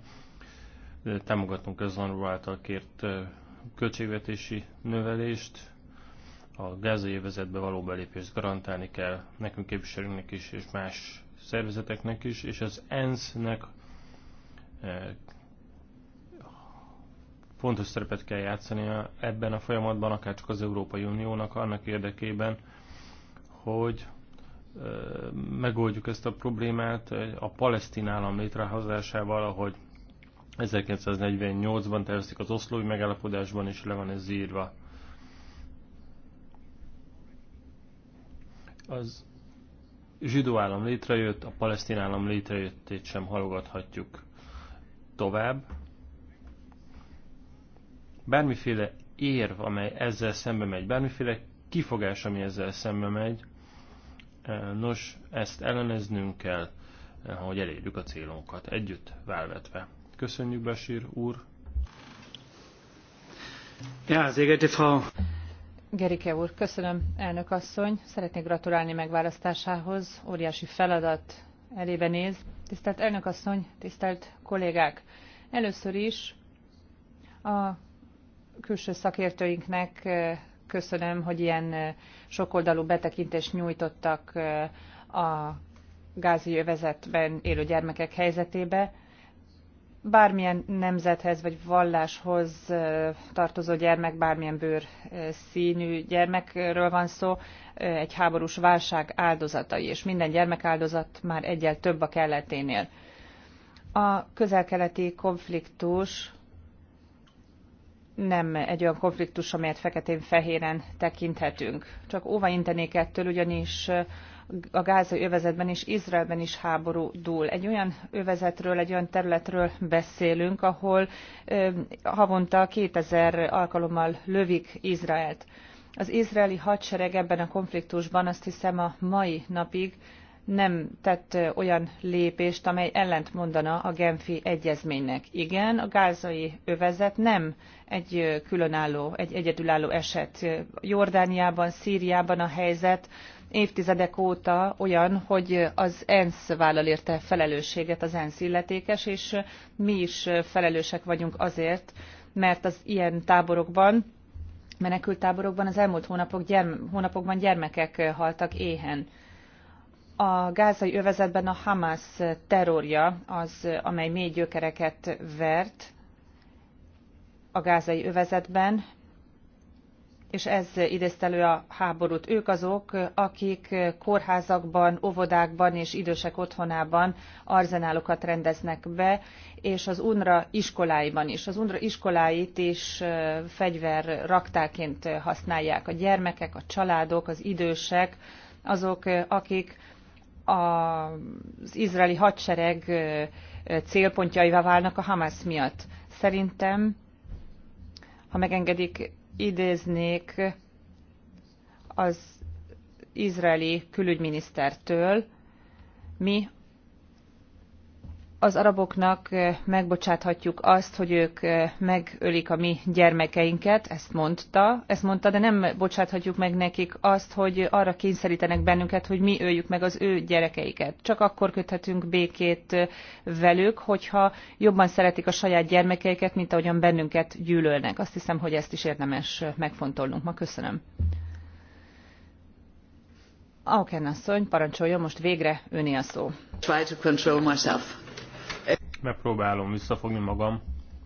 támogatnunk az ANRU által kért költségvetési növelést, a gázévezetbe való belépést garantálni kell nekünk képviselőnknek is, és más szervezeteknek is, és az ENSZ-nek eh, fontos szerepet kell játszani ebben a folyamatban, akár csak az Európai Uniónak annak érdekében, hogy eh, megoldjuk ezt a problémát eh, a palesztin állam létrehozásával, ahogy 1948-ban tervezik az oszlói megállapodásban, és le van ez írva. Az zsidó állam létrejött, a palesztin állam létrejöttét sem halogathatjuk tovább. Bármiféle érv, amely ezzel szembe megy, bármiféle kifogás, ami ezzel szembe megy, eh, nos, ezt elleneznünk kell, eh, hogy elérjük a célunkat, együtt válvetve. Köszönjük, Besír úr. Ja, sehr Frau. Gerike úr, köszönöm, elnök asszony. Szeretnék gratulálni megválasztásához. Óriási feladat elébe néz. Tisztelt elnök asszony, tisztelt kollégák! Először is a külső szakértőinknek eh, köszönöm, hogy ilyen eh, sokoldalú betekintést nyújtottak eh, a gázi jövezetben élő gyermekek helyzetébe bármilyen nemzethez vagy valláshoz tartozó gyermek, bármilyen bőr színű gyermekről van szó, egy háborús válság áldozatai, és minden gyermek áldozat már egyel több a kelleténél. A közelkeleti konfliktus nem egy olyan konfliktus, amelyet feketén-fehéren tekinthetünk. Csak óva intenék ettől, ugyanis a gázai övezetben és Izraelben is háború dúl. Egy olyan övezetről, egy olyan területről beszélünk, ahol havonta 2000 alkalommal lövik Izraelt. Az izraeli hadsereg ebben a konfliktusban azt hiszem a mai napig nem tett olyan lépést, amely ellent mondana a Genfi egyezménynek. Igen, a gázai övezet nem egy különálló, egy egyedülálló eset. Jordániában, Szíriában a helyzet évtizedek óta olyan, hogy az ENSZ vállal érte felelősséget, az ENSZ illetékes, és mi is felelősek vagyunk azért, mert az ilyen táborokban, menekültáborokban az elmúlt hónapok gyerm- hónapokban gyermekek haltak éhen a gázai övezetben a Hamas terrorja az, amely mély gyökereket vert a gázai övezetben, és ez idézte elő a háborút. Ők azok, akik kórházakban, óvodákban és idősek otthonában arzenálokat rendeznek be, és az UNRA iskoláiban is. Az UNRA iskoláit is fegyver raktáként használják a gyermekek, a családok, az idősek, azok, akik az izraeli hadsereg célpontjaivá válnak a Hamas miatt. Szerintem, ha megengedik, idéznék az izraeli külügyminisztertől, mi az araboknak megbocsáthatjuk azt, hogy ők megölik a mi gyermekeinket, ezt mondta, ezt mondta, de nem bocsáthatjuk meg nekik azt, hogy arra kényszerítenek bennünket, hogy mi öljük meg az ő gyerekeiket. Csak akkor köthetünk békét velük, hogyha jobban szeretik a saját gyermekeiket, mint ahogyan bennünket gyűlölnek. Azt hiszem, hogy ezt is érdemes megfontolnunk ma. Köszönöm. Auken asszony, parancsoljon most végre öné a szó. Try to control myself megpróbálom visszafogni magam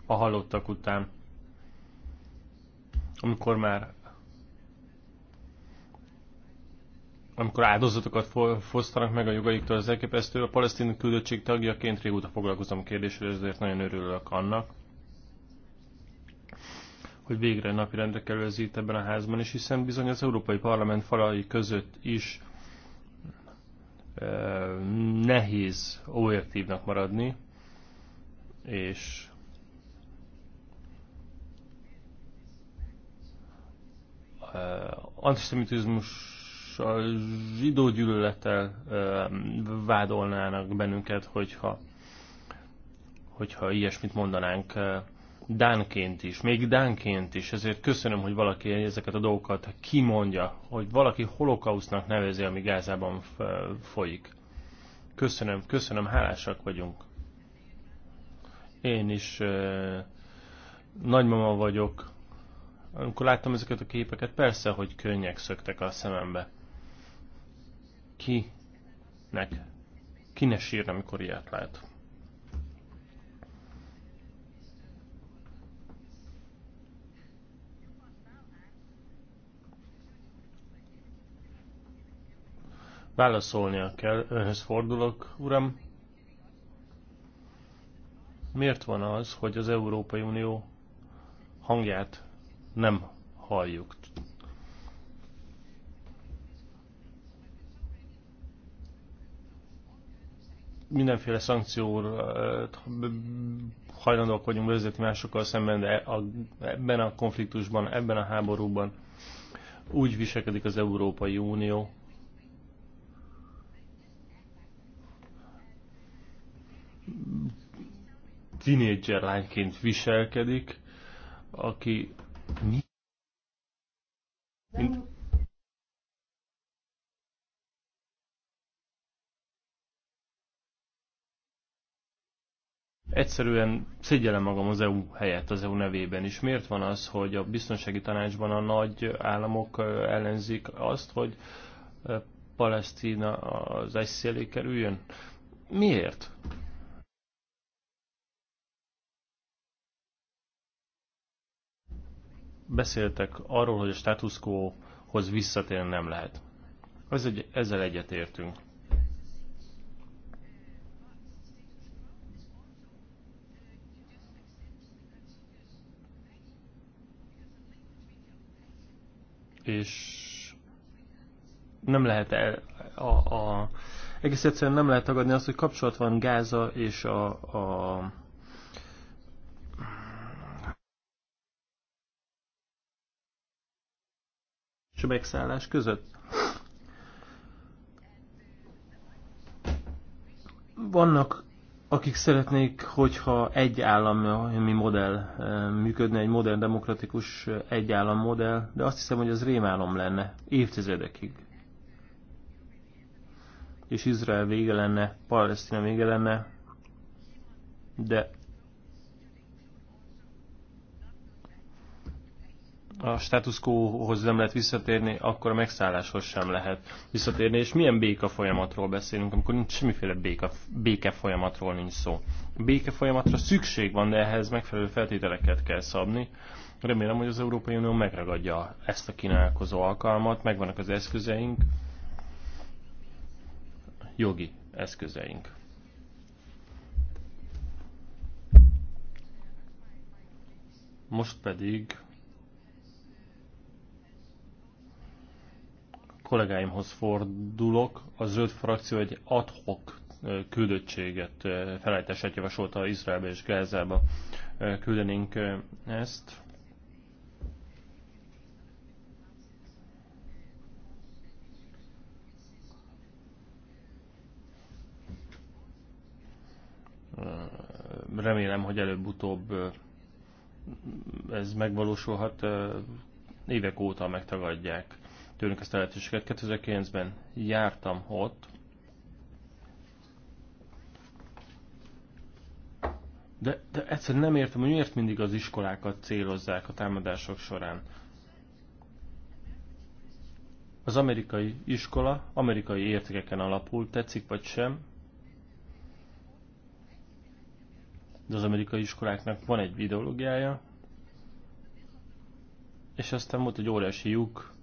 a halottak után. Amikor már amikor áldozatokat fosztanak meg a jogaiktól, az elképesztő. A palesztin küldöttség tagjaként régóta foglalkozom a kérdésről, ezért nagyon örülök annak, hogy végre rendre kerül ez itt ebben a házban, is, hiszen bizony az Európai Parlament falai között is eh, nehéz objektívnak maradni és a zsidó gyűlölettel vádolnának bennünket, hogyha, hogyha ilyesmit mondanánk Dánként is, még Dánként is, ezért köszönöm, hogy valaki ezeket a dolgokat kimondja, hogy valaki holokausznak nevezi, ami Gázában folyik. Köszönöm, köszönöm, hálásak vagyunk. Én is uh, nagymama vagyok. Amikor láttam ezeket a képeket, persze, hogy könnyek szöktek a szemembe. Nek? Ki ne sírna, amikor ilyet lát? Válaszolnia kell, önhöz fordulok, uram. Miért van az, hogy az Európai Unió hangját nem halljuk? mindenféle szankcióra eh, hajlandóak vagyunk vezetni másokkal szemben, de a, ebben a konfliktusban, ebben a háborúban úgy viselkedik az Európai Unió, tinédzser lányként viselkedik, aki mi? Mint, egyszerűen szégyellem magam az EU helyett, az EU nevében is. Miért van az, hogy a biztonsági tanácsban a nagy államok ellenzik azt, hogy Palesztina az icl kerüljön? Miért? beszéltek arról, hogy a status quo-hoz visszatérni nem lehet. Ez egy, ezzel egyetértünk. És nem lehet el, a, a, egész egyszerűen nem lehet tagadni azt, hogy kapcsolat van Gáza és a, a és a megszállás között. Vannak, akik szeretnék, hogyha egy állami modell eh, működne, egy modern demokratikus eh, egy állam modell, de azt hiszem, hogy az rémálom lenne évtizedekig. És Izrael vége lenne, Palesztina vége lenne, de a status quo-hoz nem lehet visszatérni, akkor a megszálláshoz sem lehet visszatérni. És milyen béka folyamatról beszélünk, amikor nincs semmiféle béka, béke folyamatról nincs szó. A béke folyamatra szükség van, de ehhez megfelelő feltételeket kell szabni. Remélem, hogy az Európai Unió megragadja ezt a kínálkozó alkalmat, megvannak az eszközeink, jogi eszközeink. Most pedig kollégáimhoz fordulok. A zöld frakció egy adhok küldöttséget, felállítását javasolta Izraelbe és Gázába. Küldenénk ezt. Remélem, hogy előbb-utóbb ez megvalósulhat. Évek óta megtagadják tőlünk ezt a lehetőséget. 2009-ben jártam ott, de, de egyszerűen nem értem, hogy miért mindig az iskolákat célozzák a támadások során. Az amerikai iskola amerikai értékeken alapul, tetszik vagy sem, de az amerikai iskoláknak van egy ideológiája, és aztán volt egy óriási lyuk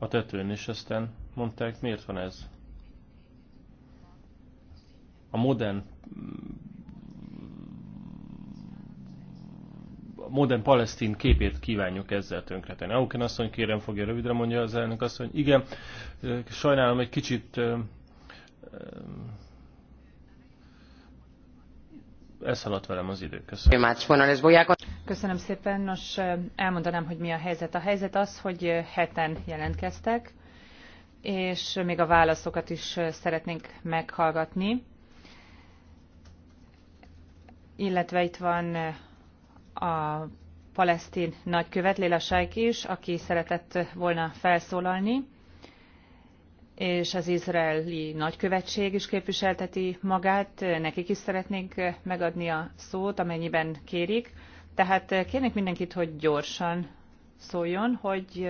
a tetőn, és aztán mondták, miért van ez. A modern a modern palesztin képét kívánjuk ezzel tönkretenni. Auken asszony kérem fogja rövidre mondja az elnök asszony. Igen, sajnálom, egy kicsit elszaladt velem az idő. Köszönöm. Köszönöm szépen. Nos, eh, elmondanám, hogy mi a helyzet. A helyzet az, hogy eh, heten jelentkeztek, és még a válaszokat is eh, szeretnénk meghallgatni. Illetve itt van a palesztin nagykövet, Léla Sajk is, aki szeretett volna felszólalni és az izraeli nagykövetség is képviselteti magát, nekik is szeretnénk megadni a szót, amennyiben kérik. Tehát kérnék mindenkit, hogy gyorsan szóljon, hogy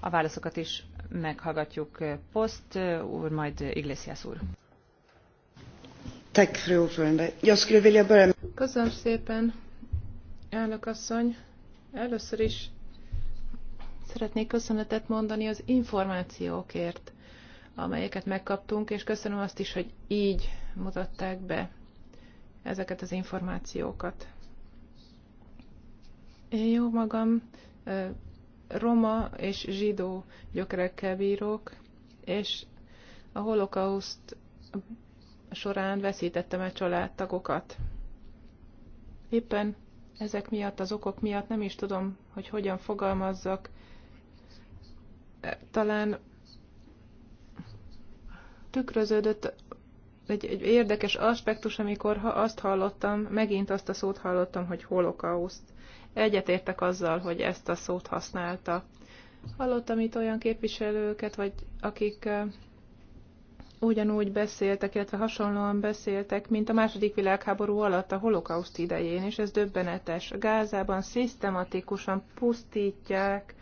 a válaszokat is meghallgatjuk. Poszt úr, majd Iglesias úr. Köszönöm szépen, elnök asszony. Először is szeretnék köszönetet mondani az információkért amelyeket megkaptunk, és köszönöm azt is, hogy így mutatták be ezeket az információkat. Én jó magam, roma és zsidó gyökerekkel bírok, és a holokauszt során veszítettem el családtagokat. Éppen ezek miatt, az okok miatt nem is tudom, hogy hogyan fogalmazzak. Talán tükröződött egy, egy érdekes aspektus, amikor ha azt hallottam, megint azt a szót hallottam, hogy holokauszt. Egyetértek azzal, hogy ezt a szót használta. Hallottam itt olyan képviselőket, vagy akik ugyanúgy beszéltek, illetve hasonlóan beszéltek, mint a második világháború alatt a holokauszt idején, és ez döbbenetes. Gázában szisztematikusan pusztítják,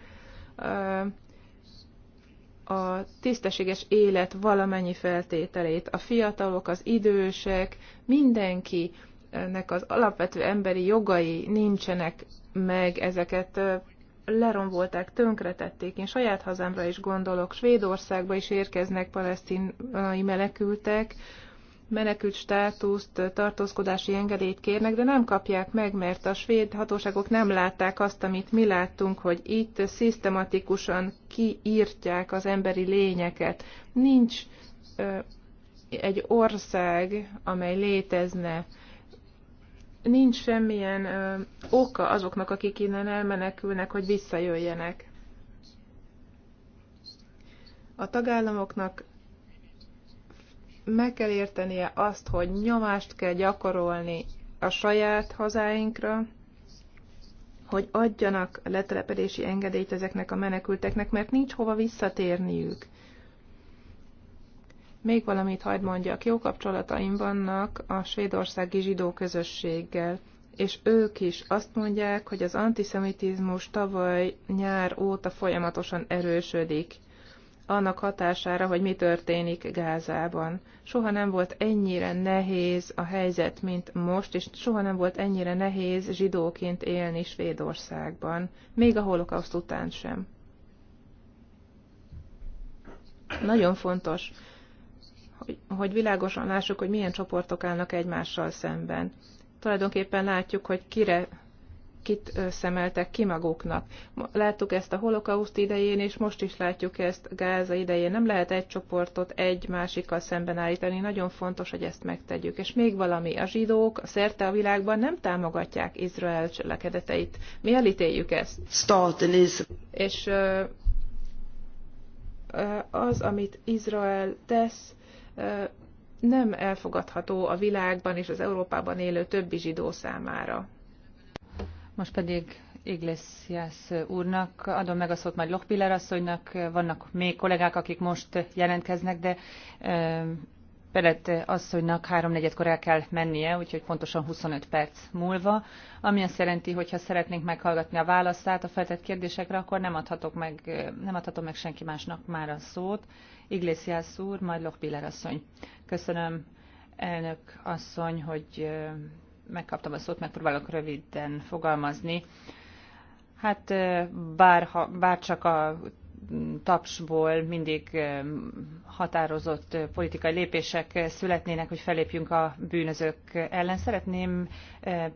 a tisztességes élet valamennyi feltételét, a fiatalok, az idősek, mindenki, nek az alapvető emberi jogai nincsenek meg, ezeket lerombolták, tönkretették. Én saját hazámra is gondolok, Svédországba is érkeznek palesztinai menekültek, menekült státuszt, tartózkodási engedélyt kérnek, de nem kapják meg, mert a svéd hatóságok nem látták azt, amit mi láttunk, hogy itt szisztematikusan kiírtják az emberi lényeket. Nincs ö, egy ország, amely létezne. Nincs semmilyen ö, oka azoknak, akik innen elmenekülnek, hogy visszajöjjenek. A tagállamoknak meg kell értenie azt, hogy nyomást kell gyakorolni a saját hazáinkra, hogy adjanak letelepedési engedélyt ezeknek a menekülteknek, mert nincs hova visszatérniük. Még valamit hagyd mondjak, jó kapcsolataim vannak a svédországi zsidó közösséggel, és ők is azt mondják, hogy az antiszemitizmus tavaly nyár óta folyamatosan erősödik annak hatására, hogy mi történik Gázában. Soha nem volt ennyire nehéz a helyzet, mint most, és soha nem volt ennyire nehéz zsidóként élni Svédországban, még a holokauszt után sem. Nagyon fontos, hogy, hogy világosan lássuk, hogy milyen csoportok állnak egymással szemben. Tulajdonképpen látjuk, hogy kire kit szemeltek ki maguknak. Láttuk ezt a holokauszt idején, és most is látjuk ezt Gáza idején. Nem lehet egy csoportot egy másikkal szemben állítani, nagyon fontos, hogy ezt megtegyük. És még valami, a zsidók szerte a világban nem támogatják Izrael cselekedeteit. Mi elítéljük ezt. Staten is. És az, amit Izrael tesz, nem elfogadható a világban és az Európában élő többi zsidó számára. Most pedig Iglesias úrnak adom meg a szót majd Lochbiller asszonynak. Vannak még kollégák, akik most jelentkeznek, de Pelet asszonynak háromnegyedkor el kell mennie, úgyhogy pontosan 25 perc múlva, ami azt jelenti, hogy ha szeretnénk meghallgatni a válaszát a feltett kérdésekre, akkor nem, adhatok meg, nem adhatom meg senki másnak már a szót. Iglesias úr, majd Lochbiller asszony. Köszönöm, elnök asszony, hogy megkaptam a szót, megpróbálok röviden fogalmazni. Hát bár, bár csak a tapsból mindig határozott politikai lépések születnének, hogy felépjünk a bűnözők ellen. Szeretném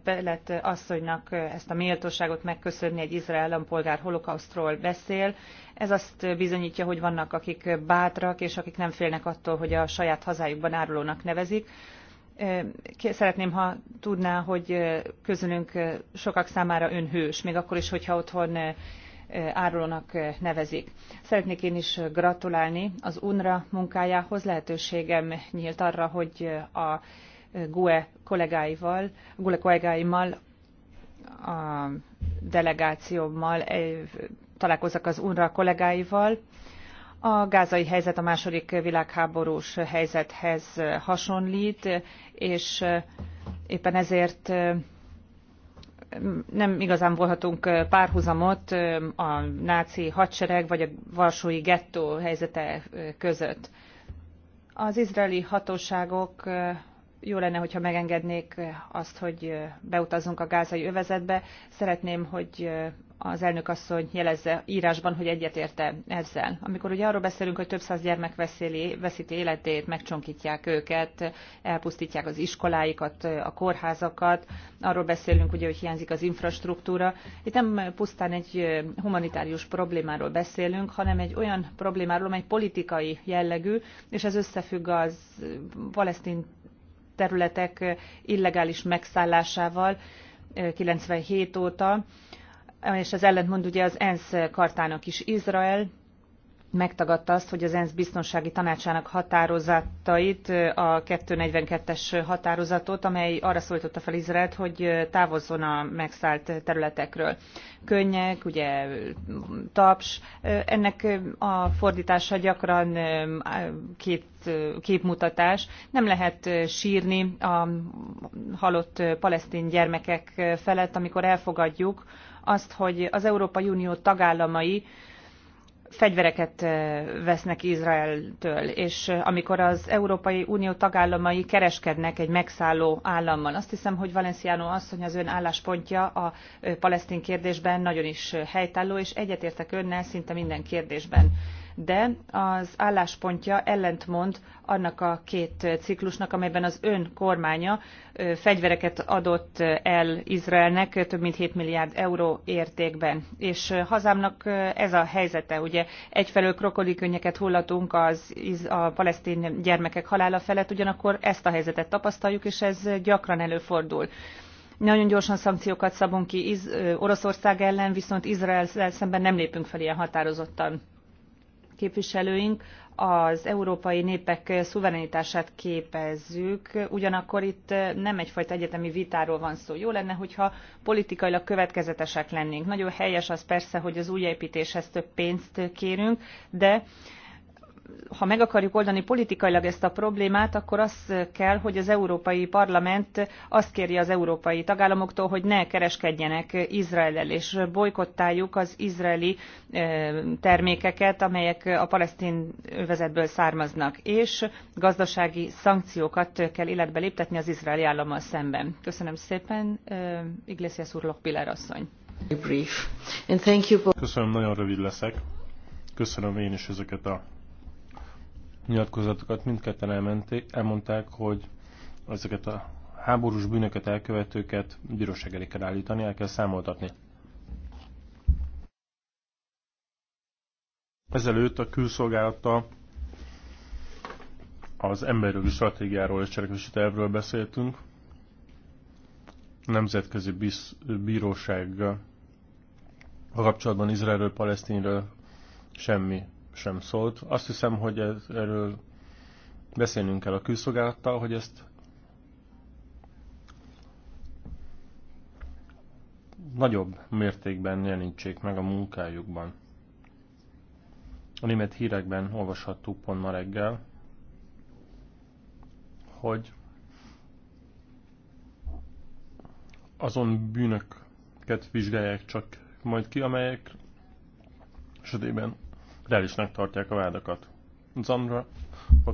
Belet asszonynak ezt a méltóságot megköszönni, egy izrael állampolgár holokausztról beszél. Ez azt bizonyítja, hogy vannak akik bátrak, és akik nem félnek attól, hogy a saját hazájukban árulónak nevezik szeretném, ha tudná, hogy közülünk sokak számára ön hős, még akkor is, hogyha otthon árulónak nevezik. Szeretnék én is gratulálni az UNRA munkájához. Lehetőségem nyílt arra, hogy a GUE kollégáival, GUE kollégáimmal, a delegációmmal találkozok az UNRA kollégáival, a gázai helyzet a második világháborús helyzethez hasonlít, és éppen ezért nem igazán volhatunk párhuzamot a náci hadsereg vagy a varsói gettó helyzete között. Az izraeli hatóságok jó lenne, hogyha megengednék azt, hogy beutazzunk a gázai övezetbe. Szeretném, hogy az elnök asszony jelezze írásban, hogy egyetérte ezzel. Amikor ugye arról beszélünk, hogy több száz gyermek veszéli, veszíti életét, megcsonkítják őket, elpusztítják az iskoláikat, a kórházakat, arról beszélünk, ugye, hogy hiányzik az infrastruktúra. Itt nem pusztán egy humanitárius problémáról beszélünk, hanem egy olyan problémáról, amely politikai jellegű, és ez összefügg az palesztin területek illegális megszállásával 97 óta, és ez ellentmond ugye az ENSZ kartának is. Izrael megtagadta azt, hogy az ENSZ biztonsági tanácsának határozatait, a 242-es határozatot, amely arra szólította fel Izraelt, hogy távozzon a megszállt területekről. Könnyek, ugye taps, ennek a fordítása gyakran eh, két képmutatás. Nem lehet sírni a halott palesztin gyermekek felett, amikor elfogadjuk, azt, hogy az Európai Unió tagállamai fegyvereket eh, vesznek Izraeltől, és eh, amikor az Európai Unió tagállamai kereskednek egy megszálló állammal. Azt hiszem, hogy Valenciano asszony az ön álláspontja a eh, palesztin kérdésben nagyon is helytálló, és egyetértek önnel szinte minden kérdésben de az álláspontja ellentmond annak a két ciklusnak, amelyben az ön kormánya fegyvereket adott el Izraelnek több mint 7 milliárd euró értékben. És hazámnak ez a helyzete, ugye egyfelől krokodilkönnyeket hullatunk az, a palesztin gyermekek halála felett, ugyanakkor ezt a helyzetet tapasztaljuk, és ez gyakran előfordul nagyon gyorsan szankciókat szabunk ki Oroszország ellen, viszont Izrael szemben nem lépünk fel ilyen határozottan képviselőink az európai népek szuverenitását képezzük, ugyanakkor itt nem egyfajta egyetemi vitáról van szó. Jó lenne, hogyha politikailag következetesek lennénk. Nagyon helyes az persze, hogy az újjáépítéshez több pénzt kérünk, de ha meg akarjuk oldani politikailag ezt a problémát, akkor az kell, hogy az Európai Parlament azt kérje az európai tagállamoktól, hogy ne kereskedjenek Izraellel, és bolykottáljuk az izraeli eh, termékeket, amelyek a palesztin övezetből származnak, és gazdasági szankciókat kell életbe léptetni az izraeli állammal szemben. Köszönöm szépen, eh, Iglesias úr Lokpiller asszony. Köszönöm, nagyon rövid leszek. Köszönöm én is ezeket a nyilatkozatokat mindketten elmenték, elmondták, hogy ezeket a háborús bűnöket elkövetőket bíróság elé kell állítani, el kell számoltatni. Ezelőtt a külszolgálattal az emberjogi stratégiáról és cselekvési tervről beszéltünk. Nemzetközi bíróság a kapcsolatban Izraelről, Palesztinről semmi sem szólt. Azt hiszem, hogy ez, erről beszélnünk kell a külszolgálattal, hogy ezt nagyobb mértékben jelenítsék meg a munkájukban. A német hírekben olvashattuk pont ma reggel, hogy azon bűnöket vizsgálják csak majd ki, amelyek esetében reálisnak tartják a vádakat. Zandra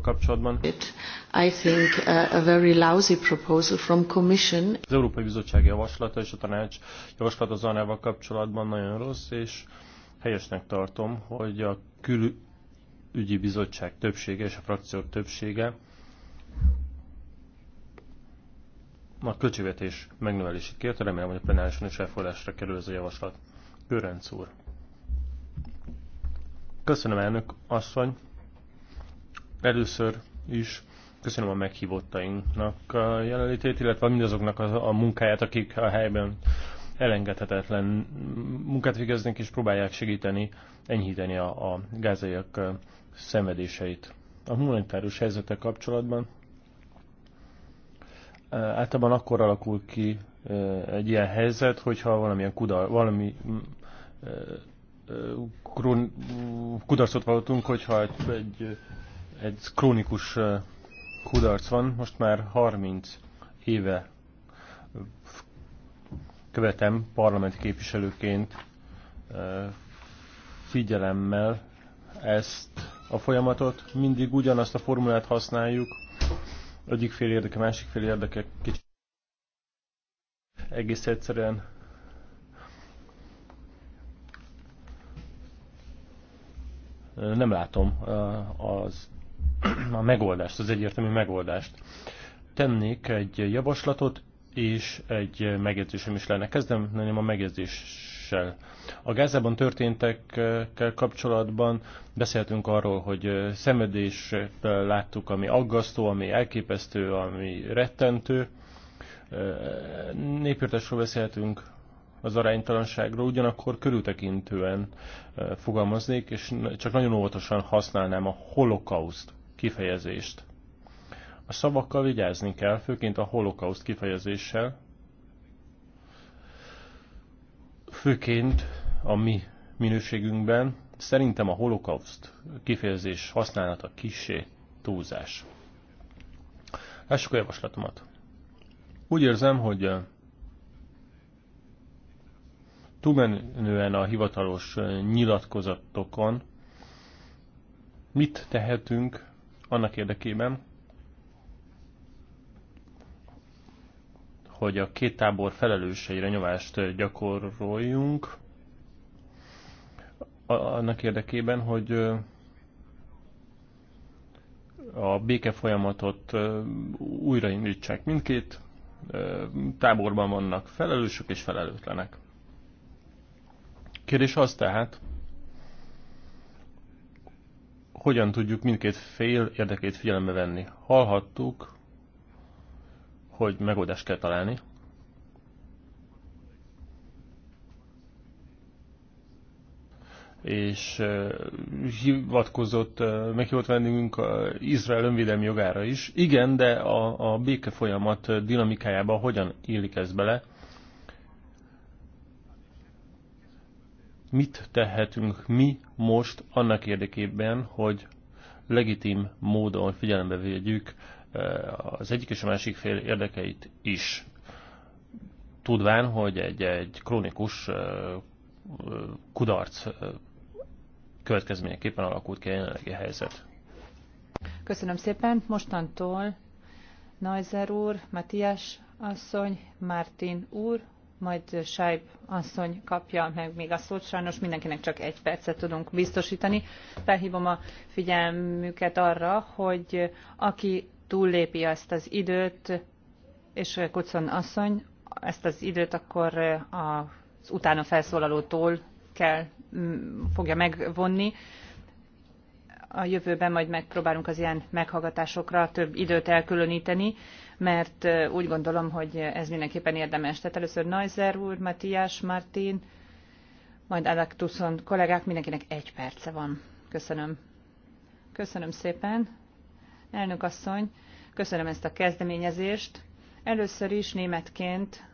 kapcsolatban. It, I think a very lousy proposal from Commission. Az Európai Bizottság javaslata és a tanács javaslata az kapcsolatban nagyon rossz, és helyesnek tartom, hogy a külügyi bizottság többsége és a frakciók többsége a költségvetés megnövelését kérte, remélem, hogy a plenárison is elfogadásra kerül ez a javaslat. Görenc úr. Köszönöm, elnök asszony. Először is köszönöm a meghívottainknak a jelenlétét, illetve mindazoknak a, a munkáját, akik a helyben elengedhetetlen munkát végeznek és próbálják segíteni, enyhíteni a, a gázaiak szenvedéseit. A humanitárius helyzetek kapcsolatban általában akkor alakul ki egy ilyen helyzet, hogyha valamilyen kudar, valami krón, kudarcot vallottunk, hogyha egy, egy, egy krónikus kudarc van. Most már 30 éve követem parlamenti képviselőként figyelemmel ezt a folyamatot. Mindig ugyanazt a formulát használjuk. Egyik fél érdeke, másik fél érdeke kicsit egész egyszerűen nem látom az, a megoldást, az egyértelmű megoldást. Tennék egy javaslatot, és egy megjegyzésem is lenne. Kezdem nem a megjegyzéssel. A Gázában történtekkel kapcsolatban beszéltünk arról, hogy szenvedést láttuk, ami aggasztó, ami elképesztő, ami rettentő. Népírtásról beszéltünk, az aránytalanságról, ugyanakkor körültekintően e, fogalmaznék, és csak nagyon óvatosan használnám a holokauszt kifejezést. A szavakkal vigyázni kell, főként a holokauszt kifejezéssel, főként a mi minőségünkben, szerintem a holokauszt kifejezés használata kisé túlzás. Lássuk a javaslatomat. Úgy érzem, hogy e, túlmenően a hivatalos nyilatkozatokon mit tehetünk annak érdekében, hogy a két tábor felelősseire nyomást gyakoroljunk, annak érdekében, hogy a béke folyamatot újraindítsák mindkét táborban vannak felelősök és felelőtlenek. Kérdés az tehát, hogyan tudjuk mindkét fél érdekét figyelembe venni. Hallhattuk, hogy megoldást kell találni. és eh, hivatkozott, eh, meghívott vendégünk eh, Izrael önvédelmi jogára is. Igen, de a, a béke folyamat dinamikájába hogyan illik ez bele? mit tehetünk mi most annak érdekében, hogy legitim módon figyelembe védjük e, az egyik és a másik fél érdekeit is. Tudván, hogy egy, egy krónikus e, e, kudarc következményeképpen alakult ki a jelenlegi helyzet. Köszönöm szépen. Mostantól Najzer úr, Matias asszony, Martin úr, majd Sájb asszony kapja meg még a szót. Sajnos mindenkinek csak egy percet tudunk biztosítani. Felhívom a figyelmüket arra, hogy aki túllépi ezt az időt, és Kucon asszony ezt az időt, akkor az utána felszólalótól kell, fogja megvonni a jövőben majd megpróbálunk az ilyen meghallgatásokra több időt elkülöníteni, mert úgy gondolom, hogy ez mindenképpen érdemes. Tehát először Neuser úr, Matthias, Martin, majd Adaktuszon kollégák, mindenkinek egy perce van. Köszönöm. Köszönöm szépen. Elnök asszony, köszönöm ezt a kezdeményezést. Először is németként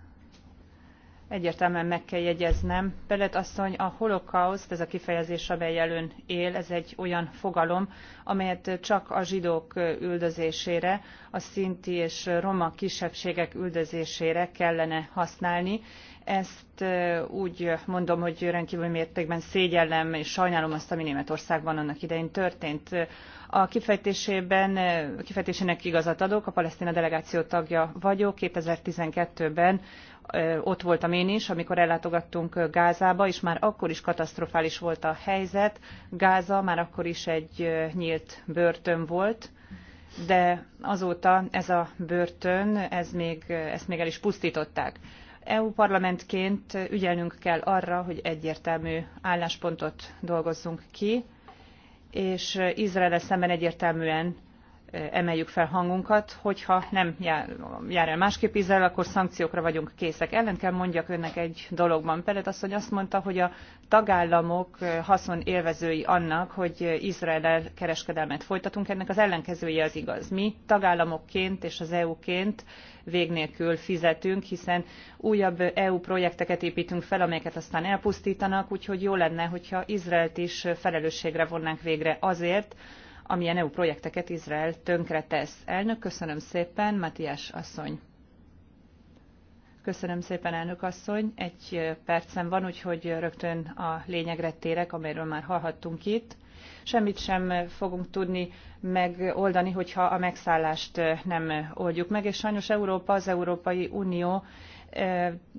Egyértelműen meg kell jegyeznem. Belet asszony, a holokauszt, ez a kifejezés, amelyel ön él, ez egy olyan fogalom, amelyet csak a zsidók üldözésére, a szinti és roma kisebbségek üldözésére kellene használni, ezt úgy mondom, hogy rendkívül mértékben szégyellem, és sajnálom azt, ami Németországban annak idején történt. A kifejtésében, a kifejtésének igazat adok, a palesztina delegáció tagja vagyok. 2012-ben ott voltam én is, amikor ellátogattunk Gázába, és már akkor is katasztrofális volt a helyzet. Gáza már akkor is egy nyílt börtön volt, de azóta ez a börtön, ez még, ezt még el is pusztították. EU parlamentként ügyelnünk kell arra, hogy egyértelmű álláspontot dolgozzunk ki, és Izrael szemben egyértelműen emeljük fel hangunkat, hogyha nem jár, jár el másképp ízzel, akkor szankciókra vagyunk készek. Ellen kell mondjak önnek egy dologban. Pelet asszony azt mondta, hogy a tagállamok eh, haszonélvezői annak, hogy izrael kereskedelmet folytatunk, ennek az ellenkezője az igaz. Mi tagállamokként és az EU-ként vég nélkül fizetünk, hiszen újabb EU projekteket építünk fel, amelyeket aztán elpusztítanak, úgyhogy jó lenne, hogyha Izraelt is felelősségre vonnánk végre azért, amilyen EU projekteket Izrael tönkretesz. Elnök, köszönöm szépen, Matthias asszony. Köszönöm szépen, elnök asszony. Egy percem van, úgyhogy rögtön a lényegre térek, amelyről már hallhattunk itt. Semmit sem fogunk tudni megoldani, hogyha a megszállást nem oldjuk meg, és sajnos Európa, az Európai Unió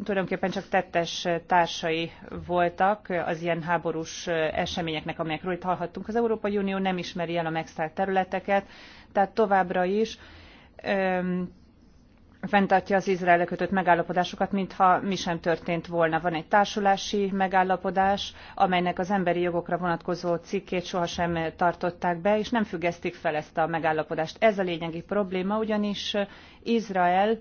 tulajdonképpen csak tettes társai voltak az ilyen háborús eseményeknek, amelyekről itt hallhattunk. Az Európai Unió nem ismeri el a megszállt területeket, tehát továbbra is fenntartja az Izrael kötött megállapodásokat, mintha mi sem történt volna. Van egy társulási megállapodás, amelynek az emberi jogokra vonatkozó cikkét sohasem tartották be, és nem függesztik fel ezt a megállapodást. Ez a lényegi probléma, ugyanis Izrael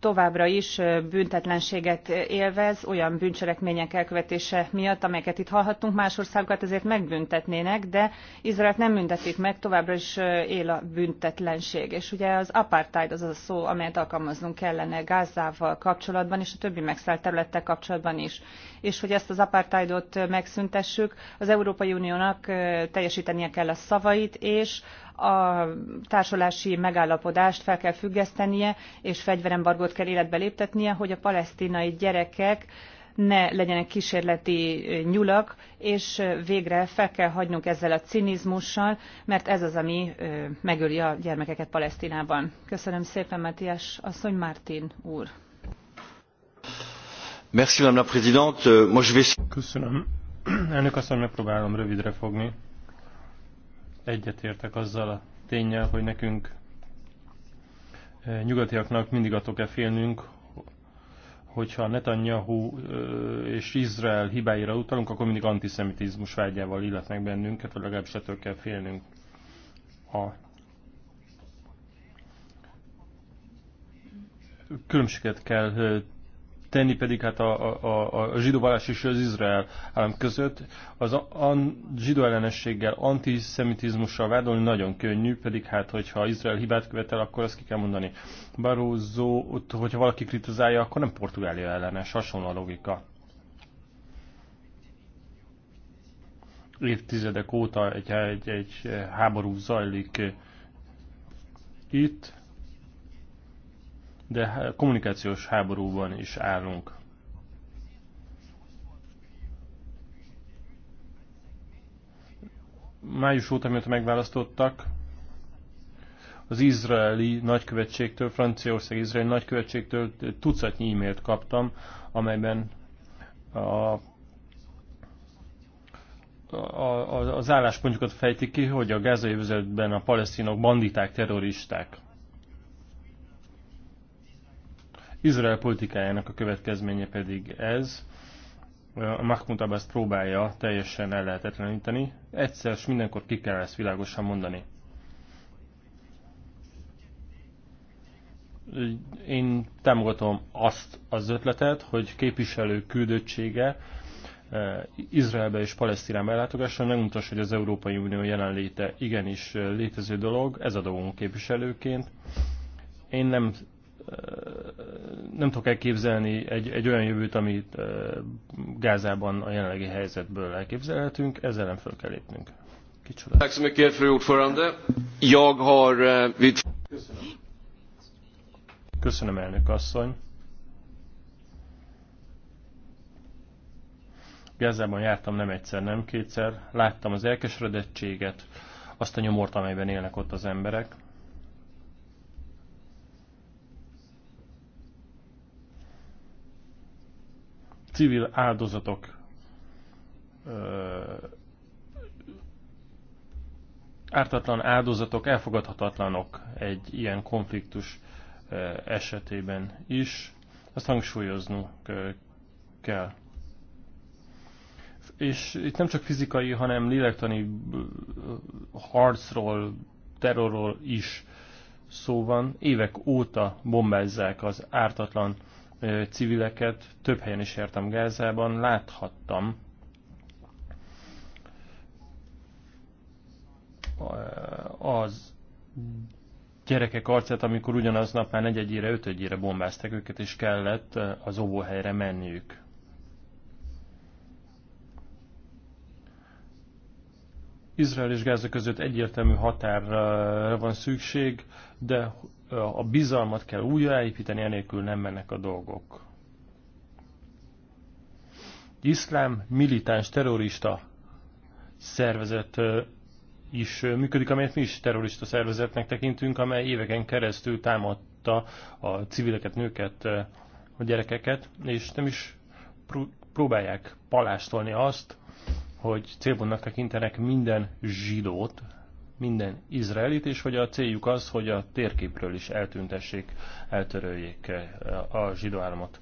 továbbra is büntetlenséget élvez olyan bűncselekmények elkövetése miatt, amelyeket itt hallhattunk, más országokat ezért megbüntetnének, de Izraelt nem büntetik meg, továbbra is él a büntetlenség. És ugye az apartheid az a szó, amelyet alkalmaznunk kellene Gázával kapcsolatban, és a többi megszállt területtel kapcsolatban is. És hogy ezt az apartheidot megszüntessük, az Európai Uniónak teljesítenie kell a szavait, és a társulási megállapodást fel kell függesztenie, és fegyverembargót kell életbe léptetnie, hogy a palesztinai gyerekek ne legyenek kísérleti nyulak, és végre fel kell hagynunk ezzel a cinizmussal, mert ez az, ami megöli a gyermekeket Palesztinában. Köszönöm szépen, Matthias asszony, Mártin úr. Euh, Köszönöm. [CLEARS THROAT] Elnök asszony, megpróbálom rövidre fogni egyetértek azzal a tényel, hogy nekünk eh, nyugatiaknak mindig attól kell félnünk, hogyha Netanyahu eh, és Izrael hibáira utalunk, akkor mindig antiszemitizmus vágyával illetnek bennünket, vagy legalábbis ettől kell félnünk. A különbséget kell eh, tenni pedig hát a, a, a zsidó vallás és az Izrael állam között. Az a, a zsidó ellenességgel, antiszemitizmussal vádolni nagyon könnyű, pedig hát hogyha Izrael hibát követel, akkor azt ki kell mondani. Barózó, hogyha valaki kritizálja, akkor nem Portugália ellenes, hasonló a logika. Évtizedek óta egy, egy, egy háború zajlik itt, de kommunikációs háborúban is állunk. Május óta, mióta megválasztottak, az izraeli nagykövetségtől, Franciaország izraeli nagykövetségtől tucatnyi e-mailt kaptam, amelyben a a, az álláspontjukat fejtik ki, hogy a gázai vezetben a palesztinok banditák, terroristák. Izrael politikájának a következménye pedig ez. A Mahmoud Abbas próbálja teljesen el lehetetleníteni. Egyszer és mindenkor ki kell ezt világosan mondani. Én támogatom azt az ötletet, hogy képviselő küldöttsége eh, Izraelbe és Palesztinába ellátogással megmutass, hogy az Európai Unió jelenléte igenis eh, létező dolog, ez a dolgunk képviselőként. Én nem nem tudok elképzelni egy, egy olyan jövőt, amit Gázában a jelenlegi helyzetből elképzelhetünk, ezzel nem föl kell lépnünk. Kicsoda. Köszönöm. Eh, Köszönöm, elnök asszony. Gázában jártam nem egyszer, nem kétszer. Láttam az elkeseredettséget, azt a nyomort, amelyben élnek ott az emberek. civil áldozatok ártatlan áldozatok elfogadhatatlanok egy ilyen konfliktus esetében is. Azt hangsúlyoznunk kell. És itt nem csak fizikai, hanem lélektani harcról, terrorról is szó van. Évek óta bombázzák az ártatlan civileket, több helyen is értem Gázában, láthattam az gyerekek arcát, amikor ugyanaznap már negyedjére, ötödjére bombázták őket, és kellett az óvóhelyre menniük. Izrael és Gáza között egyértelmű határra van szükség, de a bizalmat kell újraépíteni, enélkül nem mennek a dolgok. Iszlám militáns terrorista szervezet is működik, amelyet mi is terrorista szervezetnek tekintünk, amely éveken keresztül támadta a civileket, nőket, a gyerekeket, és nem is próbálják palástolni azt, hogy célpontnak tekintenek minden zsidót, minden izraelit, és hogy a céljuk az, hogy a térképről is eltüntessék, eltöröljék eh, a zsidó államot.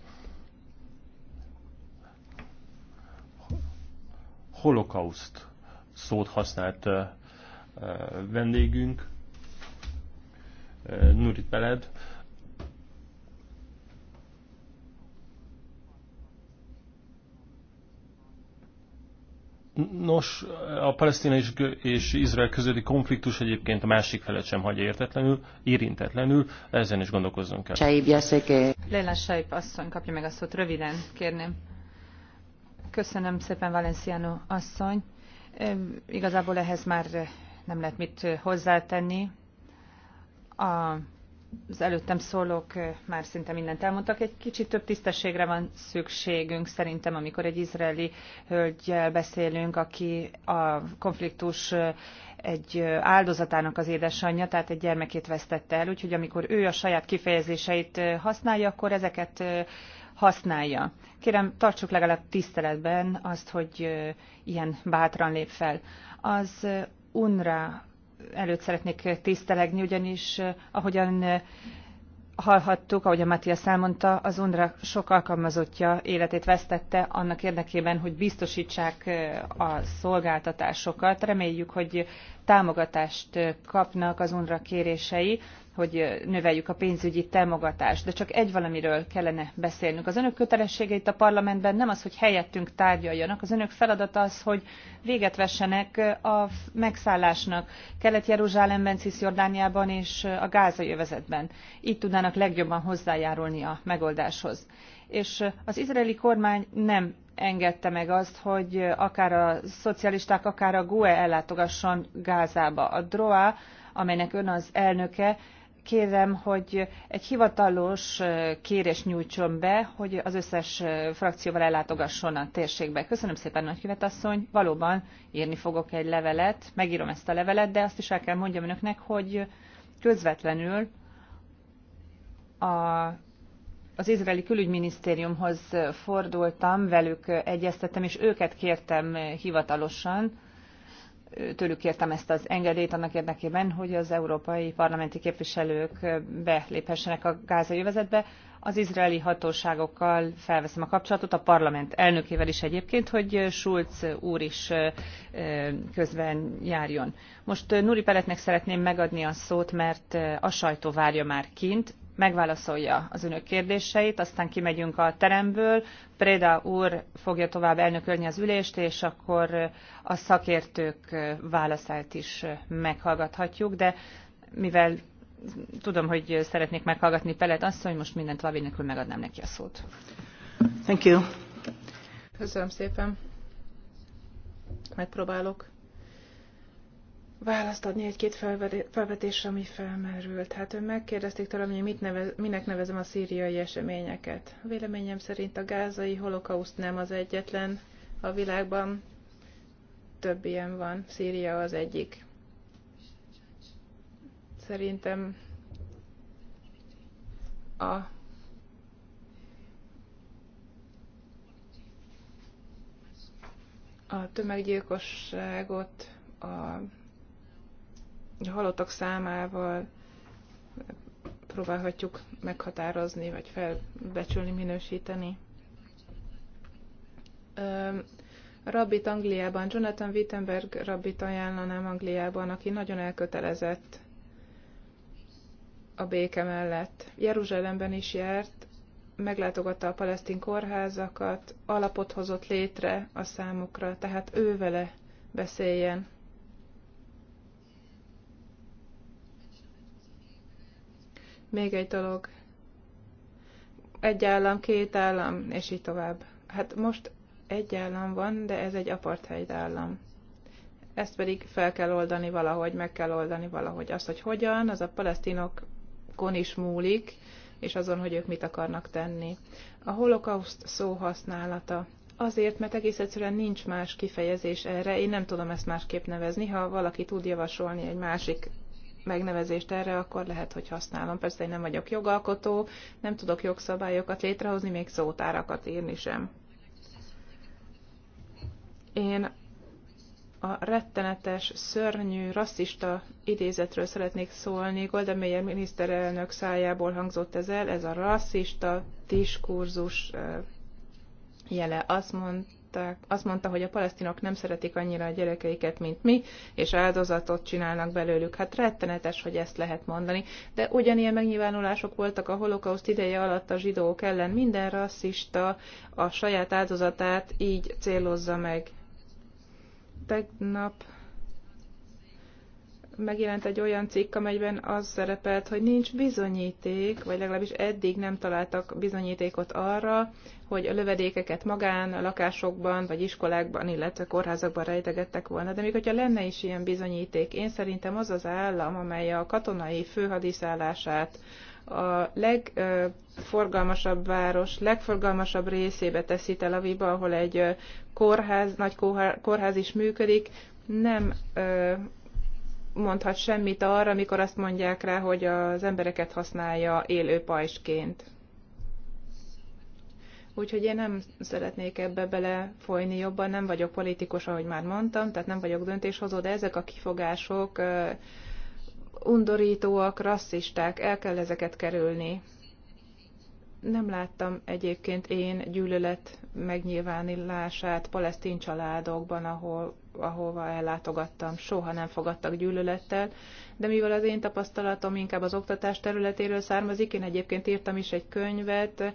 Holokauszt szót használt eh, eh, vendégünk, Nurit Beled, Nos, a palesztina és, és Izrael közötti konfliktus egyébként a másik felet sem hagyja értetlenül, érintetlenül, ezen is gondolkozzunk kell. Saib, Jaszeke. Leila Saib asszony, kapja meg a szót röviden, kérném. Köszönöm szépen, Valenciano asszony. Igazából ehhez már nem lehet mit hozzátenni. A az előttem szólók már szinte mindent elmondtak. Egy kicsit több tisztességre van szükségünk szerintem, amikor egy izraeli hölgyel beszélünk, aki a konfliktus egy áldozatának az édesanyja, tehát egy gyermekét vesztette el, úgyhogy amikor ő a saját kifejezéseit használja, akkor ezeket használja. Kérem, tartsuk legalább tiszteletben azt, hogy ilyen bátran lép fel. Az unra előtt szeretnék tisztelegni, ugyanis eh, ahogyan eh, hallhattuk, ahogy a Matthias elmondta, az UNRWA sok alkalmazottja életét vesztette annak érdekében, hogy biztosítsák eh, a szolgáltatásokat. Reméljük, hogy támogatást kapnak az UNRWA kérései, hogy növeljük a pénzügyi támogatást. De csak egy valamiről kellene beszélnünk. Az önök kötelessége itt a parlamentben nem az, hogy helyettünk tárgyaljanak, az önök feladata az, hogy véget vessenek a megszállásnak Kelet-Jeruzsálemben, Cisjordániában és a Gáza jövezetben. Így tudnának legjobban hozzájárulni a megoldáshoz és az izraeli kormány nem engedte meg azt, hogy akár a szocialisták, akár a GUE ellátogasson Gázába. A DROA, amelynek ön az elnöke, kérem, hogy egy hivatalos kérés nyújtson be, hogy az összes frakcióval ellátogasson a térségbe. Köszönöm szépen, nagykövet asszony. Valóban írni fogok egy levelet, megírom ezt a levelet, de azt is el kell mondjam önöknek, hogy közvetlenül a az izraeli külügyminisztériumhoz fordultam, velük egyeztettem, és őket kértem hivatalosan, tőlük kértem ezt az engedélyt annak érdekében, hogy az európai parlamenti képviselők beléphessenek a gázai övezetbe. Az izraeli hatóságokkal felveszem a kapcsolatot, a parlament elnökével is egyébként, hogy Schulz úr is közben járjon. Most Nuri Peletnek szeretném megadni a szót, mert a sajtó várja már kint, megválaszolja az önök kérdéseit, aztán kimegyünk a teremből, Preda úr fogja tovább elnökölni az ülést, és akkor a szakértők válaszát is meghallgathatjuk, de mivel tudom, hogy szeretnék meghallgatni Pelet asszony, most mindent Lavi nélkül megadnám neki a szót. Thank you. Köszönöm szépen. Megpróbálok választ adni egy-két felvetésre, ami felmerült. Hát ön megkérdezték tőlem, hogy mit nevez, minek nevezem a szíriai eseményeket. A véleményem szerint a gázai holokauszt nem az egyetlen a világban. Több ilyen van. Szíria az egyik. Szerintem a a tömeggyilkosságot, a halottak számával próbálhatjuk meghatározni, vagy felbecsülni, minősíteni. Rabbit Angliában, Jonathan Wittenberg rabbit ajánlanám Angliában, aki nagyon elkötelezett a béke mellett. Jeruzsálemben is járt, meglátogatta a palesztin kórházakat, alapot hozott létre a számukra, tehát ő vele beszéljen Még egy dolog. Egy állam, két állam, és így tovább. Hát most egy állam van, de ez egy apartheid állam. Ezt pedig fel kell oldani valahogy, meg kell oldani valahogy. Azt hogy hogyan, az a palesztinokon is múlik, és azon, hogy ők mit akarnak tenni. A holokauszt szó használata. Azért, mert egész egyszerűen nincs más kifejezés erre, én nem tudom ezt másképp nevezni, ha valaki tud javasolni egy másik megnevezést erre, akkor lehet, hogy használom. Persze én nem vagyok jogalkotó, nem tudok jogszabályokat létrehozni, még szótárakat írni sem. Én a rettenetes, szörnyű, rasszista idézetről szeretnék szólni. Golda Meir miniszterelnök szájából hangzott ez el, ez a rasszista diskurzus jele. Azt mondta, mondták, azt mondta, hogy a palesztinok nem szeretik annyira a gyerekeiket, mint mi, és áldozatot csinálnak belőlük. Hát rettenetes, hogy ezt lehet mondani. De ugyanilyen megnyilvánulások voltak a holokauszt ideje alatt a zsidók ellen. Minden rasszista a saját áldozatát így célozza meg. Tegnap megjelent egy olyan cikk, amelyben az szerepelt, hogy nincs bizonyíték, vagy legalábbis eddig nem találtak bizonyítékot arra, hogy a lövedékeket magán, a lakásokban, vagy iskolákban, illetve kórházakban rejtegettek volna. De még hogyha lenne is ilyen bizonyíték, én szerintem az az állam, amely a katonai főhadiszállását a legforgalmasabb város, legforgalmasabb részébe teszi Tel Avivba, ahol egy kórház, nagy kórház is működik, nem mondhat semmit arra, amikor azt mondják rá, hogy az embereket használja élő pajsként. Úgyhogy én nem szeretnék ebbe belefolyni jobban, nem vagyok politikus, ahogy már mondtam, tehát nem vagyok döntéshozó, de ezek a kifogások undorítóak, rasszisták, el kell ezeket kerülni. Nem láttam egyébként én gyűlölet megnyilvánulását palesztin családokban, ahol, ahova ellátogattam. Soha nem fogadtak gyűlölettel, de mivel az én tapasztalatom inkább az oktatás területéről származik, én egyébként írtam is egy könyvet,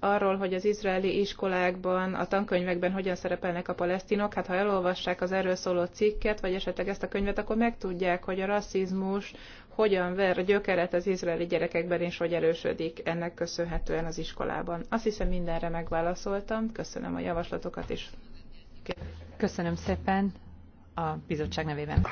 arról, hogy az izraeli iskolákban, a tankönyvekben hogyan szerepelnek a palesztinok, hát ha elolvassák az erről szóló cikket, vagy esetleg ezt a könyvet, akkor megtudják, hogy a rasszizmus hogyan ver gyökeret az izraeli gyerekekben, és hogy erősödik ennek köszönhetően az iskolában. Azt hiszem mindenre megválaszoltam. Köszönöm a javaslatokat is. Köszönöm szépen a bizottság nevében.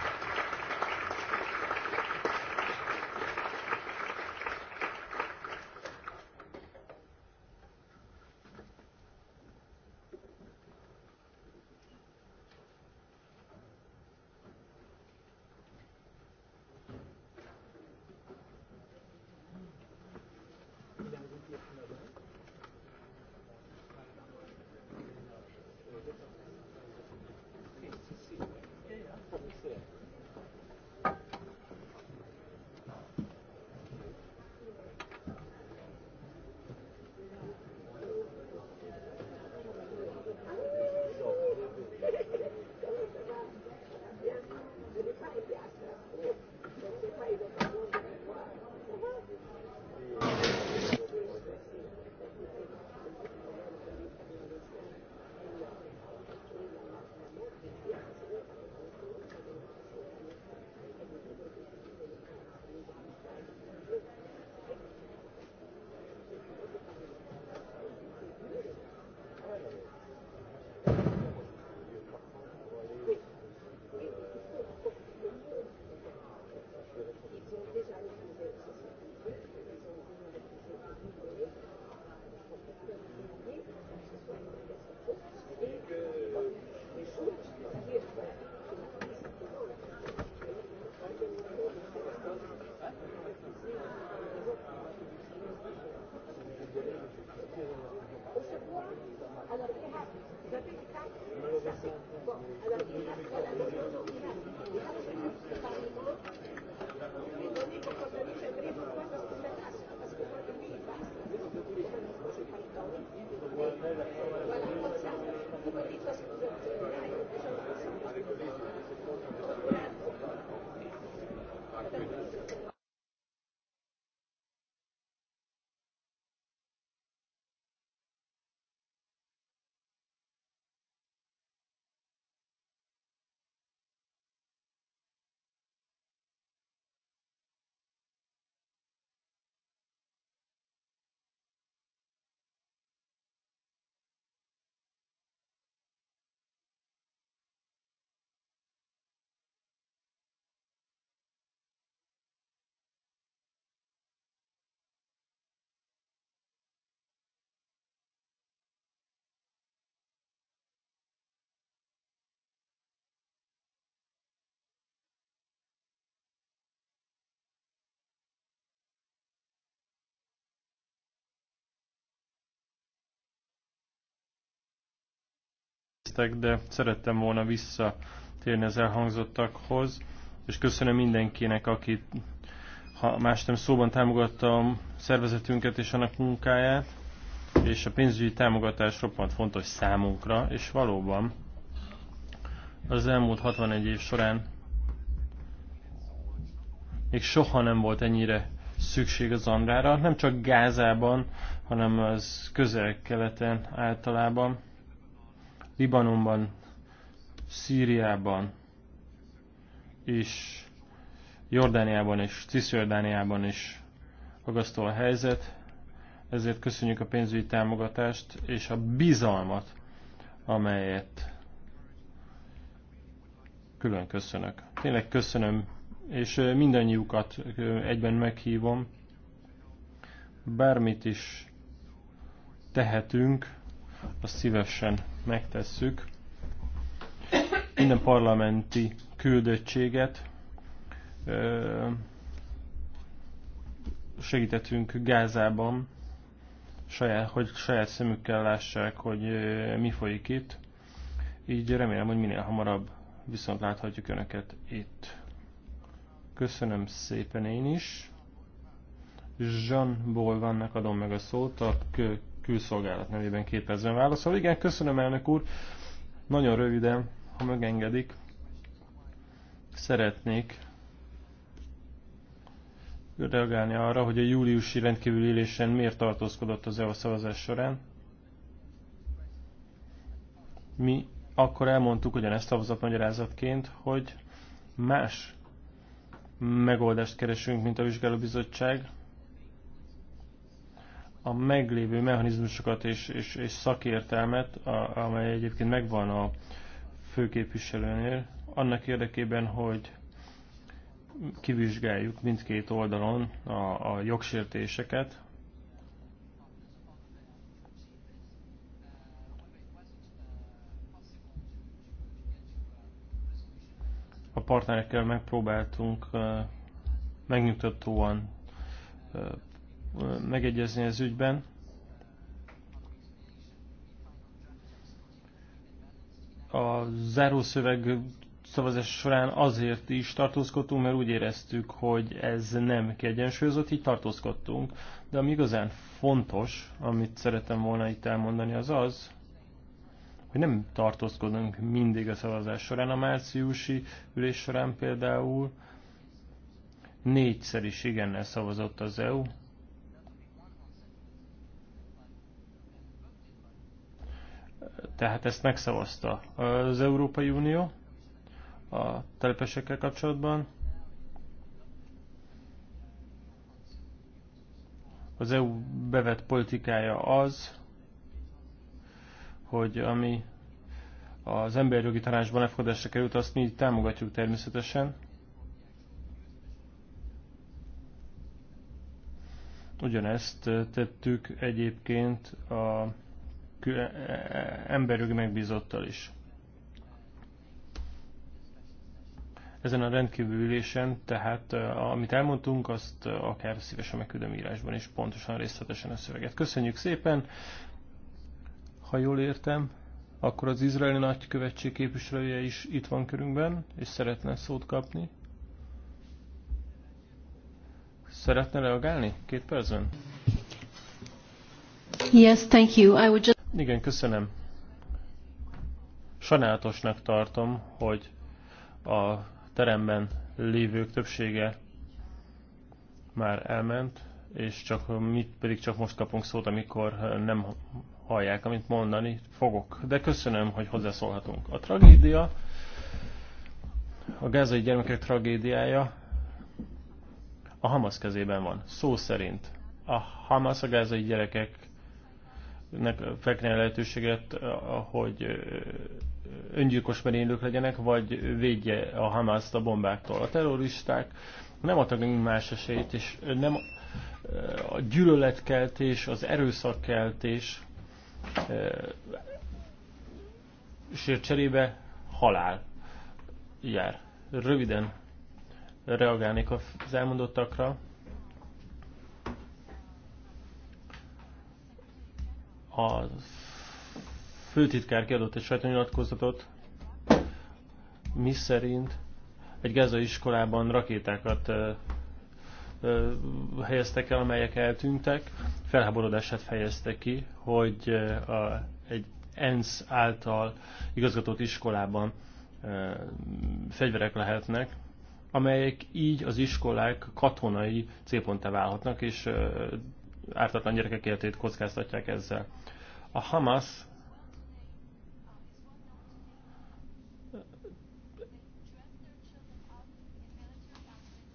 jeleztek, de szerettem volna visszatérni az elhangzottakhoz, és köszönöm mindenkinek, aki ha más nem szóban támogatta a szervezetünket és annak munkáját, és a pénzügyi támogatás roppant fontos számunkra, és valóban az elmúlt 61 év során még soha nem volt ennyire szükség az Andrára, nem csak Gázában, hanem az közel-keleten általában. Libanonban, Szíriában és Jordániában és Cisjordániában is agasztó a helyzet, ezért köszönjük a pénzügyi támogatást és a bizalmat, amelyet külön köszönök. Tényleg köszönöm, és mindannyiukat egyben meghívom. Bármit is tehetünk, azt szívesen megtesszük. Minden parlamenti küldöttséget segítettünk Gázában, saját, hogy saját szemükkel lássák, hogy mi folyik itt. Így remélem, hogy minél hamarabb viszont láthatjuk Önöket itt. Köszönöm szépen én is. Jean vannak, adom meg a szót, a külszolgálat nevében képezően válaszol. Igen, köszönöm elnök úr. Nagyon röviden, ha megengedik, szeretnék reagálni arra, hogy a júliusi rendkívüli ülésen miért tartózkodott az EOS szavazás során. Mi akkor elmondtuk ugyanezt magyarázatként, hogy más megoldást keresünk, mint a vizsgálóbizottság, a meglévő mechanizmusokat és, és, és szakértelmet, a, amely egyébként megvan a főképviselőnél, annak érdekében, hogy kivizsgáljuk mindkét oldalon a, a jogsértéseket, a partnerekkel megpróbáltunk megnyugtatóan megegyezni ez ügyben. A zárószöveg szavazás során azért is tartózkodtunk, mert úgy éreztük, hogy ez nem kiegyensúlyozott, így tartózkodtunk. De ami igazán fontos, amit szeretem volna itt elmondani, az az, hogy nem tartózkodunk mindig a szavazás során. A márciusi ülés során például négyszer is igennel szavazott az EU, Tehát ezt megszavazta az Európai Unió a telepesekkel kapcsolatban. Az EU bevett politikája az, hogy ami az emberjogi tanácsban elfogadásra került, azt mi támogatjuk természetesen. Ugyanezt tettük egyébként a emberük megbízottal is. Ezen a rendkívül ülésen, tehát amit elmondtunk, azt akár szívesen megküldöm írásban is pontosan részletesen a szöveget. Köszönjük szépen! Ha jól értem, akkor az izraeli nagykövetség képviselője is itt van körünkben, és szeretne szót kapni. Szeretne reagálni? Két percben? Yes, thank you. I would just... Igen, köszönöm. Sajnálatosnak tartom, hogy a teremben lévők többsége már elment, és csak mi pedig csak most kapunk szót, amikor nem hallják, amit mondani fogok. De köszönöm, hogy hozzászólhatunk. A tragédia, a gázai gyermekek tragédiája a Hamas kezében van, szó szerint. A Hamas a gázai gyerekek felkínálja lehetőséget, eh, hogy eh, öngyilkos merénylők legyenek, vagy védje a hamászt a bombáktól. A terroristák nem adtak nekünk más esélyt, és nem eh, a gyűlöletkeltés, az erőszakkeltés sért cserébe halál jár. Röviden reagálnék az elmondottakra. a főtitkár kiadott egy sajtónyilatkozatot, mi szerint egy gázai iskolában rakétákat ö, ö, helyeztek el, amelyek eltűntek. Felháborodását fejezte ki, hogy a, egy ENSZ által igazgatott iskolában ö, fegyverek lehetnek, amelyek így az iskolák katonai célponttá válhatnak, és ö, ártatlan gyerekek életét kockáztatják ezzel. A Hamas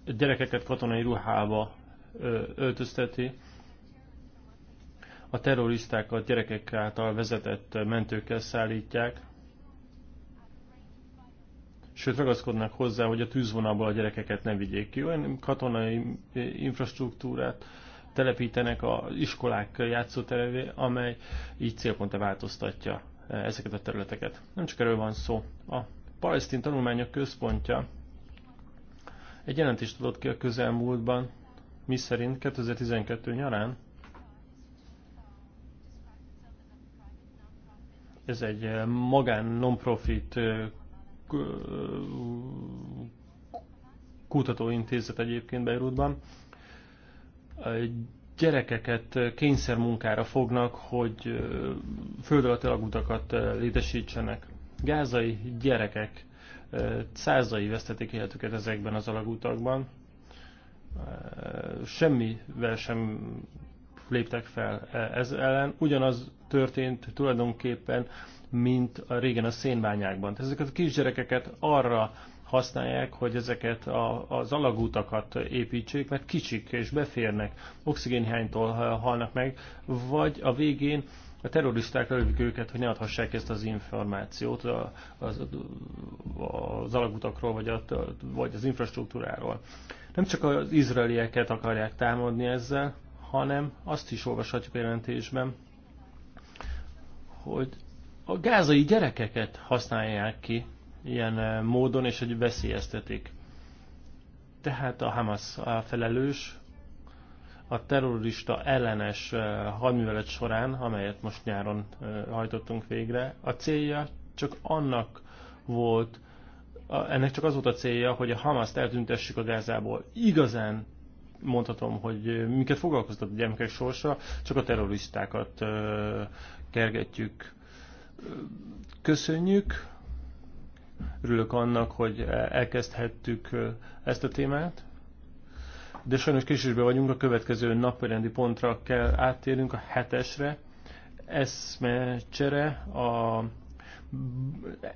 gyerekeket katonai ruhába öltözteti, a terroristákat gyerekek által vezetett mentőkkel szállítják, sőt ragaszkodnak hozzá, hogy a tűzvonalból a gyerekeket ne vigyék ki. Olyan katonai infrastruktúrát telepítenek az iskolák játszóterevé, amely így célpontra változtatja e, ezeket a területeket. Nem csak erről van szó. A Palesztin Tanulmányok Központja egy jelentést adott ki a közelmúltban, szerint 2012 nyarán ez egy e, magán non-profit e, kutatóintézet egyébként Beirutban gyerekeket kényszermunkára fognak, hogy föld alatti alagutakat létesítsenek. Gázai gyerekek százai vesztetik életüket ezekben az alagútakban. Semmivel sem léptek fel e, ez ellen. Ugyanaz történt tulajdonképpen, mint a régen a szénbányákban. Ezeket a kisgyerekeket arra használják, hogy ezeket a, az alagútakat építsék, mert kicsik és beférnek, oxigénhánytól halnak meg, vagy a végén a terroristák lövik őket, hogy ne adhassák ezt az információt az, az alagutakról, vagy, a, vagy az infrastruktúráról. Nem csak az izraelieket akarják támadni ezzel, hanem azt is olvashatjuk a jelentésben, hogy a gázai gyerekeket használják ki ilyen módon, és hogy veszélyeztetik. Tehát a Hamas a felelős a terrorista ellenes hadművelet során, amelyet most nyáron hajtottunk végre, a célja csak annak volt, ennek csak az volt a célja, hogy a Hamaszt eltüntessük a Gázából. Igazán mondhatom, hogy minket foglalkoztat a gyermekek sorsa, csak a terroristákat kergetjük. Köszönjük! Örülök annak, hogy elkezdhettük ezt a témát, de sajnos késésben vagyunk, a következő napirendi pontra kell áttérünk, a hetesre. csere, a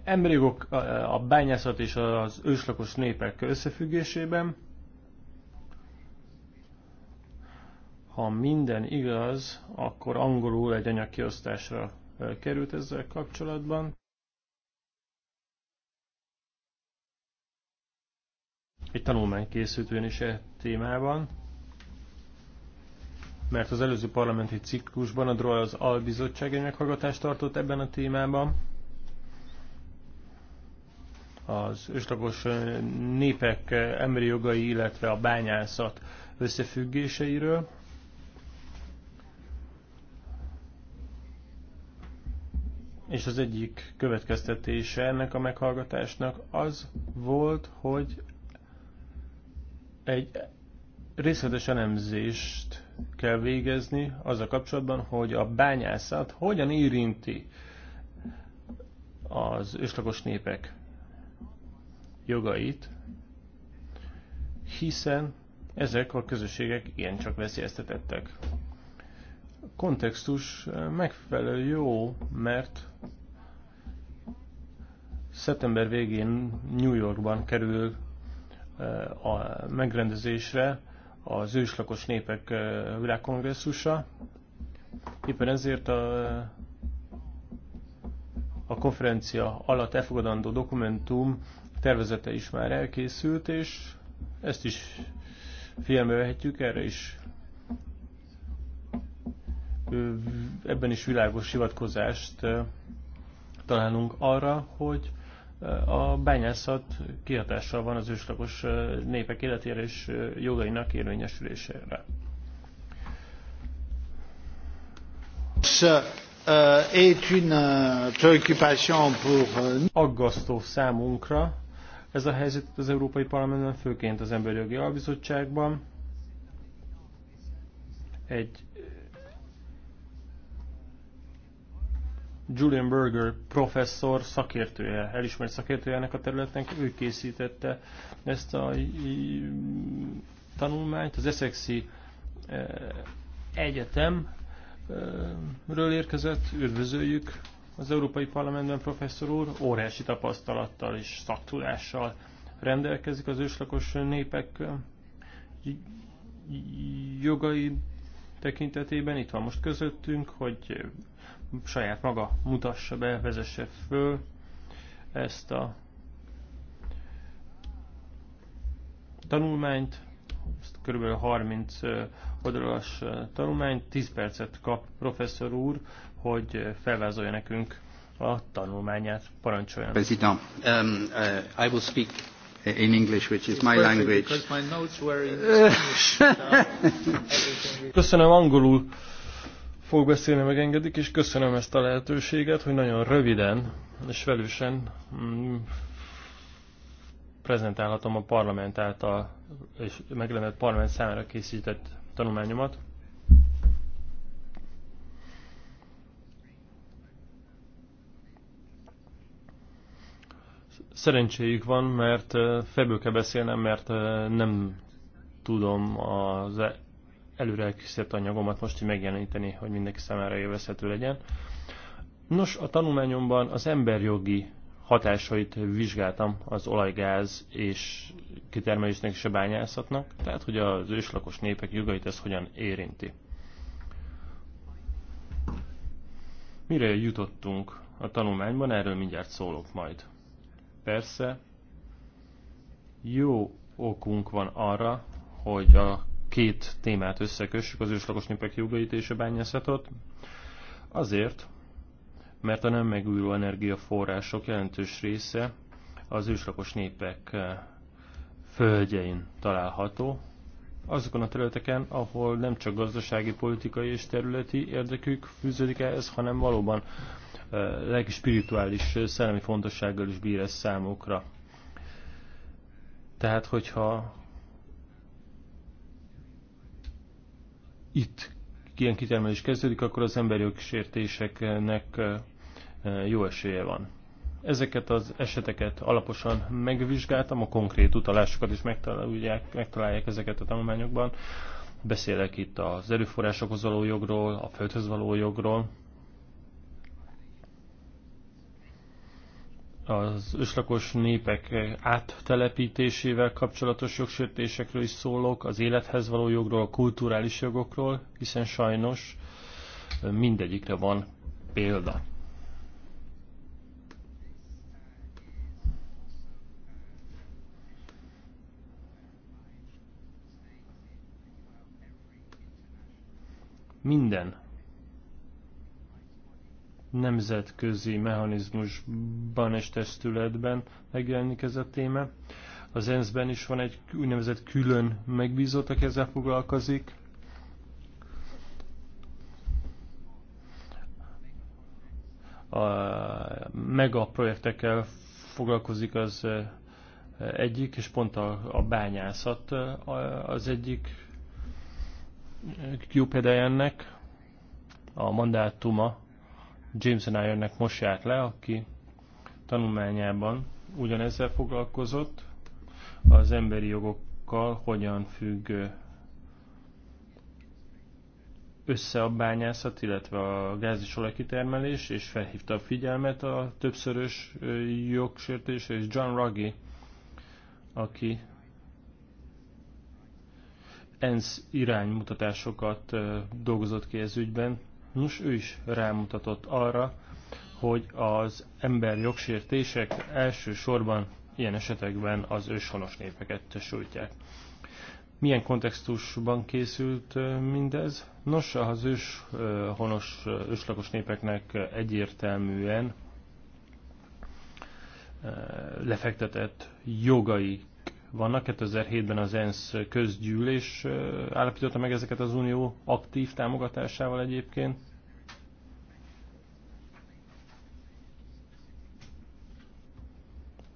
emberjogok, a bányászat és az őslakos népek összefüggésében. Ha minden igaz, akkor angolul egy anyagkiosztásra került ezzel kapcsolatban. Egy tanulmány készült is e témában, mert az előző parlamenti ciklusban a DROA az albizottság egy meghallgatást tartott ebben a témában. Az őslagos népek emberi jogai, illetve a bányászat összefüggéseiről. és az egyik következtetése ennek a meghallgatásnak az volt, hogy egy részletes elemzést kell végezni az a kapcsolatban, hogy a bányászat hogyan érinti az őslakos népek jogait, hiszen ezek a közösségek igencsak veszélyeztetettek. A kontextus megfelelő jó, mert szeptember végén New Yorkban kerül a megrendezésre az őslakos népek világkongresszusa. Éppen ezért a, a konferencia alatt elfogadandó dokumentum tervezete is már elkészült, és ezt is figyelme vehetjük, erre is ebben is világos hivatkozást találunk arra, hogy a bányászat kihatással van az őslakos népek életére és jogainak érvényesülésére. Euh, euh, Aggasztó számunkra ez a helyzet az Európai Parlamentben, főként az Emberi Jogi Albizottságban. Egy Julian Berger professzor szakértője, elismert szakértője ennek a területnek, ő készítette ezt a tanulmányt, az Essexi e, Egyetemről érkezett, üdvözöljük az Európai Parlamentben professzor úr, óriási tapasztalattal és szaktudással rendelkezik az őslakos népek e, jogai tekintetében. Itt van most közöttünk, hogy saját maga mutassa be, vezesse föl ezt a tanulmányt, ezt kb. 30 oldalas tanulmányt, 10 percet kap professzor úr, hogy felvázolja nekünk a tanulmányát. Parancsoljon. President, um, uh, I will speak in English, which is my language. Köszönöm angolul fog beszélni, megengedik, és köszönöm ezt a lehetőséget, hogy nagyon röviden és velősen mm, prezentálhatom a parlament által és megjelent parlament számára készített tanulmányomat. Szerencséjük van, mert eh, felből kell beszélnem, mert eh, nem tudom az előre elkészített anyagomat most így megjeleníteni, hogy mindenki számára élvezhető legyen. Nos, a tanulmányomban az emberjogi hatásait vizsgáltam az olajgáz és kitermelésnek és a bányászatnak, tehát hogy az őslakos népek jogait ez hogyan érinti. Mire jutottunk a tanulmányban, erről mindjárt szólok majd. Persze, jó okunk van arra, hogy a két témát összekössük, az őslakos népek jogait és a bányászatot, azért, mert a nem megújuló energiaforrások jelentős része az őslakos népek eh, földjein található, azokon a területeken, ahol nem csak gazdasági, politikai és területi érdekük fűződik ehhez, hanem valóban eh, lelki spirituális, eh, szellemi fontossággal is bír ez számukra. Tehát, hogyha itt ilyen kitermelés kezdődik, akkor az emberi sértéseknek jó esélye van. Ezeket az eseteket alaposan megvizsgáltam, a konkrét utalásokat is megtalálják, megtalálják ezeket a tanulmányokban. Beszélek itt az erőforrásokhoz való jogról, a földhöz való jogról, az őslakos népek áttelepítésével kapcsolatos jogsértésekről is szólok, az élethez való jogról, a kulturális jogokról, hiszen sajnos mindegyikre van példa. Minden nemzetközi mechanizmusban és testületben megjelenik ez a téma. Az ENSZ-ben is van egy úgynevezett külön megbízott, aki ezzel foglalkozik. A projektekkel foglalkozik az eh, egyik, és pont a, a bányászat eh, az egyik eh, jó példája ennek. A mandátuma Jameson Ironnek járt le, aki tanulmányában ugyanezzel foglalkozott, az emberi jogokkal hogyan függ össze a bányászat, illetve a gáz és olajkitermelés, és felhívta a figyelmet a többszörös jogsértésre, és John Ruggie, aki ENSZ iránymutatásokat dolgozott ki ez ügyben, Nos, ő is rámutatott arra, hogy az ember jogsértések elsősorban ilyen esetekben az őshonos népeket sújtják. Milyen kontextusban készült mindez? Nos, az őshonos, őslakos népeknek egyértelműen lefektetett jogai vannak. 2007-ben az ENSZ közgyűlés állapította meg ezeket az unió aktív támogatásával egyébként.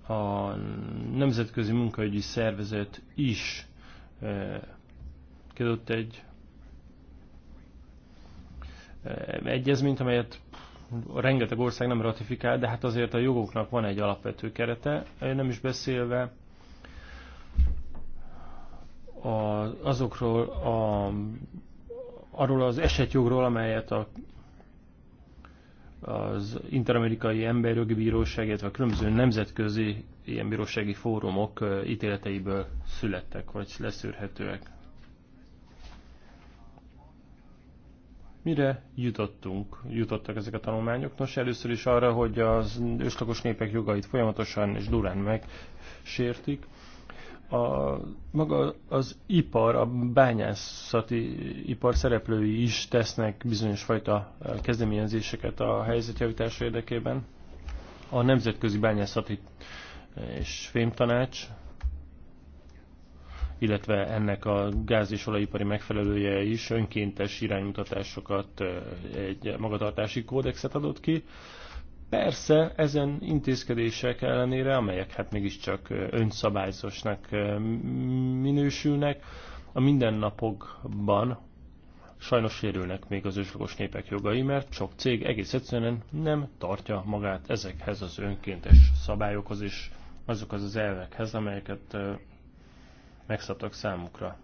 A Nemzetközi Munkaügyi Szervezet is kiadott egy egyezményt, amelyet rengeteg ország nem ratifikál, de hát azért a jogoknak van egy alapvető kerete, nem is beszélve a, azokról a, arról az esetjogról, amelyet a, az Interamerikai Emberjogi Bíróság, illetve a különböző nemzetközi ilyen bírósági fórumok ítéleteiből születtek, vagy leszűrhetőek. Mire jutottunk, jutottak ezek a tanulmányok? Nos, először is arra, hogy az őslakos népek jogait folyamatosan és durán megsértik, a, maga az ipar, a bányászati ipar szereplői is tesznek bizonyos fajta eh, kezdeményezéseket a helyzetjavítása érdekében. A Nemzetközi Bányászati eh, és Fémtanács, illetve ennek a gáz- és olajipari megfelelője is önkéntes iránymutatásokat, eh, egy magatartási kódexet adott ki. Persze ezen intézkedések ellenére, amelyek hát mégiscsak önszabályzósnak minősülnek, a mindennapokban sajnos sérülnek még az őslagos népek jogai, mert sok cég egész egyszerűen nem tartja magát ezekhez az önkéntes szabályokhoz és azokhoz az elvekhez, amelyeket megszabtak számukra.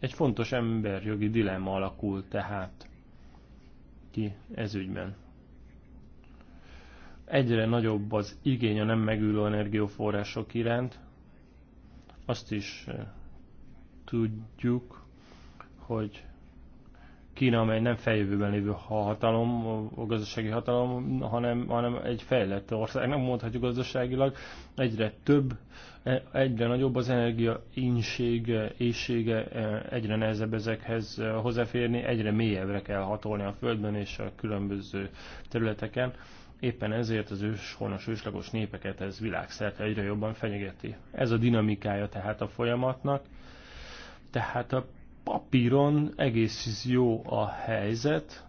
Egy fontos emberjogi dilemma alakul tehát ki ezügyben egyre nagyobb az igény a nem megülő energiaforrások iránt. Azt is tudjuk, hogy Kína, amely nem feljövőben lévő hatalom, a gazdasági hatalom, hanem, hanem egy fejlett ország, nem mondhatjuk gazdaságilag, egyre több, e, egyre nagyobb az energia ínség, éjsége, e, egyre nehezebb ezekhez e, hozzáférni, egyre mélyebbre kell hatolni a földben és a különböző területeken. Éppen ezért az őshonos őslagos népeket ez világszerte egyre jobban fenyegeti. Ez a dinamikája tehát a folyamatnak, tehát a papíron egész jó a helyzet,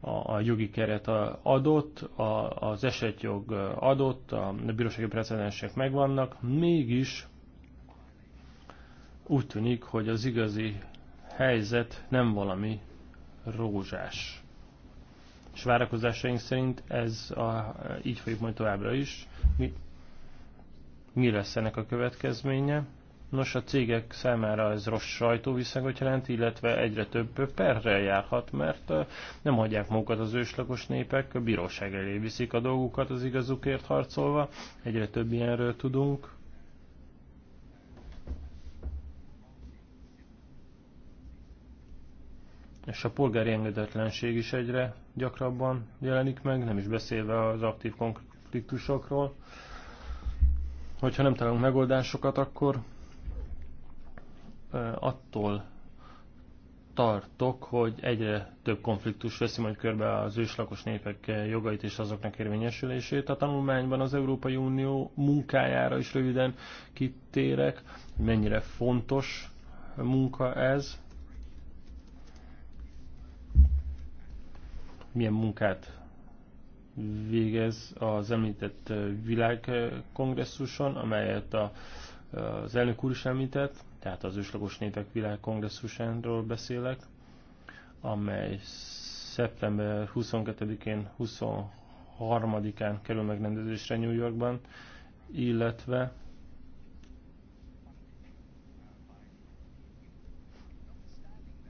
a, a jogi keret adott, a, az esetjog adott, a bírósági precedensek megvannak, mégis úgy tűnik, hogy az igazi helyzet nem valami rózsás és várakozásaink szerint ez a, így folyik majd továbbra is. Mi, mi lesz ennek a következménye? Nos, a cégek számára ez rossz sajtóviszágot jelent, illetve egyre több perrel járhat, mert nem hagyják magukat az őslakos népek, a bíróság elé viszik a dolgukat az igazukért harcolva, egyre több ilyenről tudunk. és a polgári engedetlenség is egyre gyakrabban jelenik meg, nem is beszélve az aktív konfliktusokról. Hogyha nem találunk megoldásokat, akkor attól tartok, hogy egyre több konfliktus veszi majd körbe az őslakos népek jogait és azoknak érvényesülését. A tanulmányban az Európai Unió munkájára is röviden kitérek, mennyire fontos munka ez, milyen munkát végez az említett világkongresszuson, amelyet a, az elnök úr is említett, tehát az őslagos népek világkongresszusáról beszélek, amely szeptember 22-én, 23-án kerül megrendezésre New Yorkban, illetve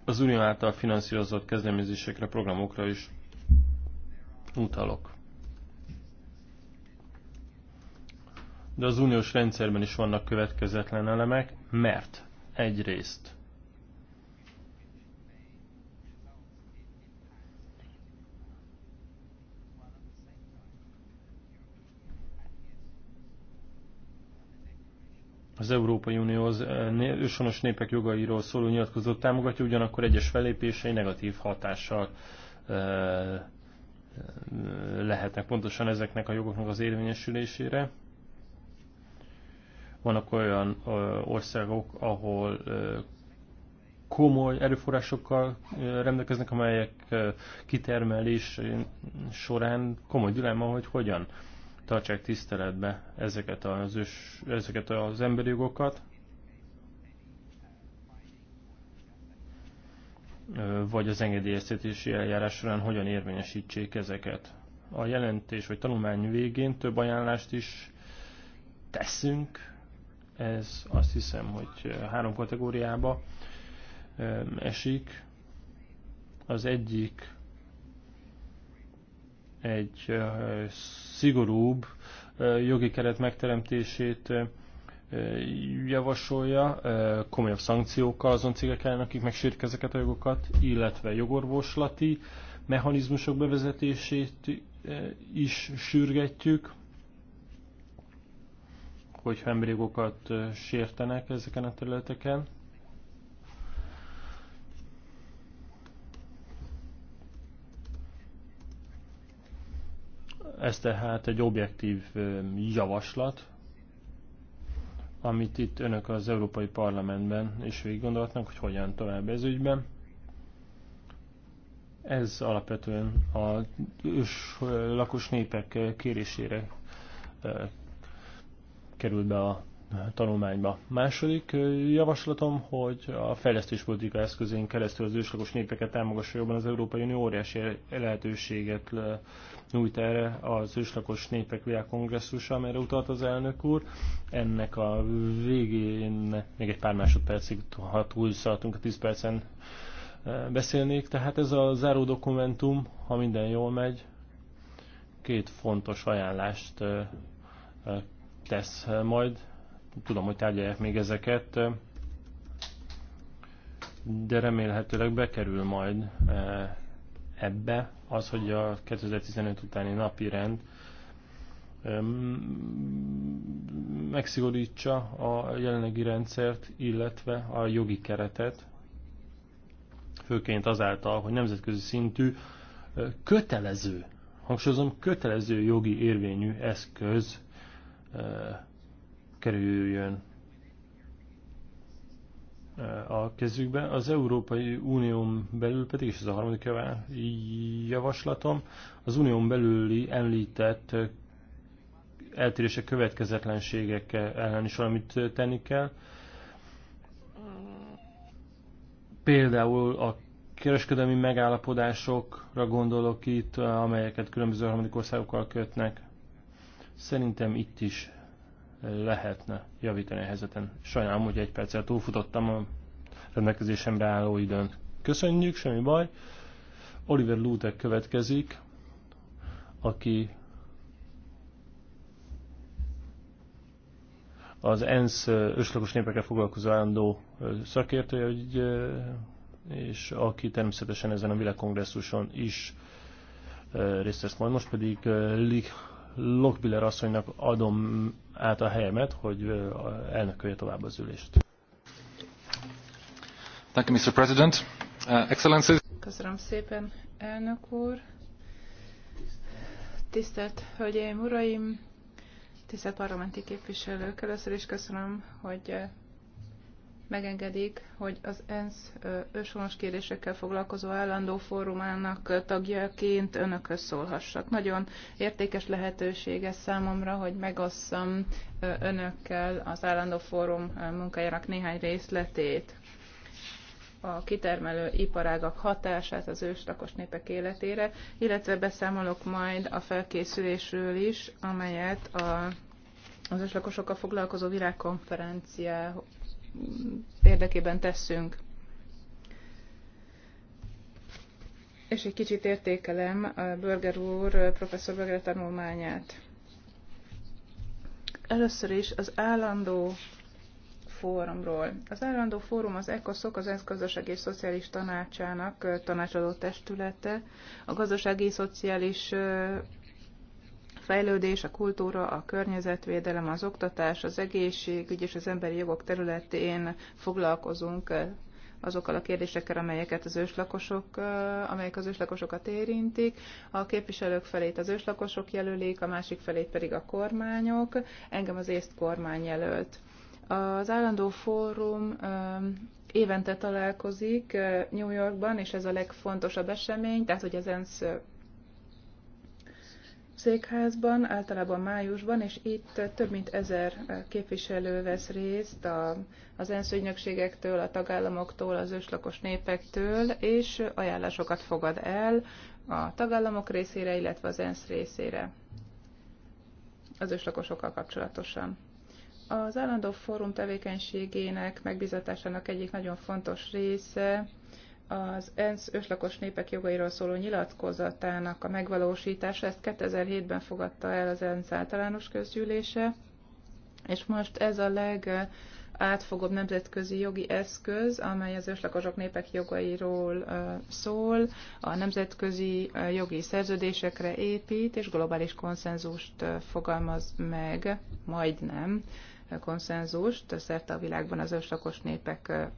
az unió által finanszírozott kezdeményezésekre, programokra is utalok. De az uniós rendszerben is vannak következetlen elemek, mert egyrészt az Európai Unió az eh, őshonos népek jogairól szóló nyilatkozót támogatja, ugyanakkor egyes felépései negatív hatással eh, lehetnek pontosan ezeknek a jogoknak az érvényesülésére. Vannak olyan országok, ahol komoly erőforrásokkal rendelkeznek, amelyek kitermelés során komoly dilemma, hogy hogyan tartsák tiszteletbe ezeket az, ezeket az emberi jogokat. vagy az engedélyeztetési eljárás során hogyan érvényesítsék ezeket. A jelentés vagy tanulmány végén több ajánlást is teszünk, ez azt hiszem, hogy három kategóriába esik. Az egyik egy szigorúbb jogi keret megteremtését javasolja komolyabb szankciókkal azon cégek ellen, akik megsértik ezeket a jogokat, illetve jogorvoslati mechanizmusok bevezetését is sürgetjük, hogyha emberi jogokat sértenek ezeken a területeken. Ez tehát egy objektív javaslat, amit itt önök az Európai Parlamentben is végig gondolhatnak, hogy hogyan tovább ez ügyben. Ez alapvetően a ős lakos népek kérésére került be a tanulmányba. Második javaslatom, hogy a fejlesztéspolitika eszközén keresztül az őslakos népeket támogassa jobban az Európai Unió óriási lehetőséget nyújt erre az őslakos népek világkongresszusa, amelyre utalt az elnök úr. Ennek a végén még egy pár másodpercig, ha szaladtunk a 10 percen e, beszélnék. Tehát ez a záró dokumentum, ha minden jól megy, két fontos ajánlást e, e, tesz majd. Tudom, hogy tárgyalják még ezeket, de remélhetőleg bekerül majd ebbe, az, hogy a 2015 utáni napi rend megszigorítsa a jelenlegi rendszert, illetve a jogi keretet, főként azáltal, hogy nemzetközi szintű kötelező, hangsúlyozom, kötelező jogi érvényű eszköz kerüljön a kezükbe. Az Európai Unión belül pedig, és ez a harmadik javaslatom, az unión belüli említett eltérések következetlenségek ellen is valamit tenni kell. Például a kereskedelmi megállapodásokra gondolok itt, amelyeket különböző harmadik országokkal kötnek. Szerintem itt is lehetne javítani a helyzeten. Sajnálom, hogy egy perccel túlfutottam a rendelkezésembe álló időn. Köszönjük, semmi baj. Oliver Lutek következik, aki az ENSZ őslakos népekkel foglalkozó állandó szakértője, és aki természetesen ezen a világkongresszuson is részt vesz majd. Most pedig Lokbiller asszonynak adom át a helyemet, hogy elnökölje tovább az ülést. Thank you, Mr. President. Uh, excellencies. Köszönöm szépen, elnök úr. Tisztelt Hölgyeim, Uraim, tisztelt parlamenti képviselők, először is köszönöm, hogy megengedik, hogy az ENSZ őshonos kérdésekkel foglalkozó állandó fórumának tagjaként önökhöz szólhassak. Nagyon értékes lehetőség ez számomra, hogy megosszam önökkel az állandó fórum munkájának néhány részletét a kitermelő iparágak hatását az őslakos népek életére, illetve beszámolok majd a felkészülésről is, amelyet a, az őslakosokkal foglalkozó világkonferencia érdekében tesszünk. És egy kicsit értékelem Burger úr, professzor Burger tanulmányát. Először is az állandó fórumról. Az állandó fórum az ECOSZOK, az ENSZ gazdasági és szociális tanácsának tanácsadó testülete. A gazdasági és szociális fejlődés, a kultúra, a környezetvédelem, az oktatás, az egészségügy és az emberi jogok területén foglalkozunk eh, azokkal a kérdésekkel, amelyeket az őslakosok, eh, amelyek az őslakosokat érintik. A képviselők felét az őslakosok jelölik, a másik felét pedig a kormányok. Engem az észt kormány jelölt. Az állandó fórum eh, évente találkozik New Yorkban, és ez a legfontosabb esemény, tehát hogy az ENSZ székházban, általában májusban, és itt több mint ezer képviselő vesz részt a, az ENSZ ügynökségektől, a tagállamoktól, az őslakos népektől, és ajánlásokat fogad el a tagállamok részére, illetve az ENSZ részére az őslakosokkal kapcsolatosan. Az állandó fórum tevékenységének, megbizatásának egyik nagyon fontos része az ENSZ őslakos népek jogairól szóló nyilatkozatának a megvalósítása, ezt 2007-ben fogadta el az ENSZ általános közgyűlése, és most ez a leg átfogóbb nemzetközi jogi eszköz, amely az őslakosok népek jogairól szól, a nemzetközi jogi szerződésekre épít, és globális konszenzust fogalmaz meg, majdnem konszenzust szerte a világban az őslakos népek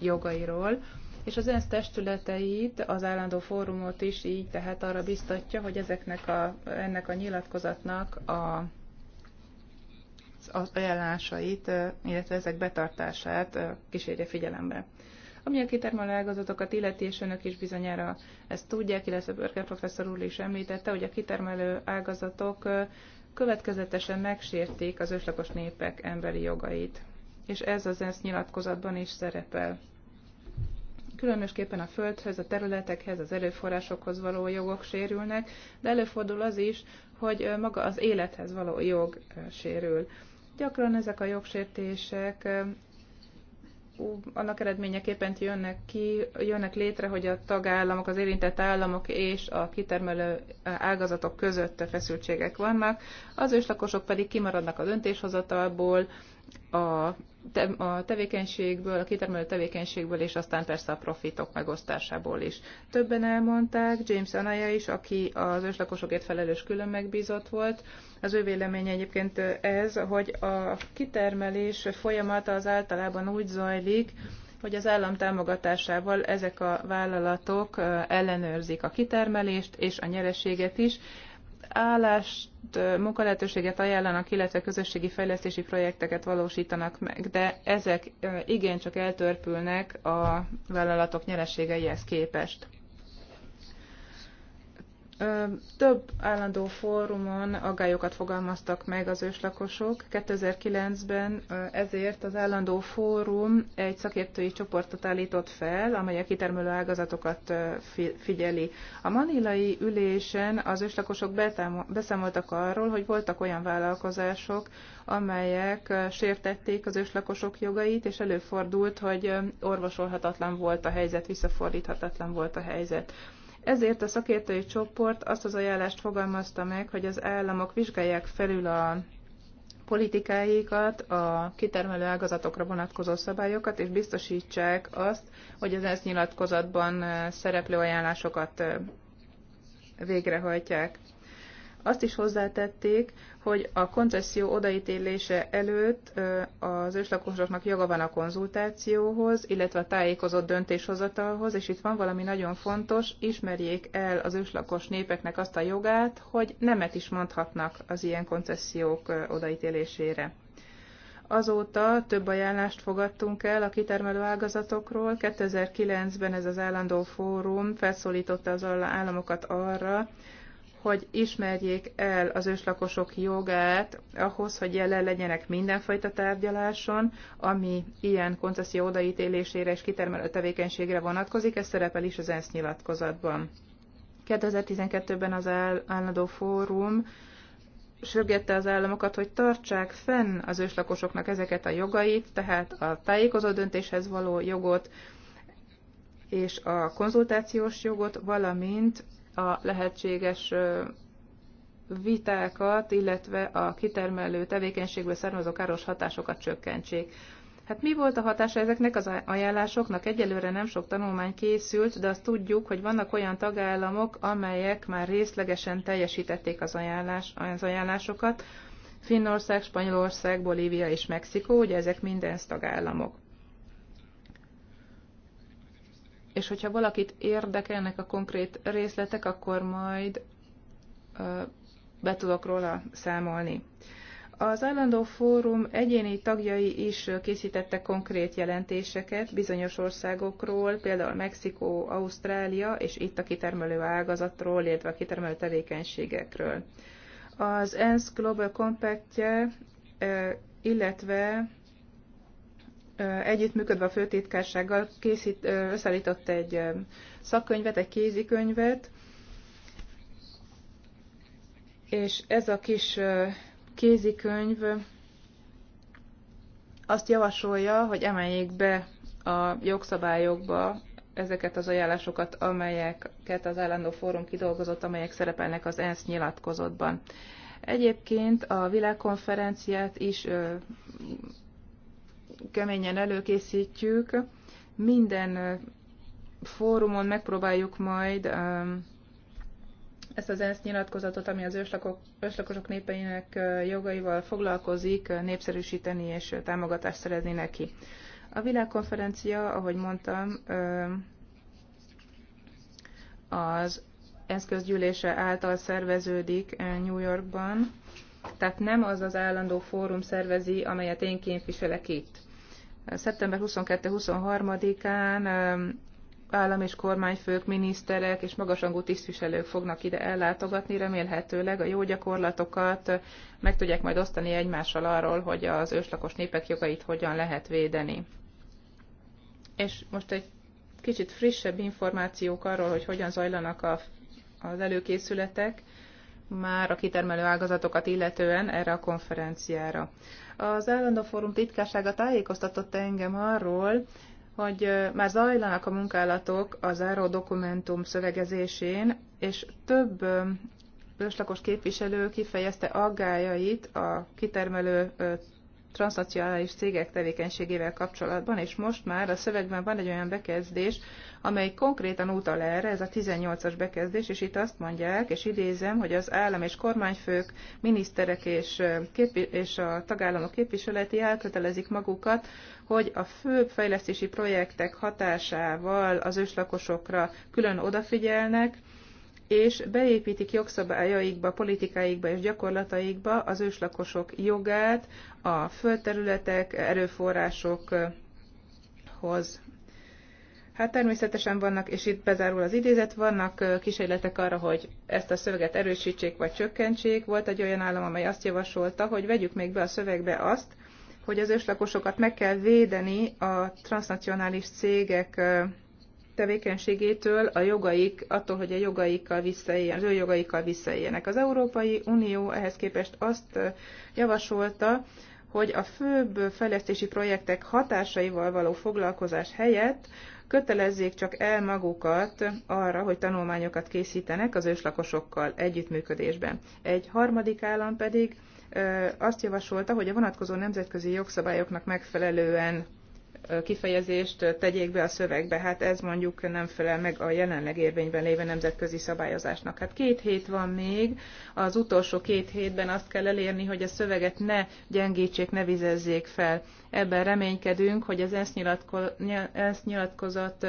jogairól és az ENSZ testületeit, az állandó fórumot is így tehát arra biztatja, hogy ezeknek a, ennek a nyilatkozatnak a az ajánlásait, illetve ezek betartását kísérje figyelembe. Ami a kitermelő ágazatokat illeti, és önök is bizonyára ezt tudják, illetve Börger professzor úr is említette, hogy a kitermelő ágazatok következetesen megsérték az őslakos népek emberi jogait. És ez az ENSZ nyilatkozatban is szerepel. Különösképpen a földhöz, a területekhez, az erőforrásokhoz való jogok sérülnek, de előfordul az is, hogy maga az élethez való jog sérül. Gyakran ezek a jogsértések annak eredményeképpen jönnek ki, jönnek létre, hogy a tagállamok, az érintett államok és a kitermelő ágazatok között feszültségek vannak, az őslakosok pedig kimaradnak a döntéshozatalból, a, te, a tevékenységből, a kitermelő tevékenységből, és aztán persze a profitok megosztásából is. Többen elmondták, James Anaya is, aki az őslakosokért felelős külön megbízott volt. Az ő véleménye egyébként ez, hogy a kitermelés folyamata az általában úgy zajlik, hogy az állam támogatásával ezek a vállalatok ellenőrzik a kitermelést és a nyereséget is, állást, munkalehetőséget ajánlanak, illetve közösségi fejlesztési projekteket valósítanak meg, de ezek igencsak eltörpülnek a vállalatok nyereségeihez képest. Több állandó fórumon aggályokat fogalmaztak meg az őslakosok. 2009-ben ezért az állandó fórum egy szakértői csoportot állított fel, amely a kitermelő ágazatokat figyeli. A manilai ülésen az őslakosok beszámoltak arról, hogy voltak olyan vállalkozások, amelyek sértették az őslakosok jogait, és előfordult, hogy orvosolhatatlan volt a helyzet, visszafordíthatatlan volt a helyzet. Ezért a szakértői csoport azt az ajánlást fogalmazta meg, hogy az államok vizsgálják felül a politikáikat, a kitermelő ágazatokra vonatkozó szabályokat, és biztosítsák azt, hogy az ENSZ nyilatkozatban eh, szereplő ajánlásokat eh, végrehajtják. Azt is hozzátették, hogy a koncesszió odaítélése előtt az őslakosoknak joga van a konzultációhoz, illetve a tájékozott döntéshozatalhoz, és itt van valami nagyon fontos, ismerjék el az őslakos népeknek azt a jogát, hogy nemet is mondhatnak az ilyen koncesziók odaítélésére. Azóta több ajánlást fogadtunk el a kitermelő ágazatokról. 2009-ben ez az állandó fórum felszólította az államokat arra, hogy ismerjék el az őslakosok jogát ahhoz, hogy jelen legyenek mindenfajta tárgyaláson, ami ilyen koncesszió odaítélésére és kitermelő tevékenységre vonatkozik, ez szerepel is az ENSZ nyilatkozatban. 2012-ben az állandó fórum sürgette az államokat, hogy tartsák fenn az őslakosoknak ezeket a jogait, tehát a tájékozó döntéshez való jogot és a konzultációs jogot, valamint a lehetséges vitákat, illetve a kitermelő tevékenységből származó káros hatásokat csökkentsék. Hát mi volt a hatása ezeknek az ajánlásoknak? Egyelőre nem sok tanulmány készült, de azt tudjuk, hogy vannak olyan tagállamok, amelyek már részlegesen teljesítették az, ajánlás, az ajánlásokat. Finnország, Spanyolország, Bolívia és Mexikó, ugye ezek minden tagállamok. és hogyha valakit érdekelnek a konkrét részletek, akkor majd be tudok róla számolni. Az állandó fórum egyéni tagjai is készítettek konkrét jelentéseket bizonyos országokról, például Mexikó, Ausztrália, és itt a kitermelő ágazatról, illetve a kitermelő tevékenységekről. Az ENSZ Global compact illetve együttműködve a főtitkársággal készít, összeállított egy szakkönyvet, egy kézikönyvet, és ez a kis kézikönyv azt javasolja, hogy emeljék be a jogszabályokba ezeket az ajánlásokat, amelyeket az állandó fórum kidolgozott, amelyek szerepelnek az ENSZ nyilatkozatban. Egyébként a világkonferenciát is keményen előkészítjük. Minden fórumon megpróbáljuk majd ezt az ENSZ nyilatkozatot, ami az őslakok, őslakosok népeinek jogaival foglalkozik, népszerűsíteni és támogatást szerezni neki. A világkonferencia, ahogy mondtam, az ENSZ közgyűlése által szerveződik New Yorkban, tehát nem az az állandó fórum szervezi, amelyet én képviselek itt. Szeptember 22-23-án állam és kormányfők, miniszterek és magasrangú tisztviselők fognak ide ellátogatni, remélhetőleg a jó gyakorlatokat meg tudják majd osztani egymással arról, hogy az őslakos népek jogait hogyan lehet védeni. És most egy kicsit frissebb információk arról, hogy hogyan zajlanak a, az előkészületek, már a kitermelő ágazatokat illetően erre a konferenciára. Az állandó fórum titkársága tájékoztatott engem arról, hogy már zajlanak a munkálatok az záró dokumentum szövegezésén, és több őslakos képviselő kifejezte aggájait a kitermelő transnacionális cégek tevékenységével kapcsolatban, és most már a szövegben van egy olyan bekezdés, amely konkrétan utal erre, ez a 18-as bekezdés, és itt azt mondják, és idézem, hogy az állam és kormányfők, miniszterek és, és a tagállamok képviseleti elkötelezik magukat, hogy a főbb fejlesztési projektek hatásával az őslakosokra külön odafigyelnek, és beépítik jogszabályaikba, politikáikba és gyakorlataikba az őslakosok jogát a földterületek, erőforrásokhoz Hát természetesen vannak, és itt bezárul az idézet, vannak kísérletek arra, hogy ezt a szöveget erősítsék vagy csökkentsék. Volt egy olyan állam, amely azt javasolta, hogy vegyük még be a szövegbe azt, hogy az őslakosokat meg kell védeni a transnacionális cégek tevékenységétől, a jogaik, attól, hogy a jogaikkal visszaéljen, az ő jogaikkal visszaéljenek. Az Európai Unió ehhez képest azt javasolta, hogy a főbb fejlesztési projektek hatásaival való foglalkozás helyett kötelezzék csak el magukat arra, hogy tanulmányokat készítenek az őslakosokkal együttműködésben. Egy harmadik állam pedig azt javasolta, hogy a vonatkozó nemzetközi jogszabályoknak megfelelően kifejezést tegyék be a szövegbe. Hát ez mondjuk nem felel meg a jelenleg érvényben lévő nemzetközi szabályozásnak. Hát két hét van még, az utolsó két hétben azt kell elérni, hogy a szöveget ne gyengítsék, ne vizezzék fel. Ebben reménykedünk, hogy az ezt nyilatko ezt nyilatkozat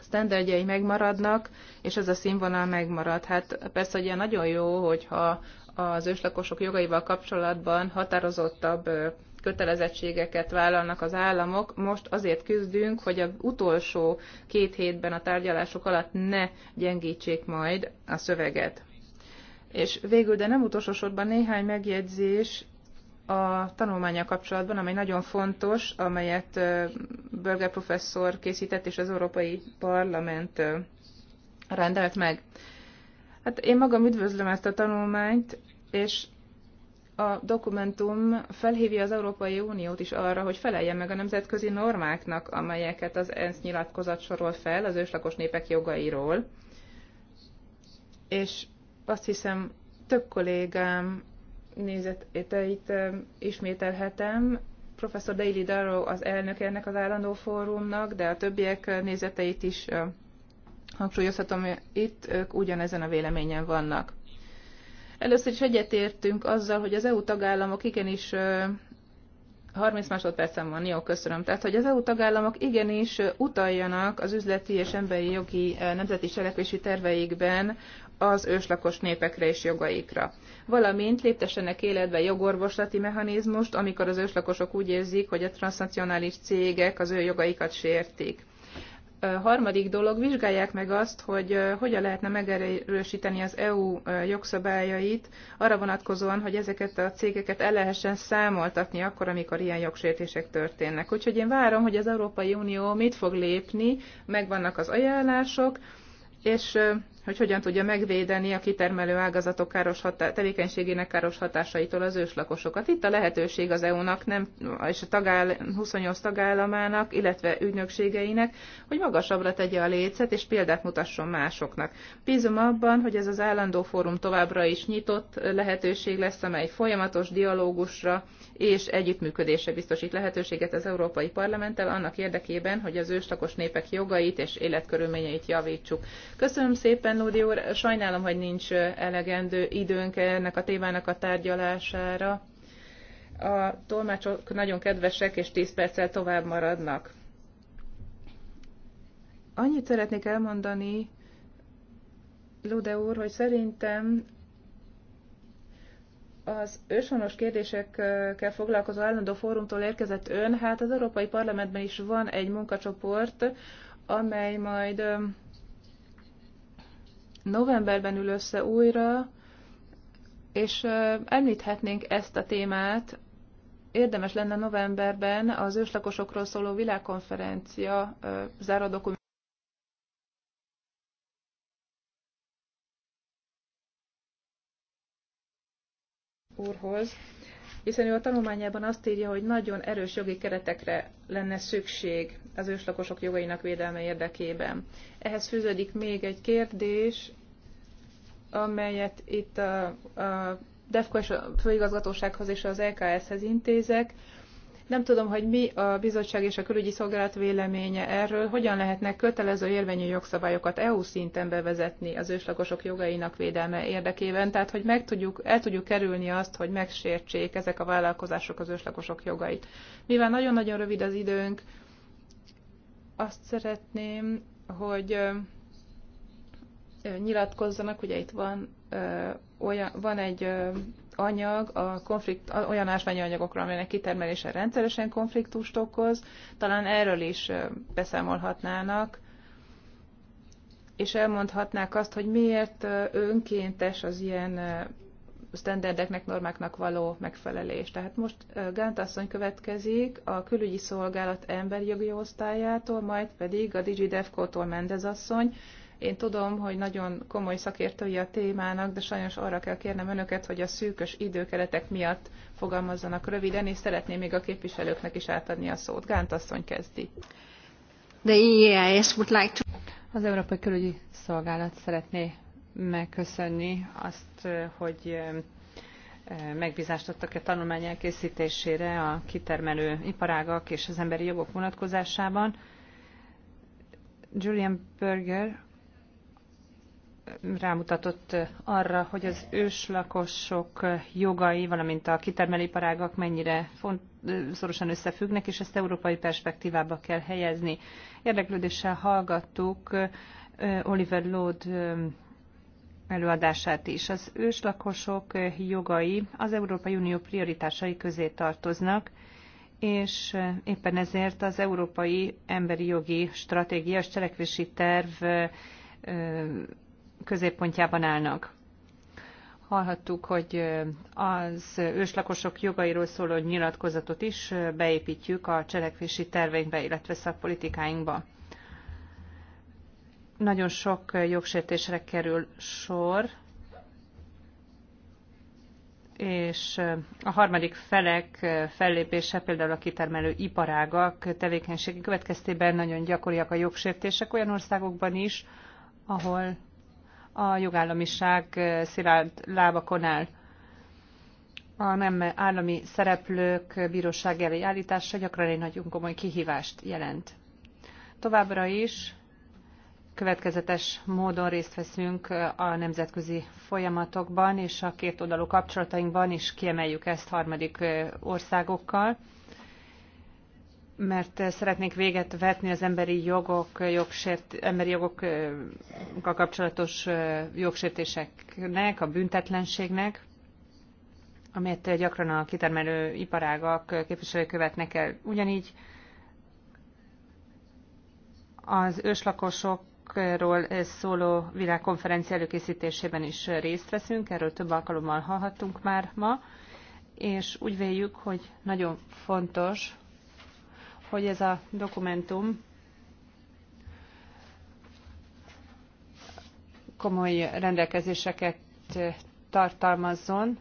sztenderdjei megmaradnak, és ez a színvonal megmarad. Hát persze ugye nagyon jó, hogyha az őslakosok jogaival kapcsolatban határozottabb kötelezettségeket vállalnak az államok. Most azért küzdünk, hogy az utolsó két hétben a tárgyalások alatt ne gyengítsék majd a szöveget. És végül, de nem utolsó sorban néhány megjegyzés a tanulmánya kapcsolatban, amely nagyon fontos, amelyet Börger professzor készített, és az Európai Parlament rendelt meg. Hát én magam üdvözlöm ezt a tanulmányt, és a dokumentum felhívja az Európai Uniót is arra, hogy feleljen meg a nemzetközi normáknak, amelyeket az ENSZ nyilatkozat sorol fel az őslakos népek jogairól. És azt hiszem, több kollégám nézeteit ismételhetem. Professzor Daily Darrow az elnök ennek az állandó fórumnak, de a többiek nézeteit is hangsúlyozhatom, itt ők ugyanezen a véleményen vannak. Először is egyetértünk azzal, hogy az EU tagállamok igenis 30 másodpercen van, jó, köszönöm. Tehát, hogy az EU tagállamok igenis utaljanak az üzleti és emberi jogi nemzeti cselekvési terveikben az őslakos népekre és jogaikra. Valamint léptessenek életbe jogorvoslati mechanizmust, amikor az őslakosok úgy érzik, hogy a transnacionális cégek az ő jogaikat sértik. Harmadik dolog, vizsgálják meg azt, hogy hogyan lehetne megerősíteni az EU jogszabályait arra vonatkozóan, hogy ezeket a cégeket el lehessen számoltatni akkor, amikor ilyen jogsértések történnek. Úgyhogy én várom, hogy az Európai Unió mit fog lépni, megvannak az ajánlások, és hogy hogyan tudja megvédeni a kitermelő ágazatok káros hatá- tevékenységének káros hatásaitól az őslakosokat. Itt a lehetőség az EU-nak nem, és a tagáll- 28 tagállamának, illetve ügynökségeinek, hogy magasabbra tegye a lécet, és példát mutasson másoknak. Bízom abban, hogy ez az állandó fórum továbbra is nyitott lehetőség lesz, amely folyamatos dialógusra és együttműködésre biztosít lehetőséget az Európai Parlamenttel annak érdekében, hogy az őslakos népek jogait és életkörülményeit javítsuk. Köszönöm szépen! Lódi úr, sajnálom, hogy nincs elegendő időnk ennek a témának a tárgyalására. A tolmácsok nagyon kedvesek, és 10 perccel tovább maradnak. Annyit szeretnék elmondani, Lude úr, hogy szerintem az őshonos kérdésekkel foglalkozó állandó fórumtól érkezett ön, hát az Európai Parlamentben is van egy munkacsoport, amely majd novemberben ül össze újra, és említhetnénk ezt a témát, érdemes lenne novemberben az őslakosokról szóló világkonferencia záró dokumentum. úrhoz, hiszen ő a tanulmányában azt írja, hogy nagyon erős jogi keretekre lenne szükség az őslakosok jogainak védelme érdekében. Ehhez fűződik még egy kérdés, amelyet itt a, a DEFCO és a főigazgatósághoz és az LKS-hez e intézek, nem tudom, hogy mi a bizottság és a külügyi szolgálat véleménye erről, hogyan lehetne kötelező érvényű jogszabályokat EU szinten bevezetni az őslakosok jogainak védelme érdekében, tehát hogy meg tudjuk, el tudjuk kerülni azt, hogy megsértsék ezek a vállalkozások az őslakosok jogait. Mivel nagyon-nagyon rövid az időnk, azt szeretném, hogy nyilatkozzanak, ugye itt van, olyan, van egy anyag a konflikt, olyan ásványi anyagokra, amelynek kitermelése rendszeresen konfliktust okoz, talán erről is beszámolhatnának, és elmondhatnák azt, hogy miért önkéntes az ilyen sztenderdeknek, normáknak való megfelelés. Tehát most Gánt asszony következik a külügyi szolgálat emberi jogi osztályától, majd pedig a DigiDevco-tól Mendez asszony, én tudom, hogy nagyon komoly szakértői a témának, de sajnos arra kell kérnem önöket, hogy a szűkös időkeretek miatt fogalmazzanak röviden, és szeretném még a képviselőknek is átadni a szót. Gánt asszony kezdi. The EAS would like to... Az Európai Körügyi Szolgálat szeretné megköszönni azt, hogy megbízást adtak a tanulmány elkészítésére a kitermelő iparágak és az emberi jogok vonatkozásában. Julian Berger rámutatott arra, hogy az őslakosok jogai, valamint a kitermelőiparágak mennyire font, szorosan összefüggnek, és ezt európai perspektívába kell helyezni. Érdeklődéssel hallgattuk Oliver Lód előadását is. Az őslakosok jogai az Európai Unió prioritásai közé tartoznak, és éppen ezért az Európai Emberi Jogi Stratégia és Cselekvési Terv középpontjában állnak. Hallhattuk, hogy az őslakosok jogairól szóló nyilatkozatot is beépítjük a cselekvési terveinkbe, illetve szakpolitikáinkba. Nagyon sok jogsértésre kerül sor, és a harmadik felek fellépése, például a kitermelő iparágak tevékenységi következtében nagyon gyakoriak a jogsértések olyan országokban is, ahol a jogállamiság szilárd lábakon áll. A nem állami szereplők bíróság elé állítása gyakran egy nagyon komoly kihívást jelent. Továbbra is következetes módon részt veszünk a nemzetközi folyamatokban, és a két oldalú kapcsolatainkban is kiemeljük ezt harmadik országokkal mert szeretnénk véget vetni az emberi jogok, jogsért, emberi jogokkal kapcsolatos jogsértéseknek, a büntetlenségnek, amelyet gyakran a kitermelő iparágak képviselői követnek el. Ugyanígy az ról szóló világkonferencia előkészítésében is részt veszünk, erről több alkalommal hallhattunk már ma, és úgy véljük, hogy nagyon fontos, hogy ez a dokumentum komoly rendelkezéseket tartalmazzon,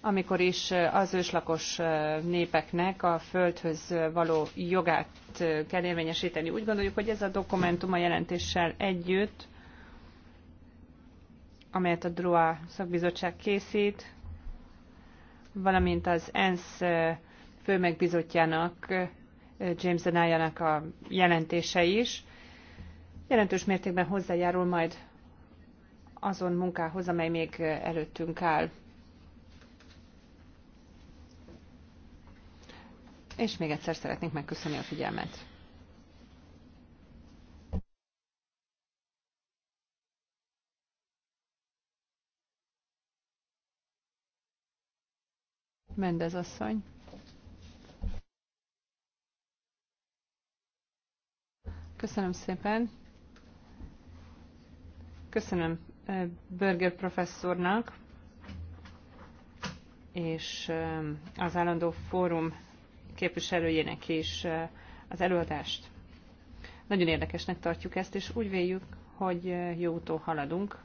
amikor is az őslakos népeknek a földhöz való jogát kell érvényesíteni. Úgy gondoljuk, hogy ez a dokumentum a jelentéssel együtt, amelyet a DROA szakbizottság készít, valamint az ENSZ főmegbizotjának, James Denájának a jelentése is jelentős mértékben hozzájárul majd azon munkához, amely még előttünk áll. És még egyszer szeretnék megköszönni a figyelmet. Mendez asszony. Köszönöm szépen. Köszönöm eh, Burger professzornak és eh, az állandó fórum képviselőjének is eh, az előadást. Nagyon érdekesnek tartjuk ezt, és úgy véljük, hogy jó úton haladunk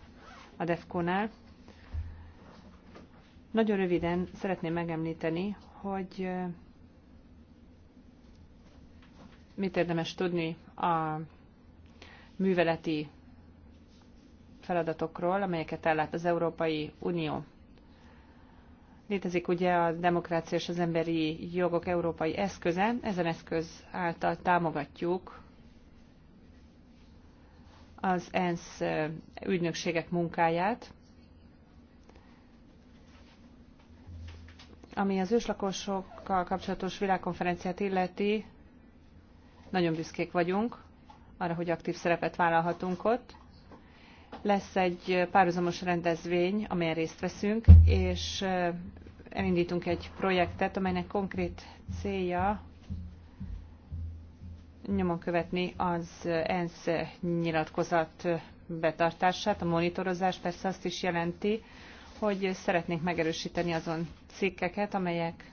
a defco nál Nagyon röviden szeretném megemlíteni, hogy mit érdemes tudni a műveleti feladatokról, amelyeket ellát az Európai Unió. Létezik ugye a demokrácia és az emberi jogok európai eszköze, ezen eszköz által támogatjuk az ENSZ eh, ügynökségek munkáját, ami az őslakosokkal kapcsolatos világkonferenciát illeti, nagyon büszkék vagyunk arra, hogy aktív szerepet vállalhatunk ott. Lesz egy párhuzamos rendezvény, amelyen részt veszünk, és elindítunk egy projektet, amelynek konkrét célja nyomon követni az ENSZ nyilatkozat betartását, a monitorozás persze azt is jelenti, hogy szeretnénk megerősíteni azon cikkeket, amelyek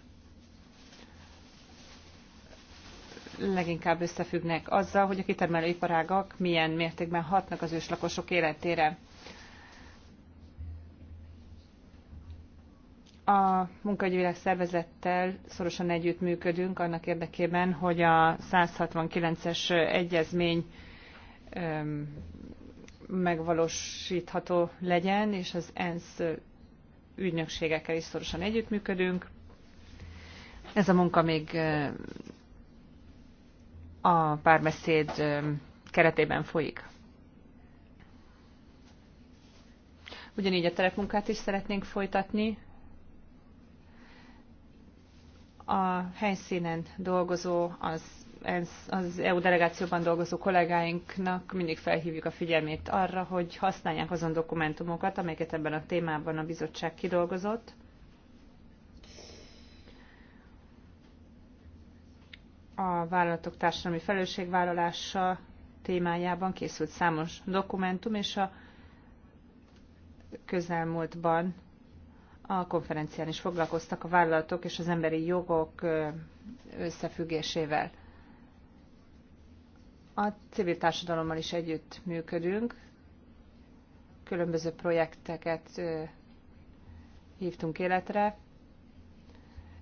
leginkább összefüggnek azzal, hogy a kitermelőiparágak milyen mértékben hatnak az őslakosok életére. A munkaügyileg szervezettel szorosan együttműködünk annak érdekében, hogy a 169-es egyezmény megvalósítható legyen, és az ENSZ ügynökségekkel is szorosan együttműködünk. Ez a munka még a párbeszéd keretében folyik. Ugyanígy a terepmunkát is szeretnénk folytatni. A helyszínen dolgozó, az, az EU delegációban dolgozó kollégáinknak mindig felhívjuk a figyelmét arra, hogy használják azon dokumentumokat, amelyeket ebben a témában a bizottság kidolgozott, a vállalatok társadalmi felelősségvállalása témájában készült számos dokumentum, és a közelmúltban a konferencián is foglalkoztak a vállalatok és az emberi jogok összefüggésével. A civil társadalommal is együtt működünk, különböző projekteket hívtunk életre,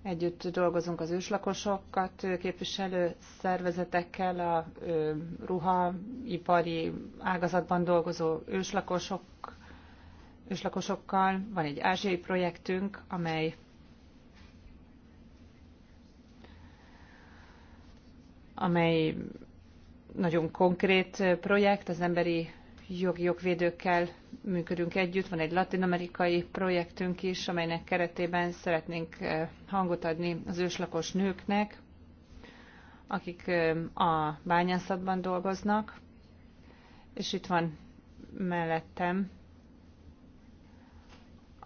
Együtt dolgozunk az őslakosokat képviselő szervezetekkel, a ruhaipari ágazatban dolgozó őslakosok, őslakosokkal. Van egy ázsiai projektünk, amely amely nagyon konkrét projekt az emberi jogi jogvédőkkel működünk együtt. Van egy latinamerikai projektünk is, amelynek keretében szeretnénk eh, hangot adni az őslakos nőknek, akik eh, a bányászatban dolgoznak. És itt van mellettem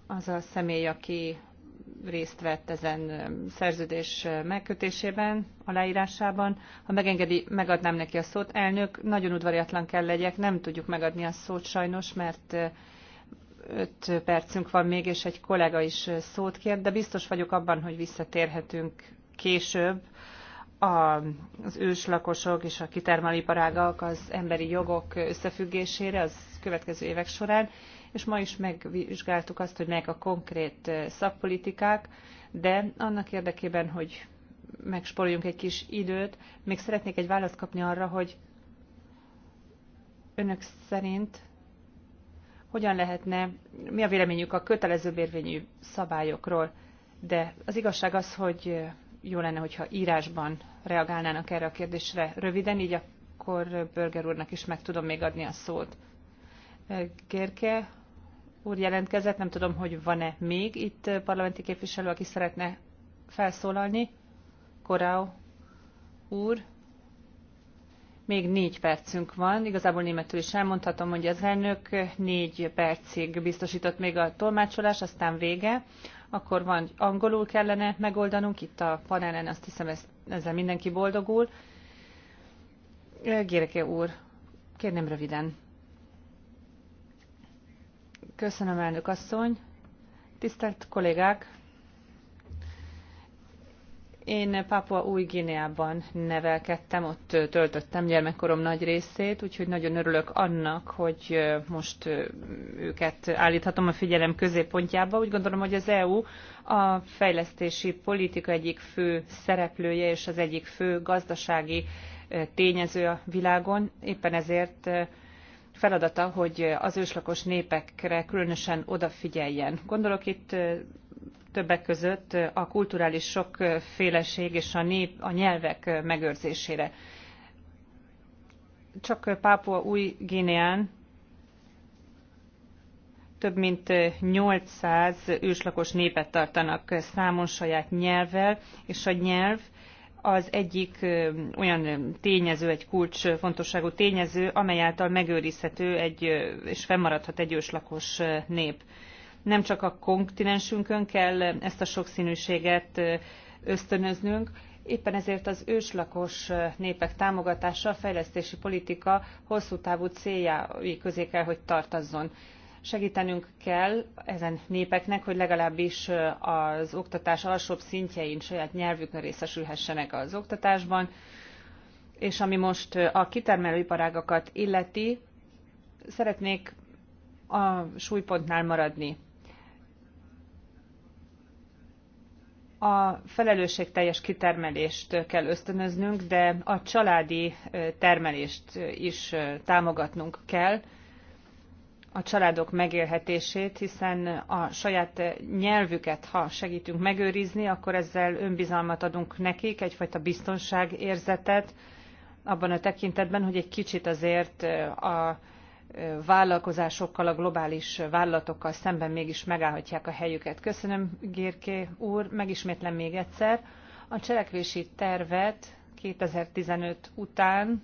az a személy, aki részt vett ezen szerződés megkötésében, aláírásában. Ha megengedi, megadnám neki a szót. Elnök, nagyon udvariatlan kell legyek, nem tudjuk megadni a szót sajnos, mert öt percünk van még, és egy kollega is szót kért, de biztos vagyok abban, hogy visszatérhetünk később az őslakosok és a kitermelőiparágak az emberi jogok összefüggésére az következő évek során és ma is megvizsgáltuk azt, hogy melyek a konkrét szakpolitikák, de annak érdekében, hogy megsporoljunk egy kis időt, még szeretnék egy választ kapni arra, hogy önök szerint hogyan lehetne, mi a véleményük a kötelező bérvényű szabályokról, de az igazság az, hogy jó lenne, hogyha írásban reagálnának erre a kérdésre röviden, így akkor Börger úrnak is meg tudom még adni a szót. Gerke úr jelentkezett, nem tudom, hogy van-e még itt parlamenti képviselő, aki szeretne felszólalni. Korau úr. Még négy percünk van, igazából németül is elmondhatom, hogy az elnök négy percig biztosított még a tolmácsolás, aztán vége. Akkor van, angolul kellene megoldanunk, itt a panelen azt hiszem ez, ezzel mindenki boldogul. Géreke úr, kérném röviden. Köszönöm, elnök asszony. Tisztelt kollégák! Én Papua új Guineában nevelkedtem, ott töltöttem gyermekkorom nagy részét, úgyhogy nagyon örülök annak, hogy most őket állíthatom a figyelem középpontjába. Úgy gondolom, hogy az EU a fejlesztési politika egyik fő szereplője és az egyik fő gazdasági tényező a világon. Éppen ezért feladata, hogy az őslakos népekre különösen odafigyeljen. Gondolok itt többek között a kulturális sokféleség és a, nép, a nyelvek megőrzésére. Csak Pápua új Guineán több mint 800 őslakos népet tartanak számon saját nyelvvel, és a nyelv az egyik olyan tényező, egy kulcsfontosságú tényező, amely által megőrizhető egy, és fennmaradhat egy őslakos nép. Nem csak a kontinensünkön kell ezt a sokszínűséget ösztönöznünk, Éppen ezért az őslakos népek támogatása a fejlesztési politika hosszú távú céljai közé kell, hogy tartozzon. Segítenünk kell ezen népeknek, hogy legalábbis az oktatás alsóbb szintjein saját nyelvükön részesülhessenek az oktatásban, és ami most a kitermelőiparágakat illeti, szeretnék a súlypontnál maradni. a felelősségteljes kitermelést kell ösztönöznünk, de a családi termelést is támogatnunk kell, a családok megélhetését, hiszen a saját nyelvüket, ha segítünk megőrizni, akkor ezzel önbizalmat adunk nekik, egyfajta biztonságérzetet, abban a tekintetben, hogy egy kicsit azért a vállalkozásokkal, a globális vállalatokkal szemben mégis megállhatják a helyüket. Köszönöm, Gérké úr, megismétlem még egyszer. A cselekvési tervet 2015 után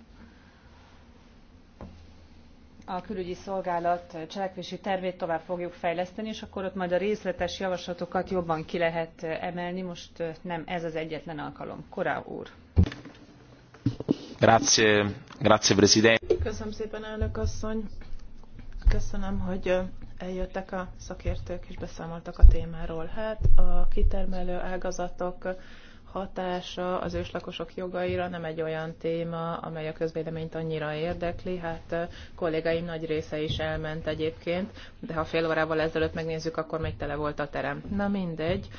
a külügyi szolgálat cselekvési tervét tovább fogjuk fejleszteni, és akkor ott majd a részletes javaslatokat jobban ki lehet emelni. Most nem ez az egyetlen alkalom. Korá úr. Grazie, grazie Presidente. Köszönöm szépen, elnök asszony. Köszönöm, hogy eljöttek a szakértők és beszámoltak a témáról. Hát a kitermelő ágazatok hatása az őslakosok jogaira nem egy olyan téma, amely a közvéleményt annyira érdekli. Hát kollégáim nagy része is elment egyébként, de ha fél órával ezelőtt megnézzük, akkor még tele volt a terem. Na mindegy,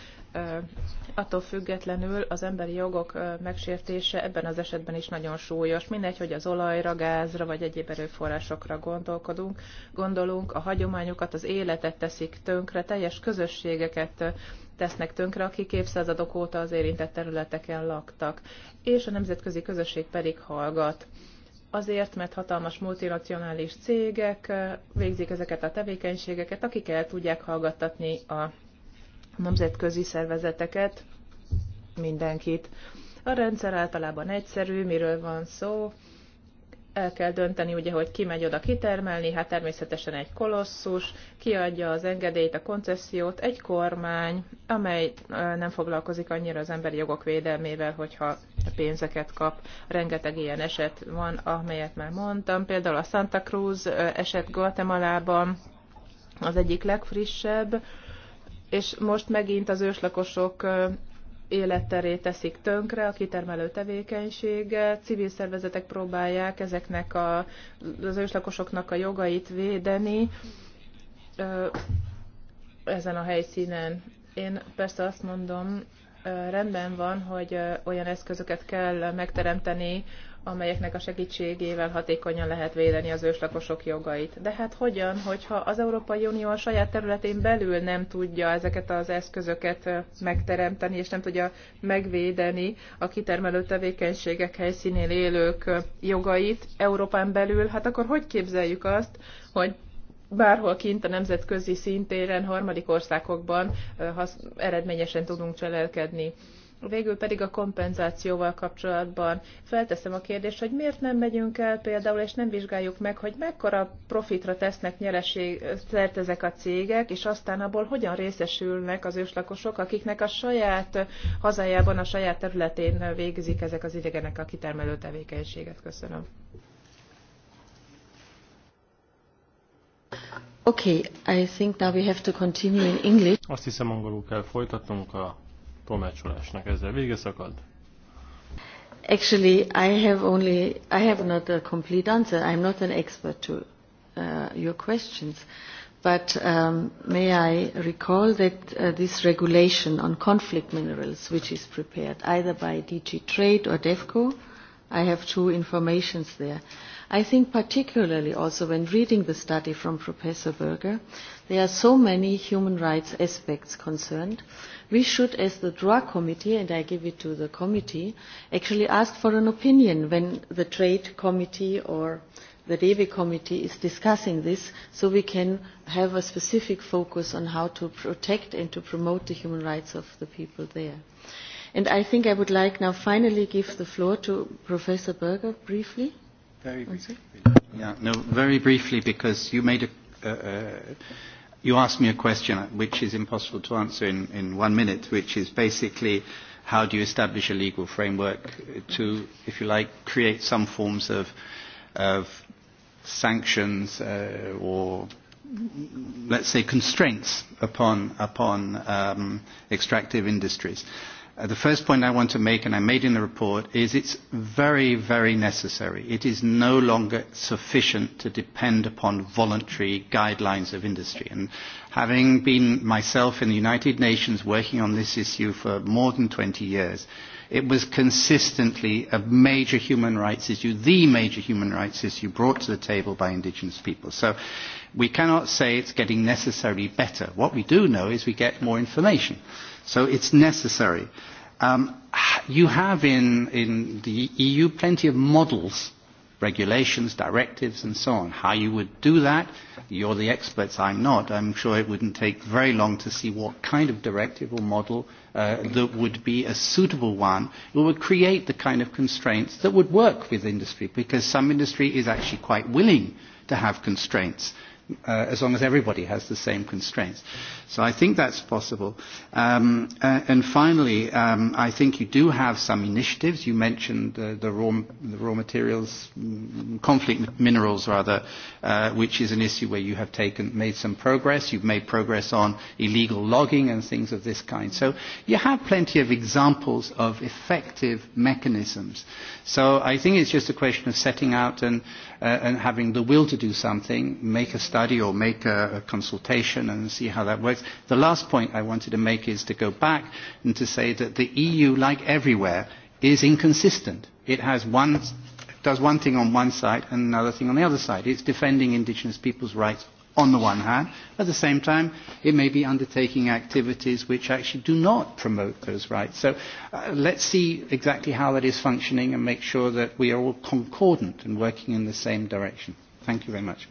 attól függetlenül az emberi jogok megsértése ebben az esetben is nagyon súlyos. Mindegy, hogy az olajra, gázra vagy egyéb erőforrásokra gondolkodunk, gondolunk, a hagyományokat, az életet teszik tönkre, teljes közösségeket tesznek tönkre, akik évszázadok óta az érintett területeken laktak, és a nemzetközi közösség pedig hallgat azért, mert hatalmas multinacionális cégek végzik ezeket a tevékenységeket, akik el tudják hallgattatni a nemzetközi szervezeteket, mindenkit. A rendszer általában egyszerű, miről van szó, el kell dönteni, ugye, hogy ki megy oda kitermelni, hát természetesen egy kolosszus, kiadja az engedélyt, a koncesziót, egy kormány, amely nem foglalkozik annyira az emberi jogok védelmével, hogyha pénzeket kap. Rengeteg ilyen eset van, amelyet már mondtam, például a Santa Cruz eset Guatemala-ban az egyik legfrissebb, és most megint az őslakosok életterét teszik tönkre, a kitermelő tevékenység, civil szervezetek próbálják ezeknek a, az őslakosoknak a jogait védeni ezen a helyszínen. Én persze azt mondom, rendben van, hogy olyan eszközöket kell megteremteni, amelyeknek a segítségével hatékonyan lehet védeni az őslakosok jogait. De hát hogyan, hogyha az Európai Unió a saját területén belül nem tudja ezeket az eszközöket megteremteni, és nem tudja megvédeni a kitermelő tevékenységek helyszínén élők jogait Európán belül, hát akkor hogy képzeljük azt, hogy bárhol kint a nemzetközi szintéren, harmadik országokban eredményesen tudunk cselekedni. Végül pedig a kompenzációval kapcsolatban felteszem a kérdést, hogy miért nem megyünk el például, és nem vizsgáljuk meg, hogy mekkora profitra tesznek nyereség szert ezek a cégek, és aztán abból hogyan részesülnek az őslakosok, akiknek a saját hazájában, a saját területén végzik ezek az idegenek a kitermelő tevékenységet. Köszönöm. Okay, I think now we have to continue in English. Azt hiszem angolul kell folytatnunk a tolmácsolásnak ezzel vége szakad. Actually, I have only, I have not a complete answer. I'm not an expert to uh, your questions. But um, may I recall that uh, this regulation on conflict minerals, which is prepared either by DG Trade or DEFCO, I have two informations there. I think particularly also when reading the study from Professor Berger, there are so many human rights aspects concerned we should as the drug committee and i give it to the committee actually ask for an opinion when the trade committee or the DEVE committee is discussing this so we can have a specific focus on how to protect and to promote the human rights of the people there. And I think I would like now finally give the floor to Professor Berger briefly. Very briefly. Yeah, no, very briefly because you made a, uh, you asked me a question which is impossible to answer in, in one minute, which is basically how do you establish a legal framework to, if you like, create some forms of, of sanctions uh, or let's say constraints upon, upon um, extractive industries. Uh, the first point I want to make, and I made in the report, is it's very, very necessary. It is no longer sufficient to depend upon voluntary guidelines of industry. And having been myself in the United Nations working on this issue for more than 20 years, it was consistently a major human rights issue, the major human rights issue brought to the table by indigenous people. So we cannot say it's getting necessarily better. What we do know is we get more information. So it's necessary. Um, you have in, in the EU plenty of models, regulations, directives, and so on. How you would do that, you're the experts, I'm not. I'm sure it wouldn't take very long to see what kind of directive or model uh, that would be a suitable one It would create the kind of constraints that would work with industry, because some industry is actually quite willing to have constraints uh, as long as everybody has the same constraints. So I think that's possible. Um, uh, and finally, um, I think you do have some initiatives. You mentioned uh, the, raw, the raw materials, mm, conflict minerals rather, uh, which is an issue where you have taken, made some progress. You've made progress on illegal logging and things of this kind. So you have plenty of examples of effective mechanisms. So I think it's just a question of setting out and, uh, and having the will to do something, make a study or make a, a consultation and see how that works. The last point I wanted to make is to go back and to say that the EU, like everywhere, is inconsistent. It has one, does one thing on one side and another thing on the other side. It's defending indigenous people's rights on the one hand. At the same time, it may be undertaking activities which actually do not promote those rights. So uh, let's see exactly how that is functioning and make sure that we are all concordant and working in the same direction. Thank you very much.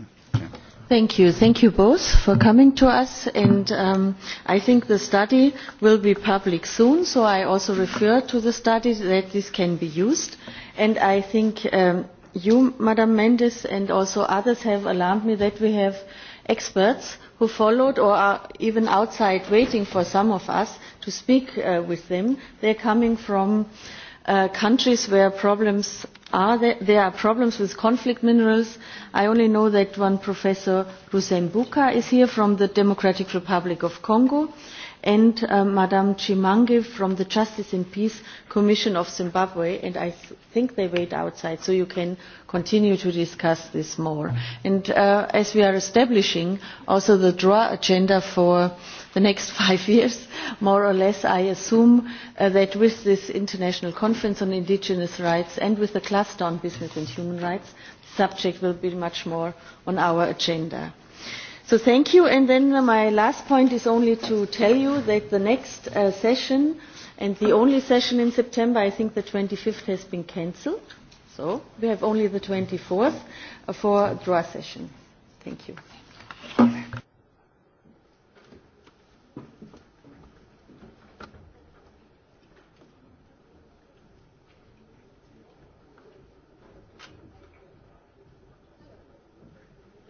Thank you. Thank you both for coming to us. And um, I think the study will be public soon, so I also refer to the study that this can be used. And I think um, you, Madam Mendes, and also others have alarmed me that we have experts who followed or are even outside waiting for some of us to speak uh, with them. They're coming from uh, Uh, countries where problems are there, are problems with conflict minerals. I only know that one professor, Hussein Buka, is here from the Democratic Republic of Congo and uh, Madame Chimange from the Justice and Peace Commission of Zimbabwe, and I th think they wait outside, so you can continue to discuss this more. And uh, as we are establishing also the draw agenda for the next [LAUGHS] five years, more or less, I assume uh, that with this International Conference on Indigenous Rights and with the cluster on business and human rights, the subject will be much more on our agenda. So thank you. And then my last point is only to tell you that the next uh, session and the only session in September, I think the 25th has been cancelled. So we have only the 24th for a draw session. Thank you.